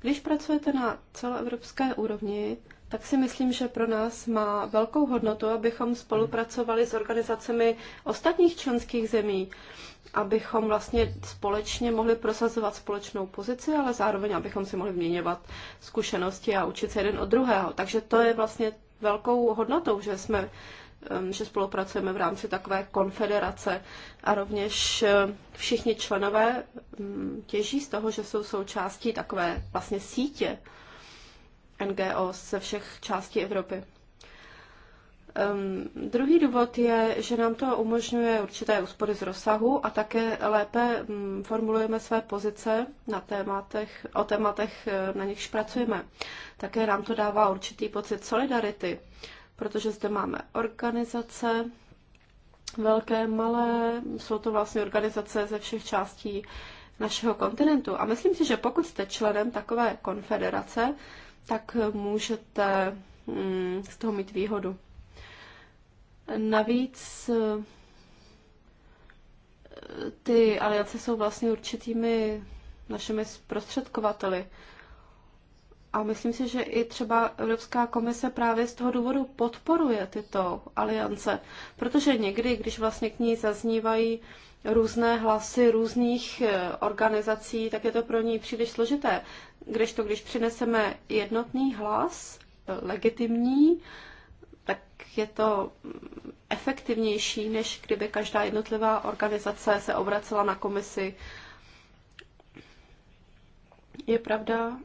[SPEAKER 3] Když pracujete na celoevropské úrovni, tak si myslím, že pro nás má velkou hodnotu, abychom spolupracovali s organizacemi ostatních členských zemí, abychom vlastně společně mohli prosazovat společnou pozici, ale zároveň abychom si mohli vyměňovat zkušenosti a učit se jeden od druhého. Takže to je vlastně velkou hodnotou, že jsme um, že spolupracujeme v rámci takové konfederace a rovněž um, všichni členové um, těží z toho, že jsou součástí takové vlastně sítě NGO ze všech částí Evropy. Um, druhý důvod je, že nám to umožňuje určité úspory z rozsahu a také lépe um, formulujeme své pozice na tématech, o tématech, e, na nichž pracujeme. Také nám to dává určitý pocit solidarity, protože zde máme organizace, velké, malé, jsou to vlastně organizace ze všech částí našeho kontinentu. A myslím si, že pokud jste členem takové konfederace, tak můžete mm, z toho mít výhodu. Navíc eh, ty aliance jsou vlastně určitými našimi zprostředkovateli. A myslím si, že i třeba Evropská komise právě z toho důvodu podporuje tyto aliance, protože někdy, když vlastně k ní zaznívají různé hlasy různých eh, organizací, tak je to pro ní příliš složité. Když to, když přineseme jednotný hlas, eh, legitimní, tak je to mm, efektivnější, než kdyby každá jednotlivá organizace se obracela na komisi. Je pravda,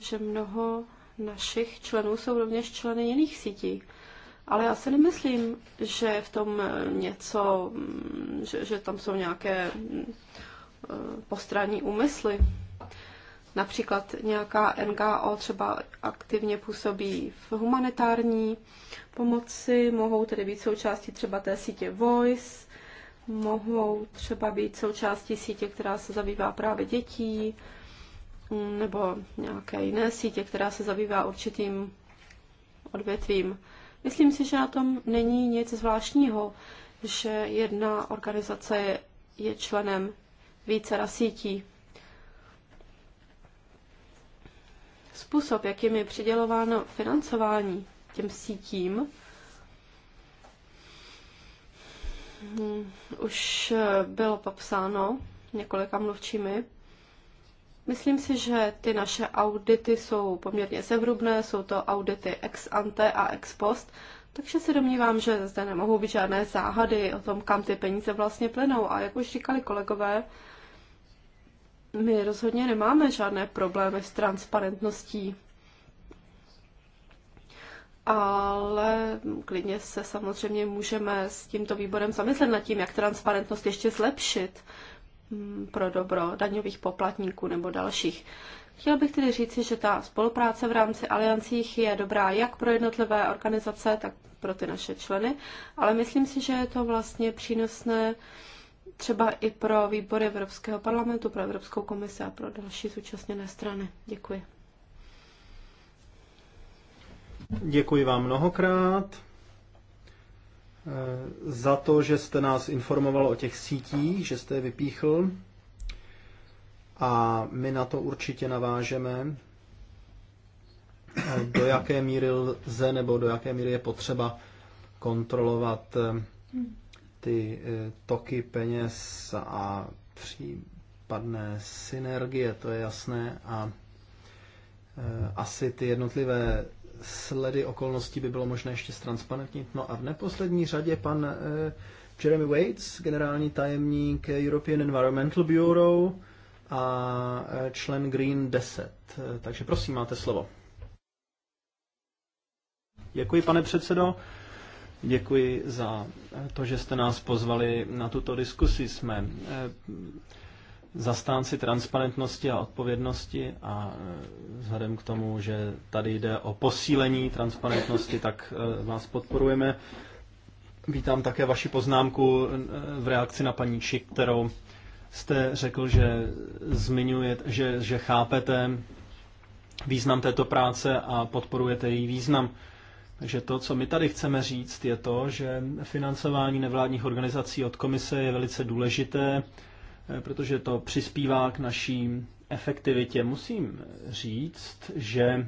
[SPEAKER 3] že mnoho našich členů jsou rovněž členy jiných sítí. Ale já si nemyslím, že je v tom eh, něco mm, že, že tam jsou nějaké mm, eh, postranní úmysly. Například nějaká NGO třeba aktivně působí v humanitární pomoci, mohou tedy být součástí třeba té sítě Voice, mohou třeba být součástí sítě, která se zabývá právě dětí, mm, nebo nějaké jiné sítě, která se zabývá určitým odvětvím. Myslím si, že na tom není nic zvláštního že jedna organizace je členem více sítí. Způsob, jakým je přidělováno financování těm sítím, hm, už bylo popsáno několika mluvčími. Myslím si, že ty naše audity jsou poměrně zevrubné, jsou to audity ex ante a ex post takže se domnívám, že zde nemohou být žádné záhady o tom, kam ty peníze vlastně plynou. A jak už říkali kolegové, my rozhodně nemáme žádné problémy s transparentností. Ale klidně se samozřejmě můžeme s tímto výborem zamyslet nad tím, jak transparentnost ještě zlepšit mm, pro dobro daňových poplatníků nebo dalších. Chtěl bych tedy říci, že ta spolupráce v rámci aliancích je dobrá jak pro jednotlivé organizace, tak pro ty naše členy, ale myslím si, že je to vlastně přínosné třeba i pro výbory Evropského parlamentu, pro Evropskou komisi a pro další zúčastněné strany. Děkuji.
[SPEAKER 1] Děkuji vám mnohokrát eh, za to, že jste nás informoval o těch sítích, že jste je vypíchl a my na to určitě navážeme, do jaké míry lze nebo do jaké míry je potřeba kontrolovat eh, ty eh, toky peněz a případné synergie, to je jasné. A eh, asi ty jednotlivé sledy okolností by bylo možné ještě ztransparentnit. No a v neposlední řadě pan Jeremy Waits, generální tajemník European Environmental Bureau, a e, člen Green 10. E, takže prosím, máte slovo. Děkuji, pane předsedo. Děkuji za e, to, že jste nás pozvali na tuto diskusi. Jsme zastánci transparentnosti a odpovědnosti a vzhledem k tomu, že tady jde o posílení transparentnosti, tak vás podporujeme. Vítám také vaši poznámku v reakci na paní Čik, kterou jste řekl, že zmiňujete, že, že chápete význam této práce a podporujete její význam. Takže to, co my tady chceme říct, je to, že financování nevládních organizací od komise je velice důležité, eh, protože to přispívá k naší efektivitě. Musím říct, že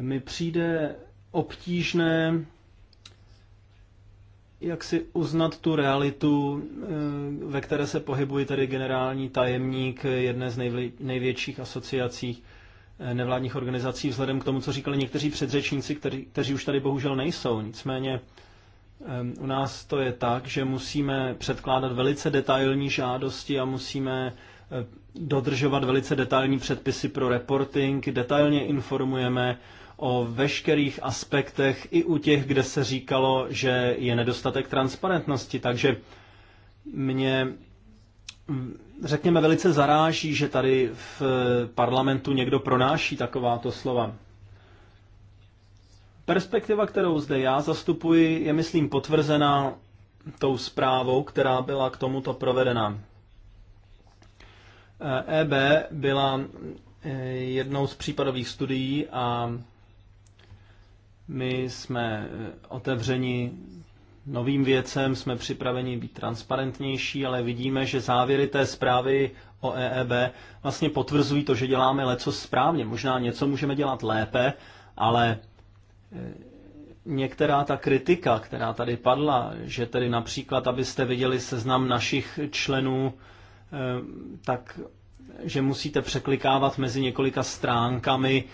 [SPEAKER 1] mi přijde obtížné jak si uznat tu realitu, eh, ve které se pohybuje tedy generální tajemník jedné z největších asociací eh, nevládních organizací, vzhledem k tomu, co říkali někteří předřečníci, kteří, kteří už tady bohužel nejsou. Nicméně eh, u nás to je tak, že musíme předkládat velice detailní žádosti a musíme dodržovat velice detailní předpisy pro reporting, detailně informujeme o veškerých aspektech, i u těch, kde se říkalo, že je nedostatek transparentnosti. Takže mě, řekněme, velice zaráží, že tady v parlamentu někdo pronáší takováto slova. Perspektiva, kterou zde já zastupuji, je, myslím, potvrzená tou zprávou, která byla k tomuto provedena. EB e byla e, jednou z případových studií a my jsme eh, otevřeni novým věcem, jsme připraveni být transparentnější, ale vidíme, že závěry té zprávy o EEB vlastně potvrzují to, že děláme leco správně. Možná něco můžeme dělat lépe, ale eh, některá ta kritika, která tady padla, že tedy například, abyste viděli seznam našich členů, eh, tak že musíte překlikávat mezi několika stránkami,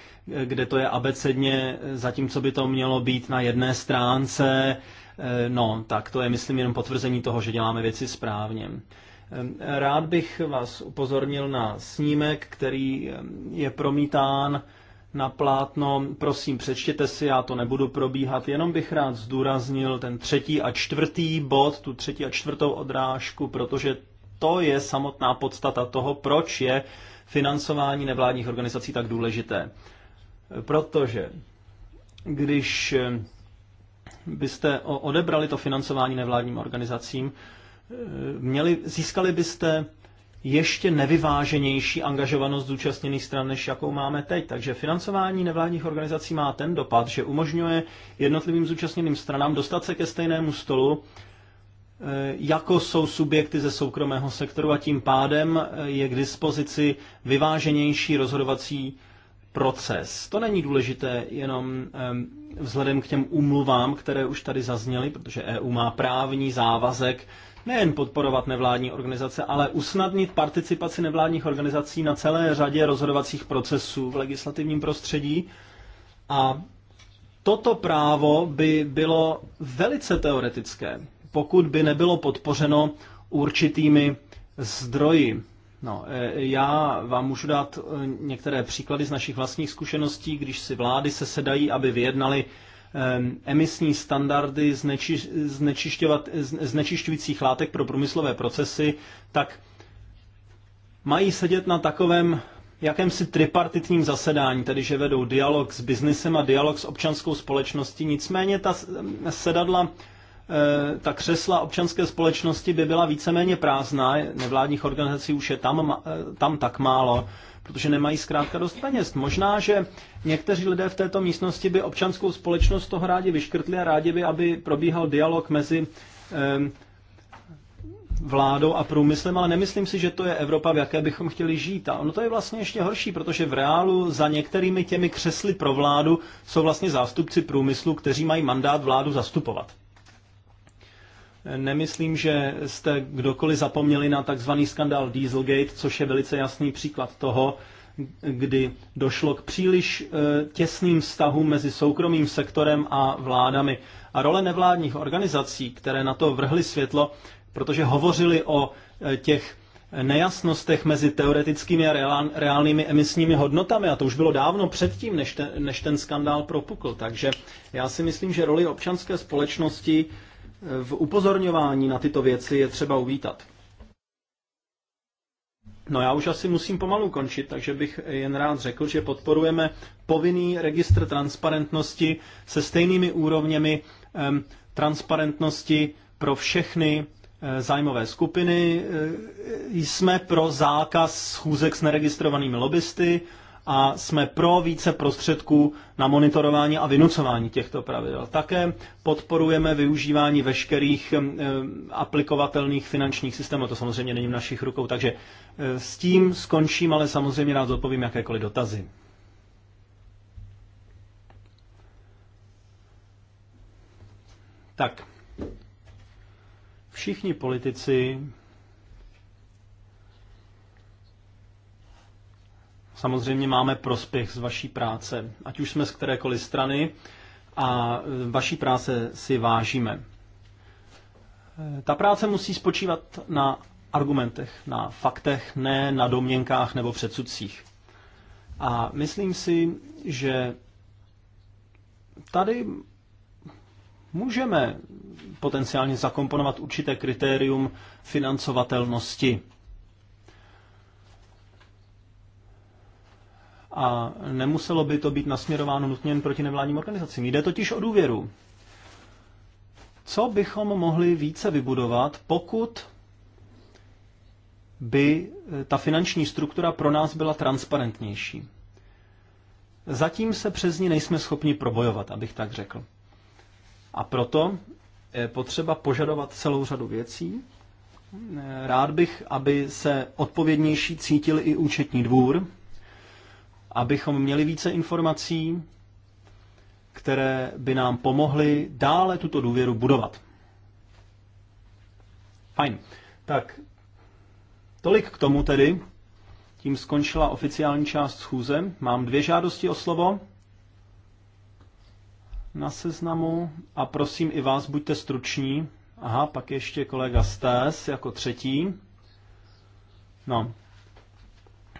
[SPEAKER 1] kde to je abecedně, zatímco by to mělo být na jedné stránce. Eh, no, tak to je, myslím, jenom potvrzení toho, že děláme věci správně. Eh, rád bych vás upozornil na snímek, který eh, je promítán na plátno. Prosím, přečtěte si, já to nebudu probíhat, jenom bych rád zdůraznil ten třetí a čtvrtý bod, tu třetí a čtvrtou odrážku, protože to je samotná podstata toho, proč je financování nevládních organizací tak důležité. Protože když eh, byste odebrali to financování nevládním organizacím, eh, měli, získali byste ještě nevyváženější angažovanost zúčastněných stran, než jakou máme teď. Takže financování nevládních organizací má ten dopad, že umožňuje jednotlivým zúčastněným stranám dostat se ke stejnému stolu Eh, jako jsou subjekty ze soukromého sektoru a tím pádem eh, je k dispozici vyváženější rozhodovací proces. To není důležité jenom vzhledem k těm umluvám, které už tady zazněly, protože EU má právní závazek nejen podporovat nevládní organizace, ale usnadnit participaci nevládních organizací na celé řadě rozhodovacích procesů v legislativním prostředí. A toto právo by bylo velice teoretické pokud by nebylo podpořeno určitými zdroji. No, e, já vám můžu dát e, některé příklady z našich vlastních zkušeností, když si vlády se sedají, aby vyjednali emisní standardy znečišťujících látek pro průmyslové procesy, tak mají sedět na takovém jakémsi tripartitním zasedání, tedy že vedou dialog s biznisem a dialog s občanskou společností. Nicméně ta sedadla Eh, ta křesla občanské společnosti by byla víceméně prázdná, nevládních organizací už je tam, eh, tam tak málo, protože nemají zkrátka dost peněz. Možná, že někteří lidé v této místnosti by občanskou společnost toho rádi vyškrtli a rádi by, aby probíhal dialog mezi eh, vládou a průmyslem, ale nemyslím si, že to je Evropa, v jaké bychom chtěli žít. A ono to je vlastně ještě horší, protože v reálu za některými těmi křesly pro vládu jsou vlastně zástupci průmyslu, kteří mají mandát vládu zastupovat. Nemyslím, že jste kdokoliv zapomněli na tzv. skandál Dieselgate, což je velice jasný příklad toho, kdy došlo k příliš eh, těsným vztahům mezi soukromým sektorem a vládami. A role nevládních organizací, které na to vrhly světlo, protože hovořili o eh, těch nejasnostech mezi teoretickými a reálnými emisními hodnotami a to už bylo dávno předtím, než ten, než ten skandál propukl. Takže já si myslím, že roli občanské společnosti v upozorňování na tyto věci je třeba uvítat. No já už asi musím pomalu končit, takže bych jen rád řekl, že podporujeme povinný registr transparentnosti se stejnými úrovněmi transparentnosti pro všechny eh, zájmové skupiny. Eh, jsme pro zákaz schůzek s neregistrovanými lobbysty, a jsme pro více prostředků na monitorování a vynucování těchto pravidel. Také podporujeme využívání veškerých eh, aplikovatelných finančních systémů, to samozřejmě není v našich rukou, takže eh, s tím skončím, ale samozřejmě rád odpovím jakékoliv dotazy. Tak. Všichni politici samozřejmě máme prospěch z vaší práce, ať už jsme z kterékoliv strany a e, vaší práce si vážíme. E, ta práce musí spočívat na argumentech, na faktech, ne na domněnkách nebo předsudcích. A myslím si, že tady můžeme potenciálně zakomponovat určité kritérium financovatelnosti A nemuselo by to být nasměrováno nutně jen proti nevládním organizacím. Jde totiž o důvěru. Co bychom mohli více vybudovat, pokud by eh, ta finanční struktura pro nás byla transparentnější? Zatím se přes ní nejsme schopni probojovat, abych tak řekl. A proto je potřeba požadovat celou řadu věcí. Eh, rád bych, aby se odpovědnější cítil i účetní dvůr, abychom měli více informací, které by nám pomohly dále tuto důvěru budovat. Fajn. Tak, tolik k tomu tedy. Tím skončila oficiální část schůze. Mám dvě žádosti o slovo na seznamu a prosím i vás, buďte struční. Aha, pak ještě kolega Stes jako třetí. No,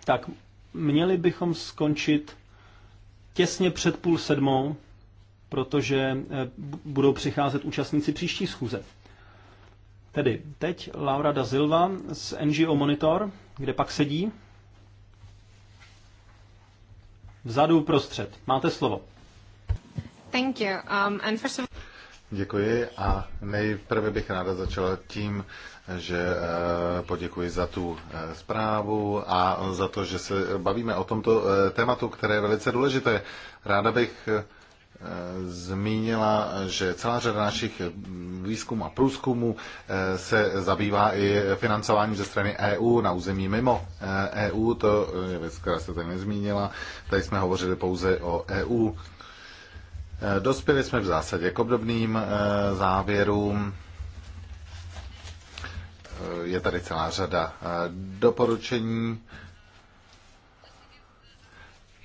[SPEAKER 1] tak Měli bychom skončit těsně před půl sedmou, protože eh, budou přicházet účastníci příští schůze. Tedy teď Laura da Silva z NGO Monitor, kde pak sedí.
[SPEAKER 2] Vzadu prostřed. Máte slovo.
[SPEAKER 3] Thank you. Um, and first of...
[SPEAKER 2] Děkuji a nejprve bych ráda začala tím, že eh, poděkuji za tu eh, zprávu a za to, že se bavíme o tomto eh, tématu, které je velice důležité. Ráda bych zmínila, že celá řada našich výzkumů a průzkumů se zabývá i financováním ze strany EU na území mimo EU. E to je věc, která se tady nezmínila. Tady jsme hovořili pouze o EU. Eh, dospěli jsme v zásadě k obdobným eh, závěrům. Eh, je tady celá řada doporučení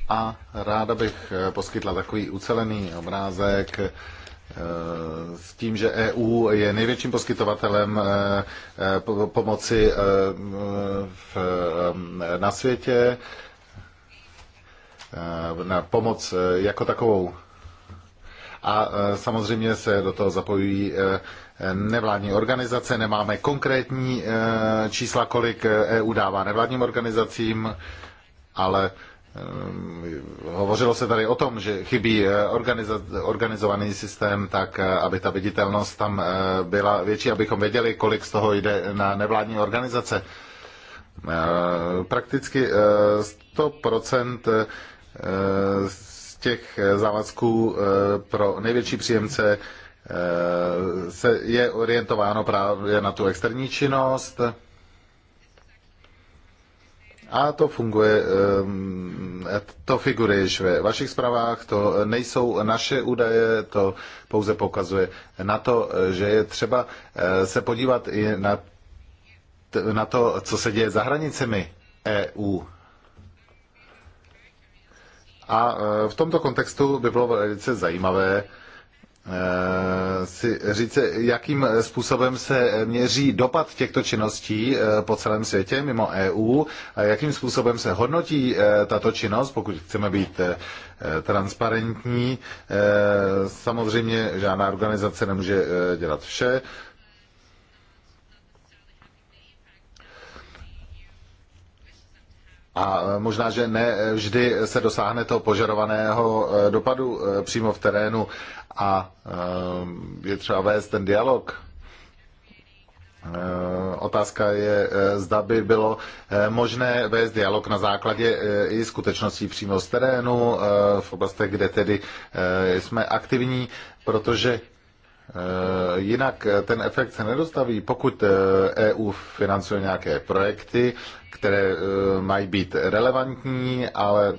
[SPEAKER 2] a ráda bych poskytla takový ucelený obrázek s tím, že EU je největším poskytovatelem pomoci na světě. Na pomoc jako takovou a e, samozřejmě se do toho zapojují e, nevládní organizace. Nemáme konkrétní e, čísla, kolik EU dává nevládním organizacím, ale Hovořilo se tady o tom, že chybí organizovaný systém tak, aby ta viditelnost tam byla větší, abychom věděli, kolik z toho jde na nevládní organizace. Prakticky 100% těch eh, závazků eh, pro největší příjemce eh, se je orientováno právě na tu externí činnost a to funguje, to figuruje ve vašich zprávách, to nejsou naše údaje, to pouze pokazuje na to, že je třeba se podívat i na, na to, co se děje za hranicemi EU. A e, v tomto kontextu by bylo velice zajímavé e, si říct, jakým způsobem se měří dopad těchto činností e, po celém světě mimo EU a jakým způsobem se hodnotí tato činnost, pokud chceme být transparentní. Samozřejmě žádná organizace nemůže dělat vše. A e, možná, že ne vždy se dosáhne toho požadovaného e, dopadu e, přímo v terénu a je třeba vést ten dialog. Otázka je, zda by bylo možné vést dialog na základě i skutečností přímo z terénu, v oblastech, kde tedy jsme aktivní, protože Eh, jinak eh, ten efekt se nedostaví, pokud EU eh, e financuje nějaké projekty, které mají být relevantní, ale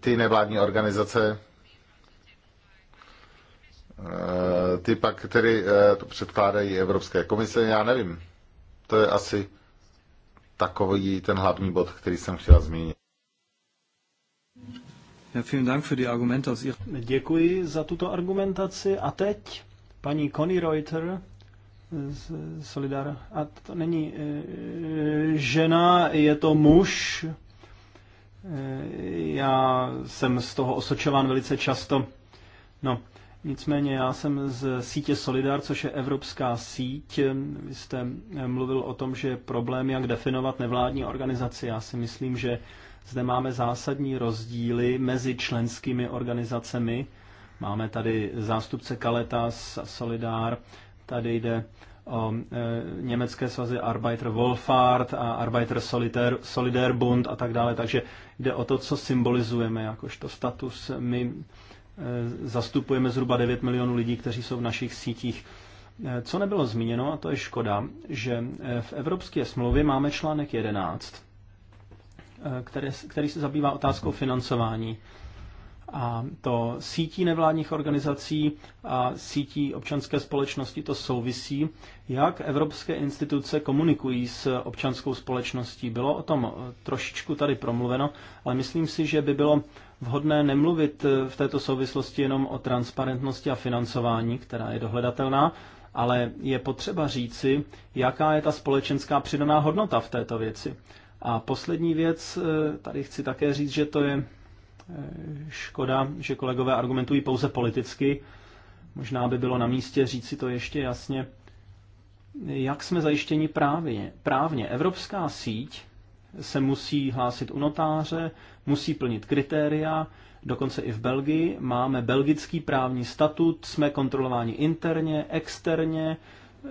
[SPEAKER 2] ty nevládní organizace ty pak které to předkládají Evropské komise, já nevím. To je asi takový ten hlavní bod, který jsem chtěla zmínit.
[SPEAKER 1] Děkuji za tuto argumentaci. A teď paní Connie Reuter z Solidar. A to není e, žena, je to muž. E, já jsem z toho osočován velice často. No, nicméně já jsem z sítě Solidar, což je evropská síť. Vy jste mluvil o tom, že je problém, jak definovat nevládní organizaci. Já si myslím, že zde máme zásadní rozdíly mezi členskými organizacemi. Máme tady zástupce Kaletas, Solidár, tady jde o e, německé svazy Arbeiter Wolfart a Arbeiter Solidar Bund a tak dále. Takže jde o to, co symbolizujeme jakožto status. My e, zastupujeme zhruba 9 milionů lidí, kteří jsou v našich sítích. E, co nebylo zmíněno, a to je škoda, že e, v Evropské smlouvě máme článek 11, Eh, které, který se zabývá otázkou financování. A to sítí nevládních organizací a sítí občanské společnosti to souvisí, jak evropské instituce komunikují s občanskou společností. Bylo o tom eh, trošičku tady promluveno, ale myslím si, že by bylo vhodné nemluvit eh, v této souvislosti jenom o transparentnosti a financování, která je dohledatelná, ale je potřeba říci, jaká je ta společenská přidaná hodnota v této věci. A poslední věc, eh, tady chci také říct, že to je eh, škoda, že kolegové argumentují pouze politicky. Možná by bylo na místě říct si to ještě jasně. Jak jsme zajištěni právě? právně? Evropská síť se musí hlásit u notáře, musí plnit kritéria, dokonce i v Belgii. Máme belgický právní statut, jsme kontrolováni interně, externě,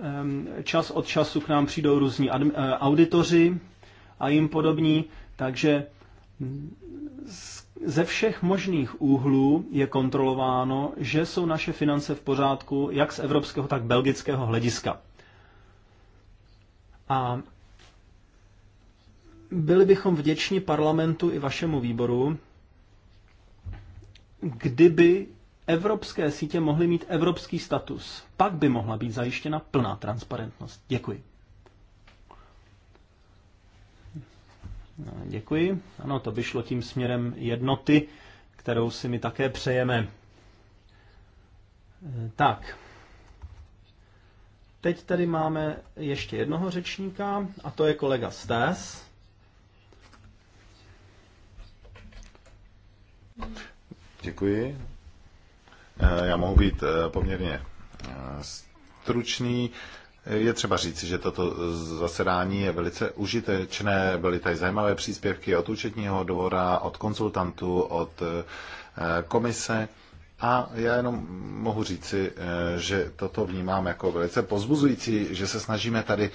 [SPEAKER 1] ehm, čas od času k nám přijdou různí eh, auditoři, a jim podobní. Takže ze všech možných úhlů je kontrolováno, že jsou naše finance v pořádku jak z evropského, tak belgického hlediska. A byli bychom vděční parlamentu i vašemu výboru, kdyby evropské sítě mohly mít evropský status. Pak by mohla být zajištěna plná transparentnost. Děkuji. No, děkuji. Ano, to by šlo tím směrem jednoty, kterou si my také přejeme. E, tak. Teď tady máme ještě jednoho řečníka, a to je kolega Stes.
[SPEAKER 2] Děkuji. E, já mohu být e, poměrně stručný. Je třeba říci, že toto zasedání je velice užitečné. Byly tady zajímavé příspěvky od účetního dvora, od konzultantů, od eh, komise. A já jenom mohu říci, eh, že toto vnímám jako velice pozbuzující, že se snažíme tady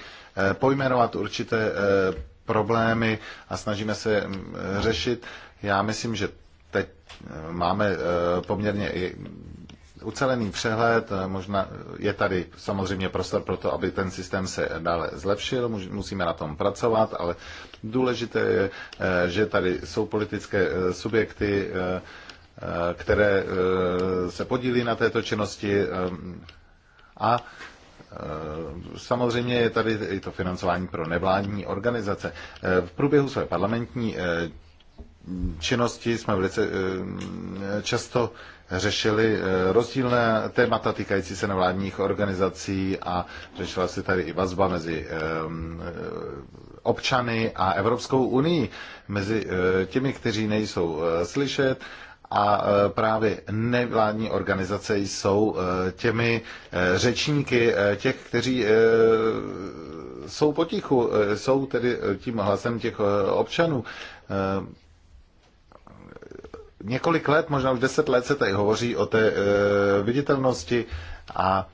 [SPEAKER 2] eh, pojmenovat určité problémy a snažíme se mm, řešit. Já myslím, že teď máme poměrně i ucelený přehled. Eh, možná eh, je tady samozřejmě prostor pro to, aby ten systém se dále zlepšil, musíme na tom pracovat, ale důležité je, eh, že tady jsou politické subjekty, které se podílí na této činnosti a Samozřejmě je tady i to financování pro nevládní organizace. V průběhu své parlamentní činnosti jsme velice často řešili eh, rozdílné témata týkající se nevládních organizací a řešila se tady i vazba mezi ehm, eh, občany a Evropskou unii, mezi eh, těmi, kteří nejsou slyšet a právě nevládní organizace jsou těmi řečníky těch, kteří jsou potichu, jsou tedy tím hlasem těch občanů. Několik let, možná už deset let se tady hovoří o té e, viditelnosti a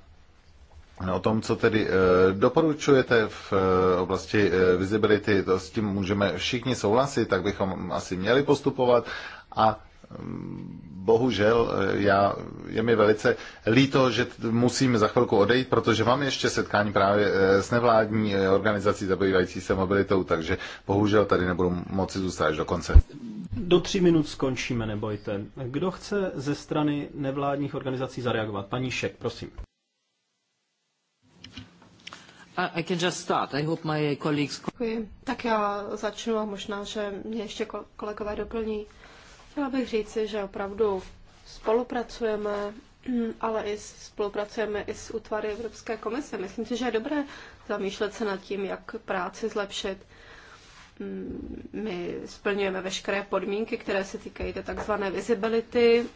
[SPEAKER 2] no, O tom, co tedy e, doporučujete v e, oblasti visibility, to s tím můžeme všichni souhlasit, tak bychom asi měli postupovat. A Bohužel, eh, já, je mi velice líto, že musím za chvilku odejít, protože mám ještě setkání právě eh, s nevládní eh, organizací zabývající se mobilitou, takže bohužel tady nebudu moci zůstat až do konce. Do
[SPEAKER 1] tří minut skončíme, nebojte. Kdo chce ze strany nevládních organizací zareagovat? Paní Šek, prosím.
[SPEAKER 2] I can just start. I hope my colleagues...
[SPEAKER 3] Tak já začnu a možná, že mě ještě kolegové doplní. Chtěla bych říci, že opravdu spolupracujeme, ale i spolupracujeme i s útvary Evropské komise. Myslím si, že je dobré zamýšlet se nad tím, jak práci zlepšit. Mm, my splňujeme veškeré podmínky, které se týkají té takzvané visibility,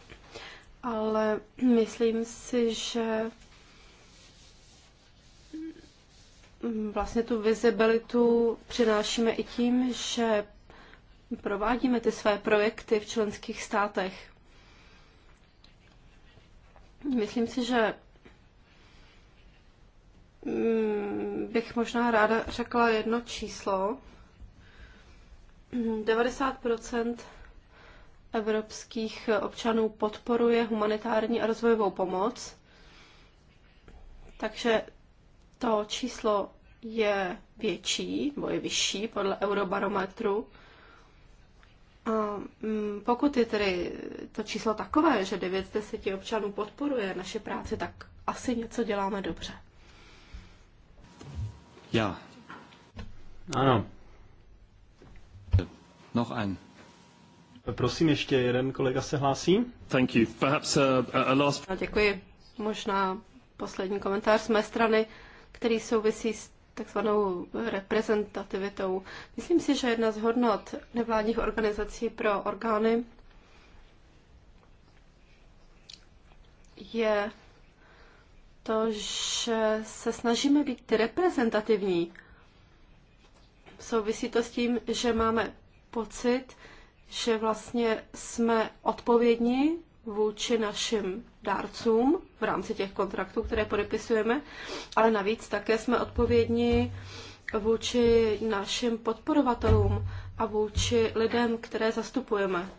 [SPEAKER 3] ale myslím si, že vlastně tu vizibilitu přinášíme i tím, že provádíme ty své projekty v členských státech. Myslím si, že mm, bych možná ráda řekla jedno číslo. 90 evropských občanů podporuje humanitární a rozvojovou pomoc. Takže to číslo je větší, nebo je vyšší podle eurobarometru. Mm, pokud je tedy to číslo takové, že 9 z 10 občanů podporuje naše práci, tak asi něco děláme dobře.
[SPEAKER 1] Já. Ano. Noch ein. Prosím, ještě jeden kolega se hlásí. Thank you. Perhaps uh, a, a last...
[SPEAKER 3] No, děkuji. Možná poslední komentář z mé strany, který souvisí s takzvanou reprezentativitou. Myslím si, že jedna z hodnot nevládních organizací pro orgány je to, že se snažíme být reprezentativní. Souvisí to s tím, že máme pocit, že vlastně jsme odpovědní vůči našim dárcům v rámci těch kontraktů, které podepisujeme, ale navíc také jsme odpovědní vůči našim podporovatelům a vůči lidem, které zastupujeme.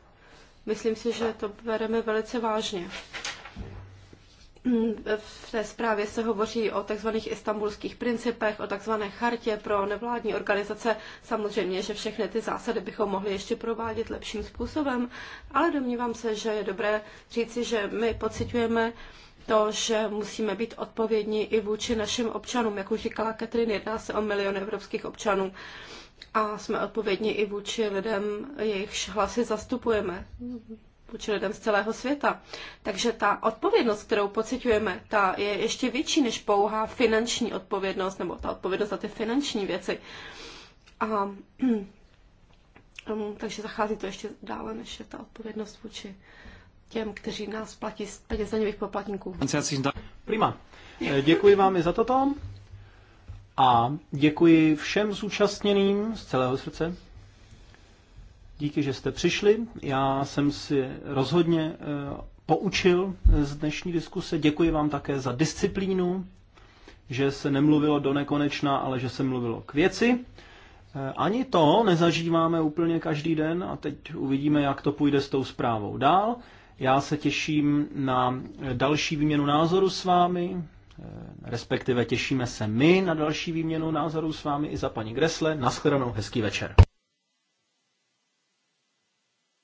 [SPEAKER 3] Myslím si, že to bereme velice vážně v té zprávě se hovoří o tzv. istambulských principech, o tzv. chartě pro nevládní organizace. Samozřejmě, že všechny ty zásady bychom mohli ještě provádět lepším způsobem, ale domnívám se, že je dobré říci, že my pocitujeme to, že musíme být odpovědní i vůči našim občanům. Jak už říkala Katrin, jedná se o milion evropských občanů a jsme odpovědní i vůči lidem, jejichž hlasy zastupujeme vůči lidem z celého světa. Takže ta odpovědnost, kterou pociťujeme, ta je ještě větší než pouhá finanční odpovědnost, nebo ta odpovědnost za ty finanční věci. A, mm, takže zachází to ještě dále, než je ta odpovědnost vůči těm, kteří nás platí z peněz daňových poplatníků.
[SPEAKER 1] Prima. Děkuji vám i za toto. A děkuji všem zúčastněným z celého srdce. Díky, že jste přišli. Já jsem si rozhodně eh, poučil eh, z dnešní diskuse. Děkuji vám také za disciplínu, že se nemluvilo do nekonečna, ale že se mluvilo k věci. Eh, ani to nezažíváme úplně každý den a teď uvidíme, jak to půjde s tou zprávou dál. Já se těším na další výměnu názoru s vámi, respektive těšíme se my na další výměnu názorů s vámi i za paní Gresle. Naschledanou, hezký večer.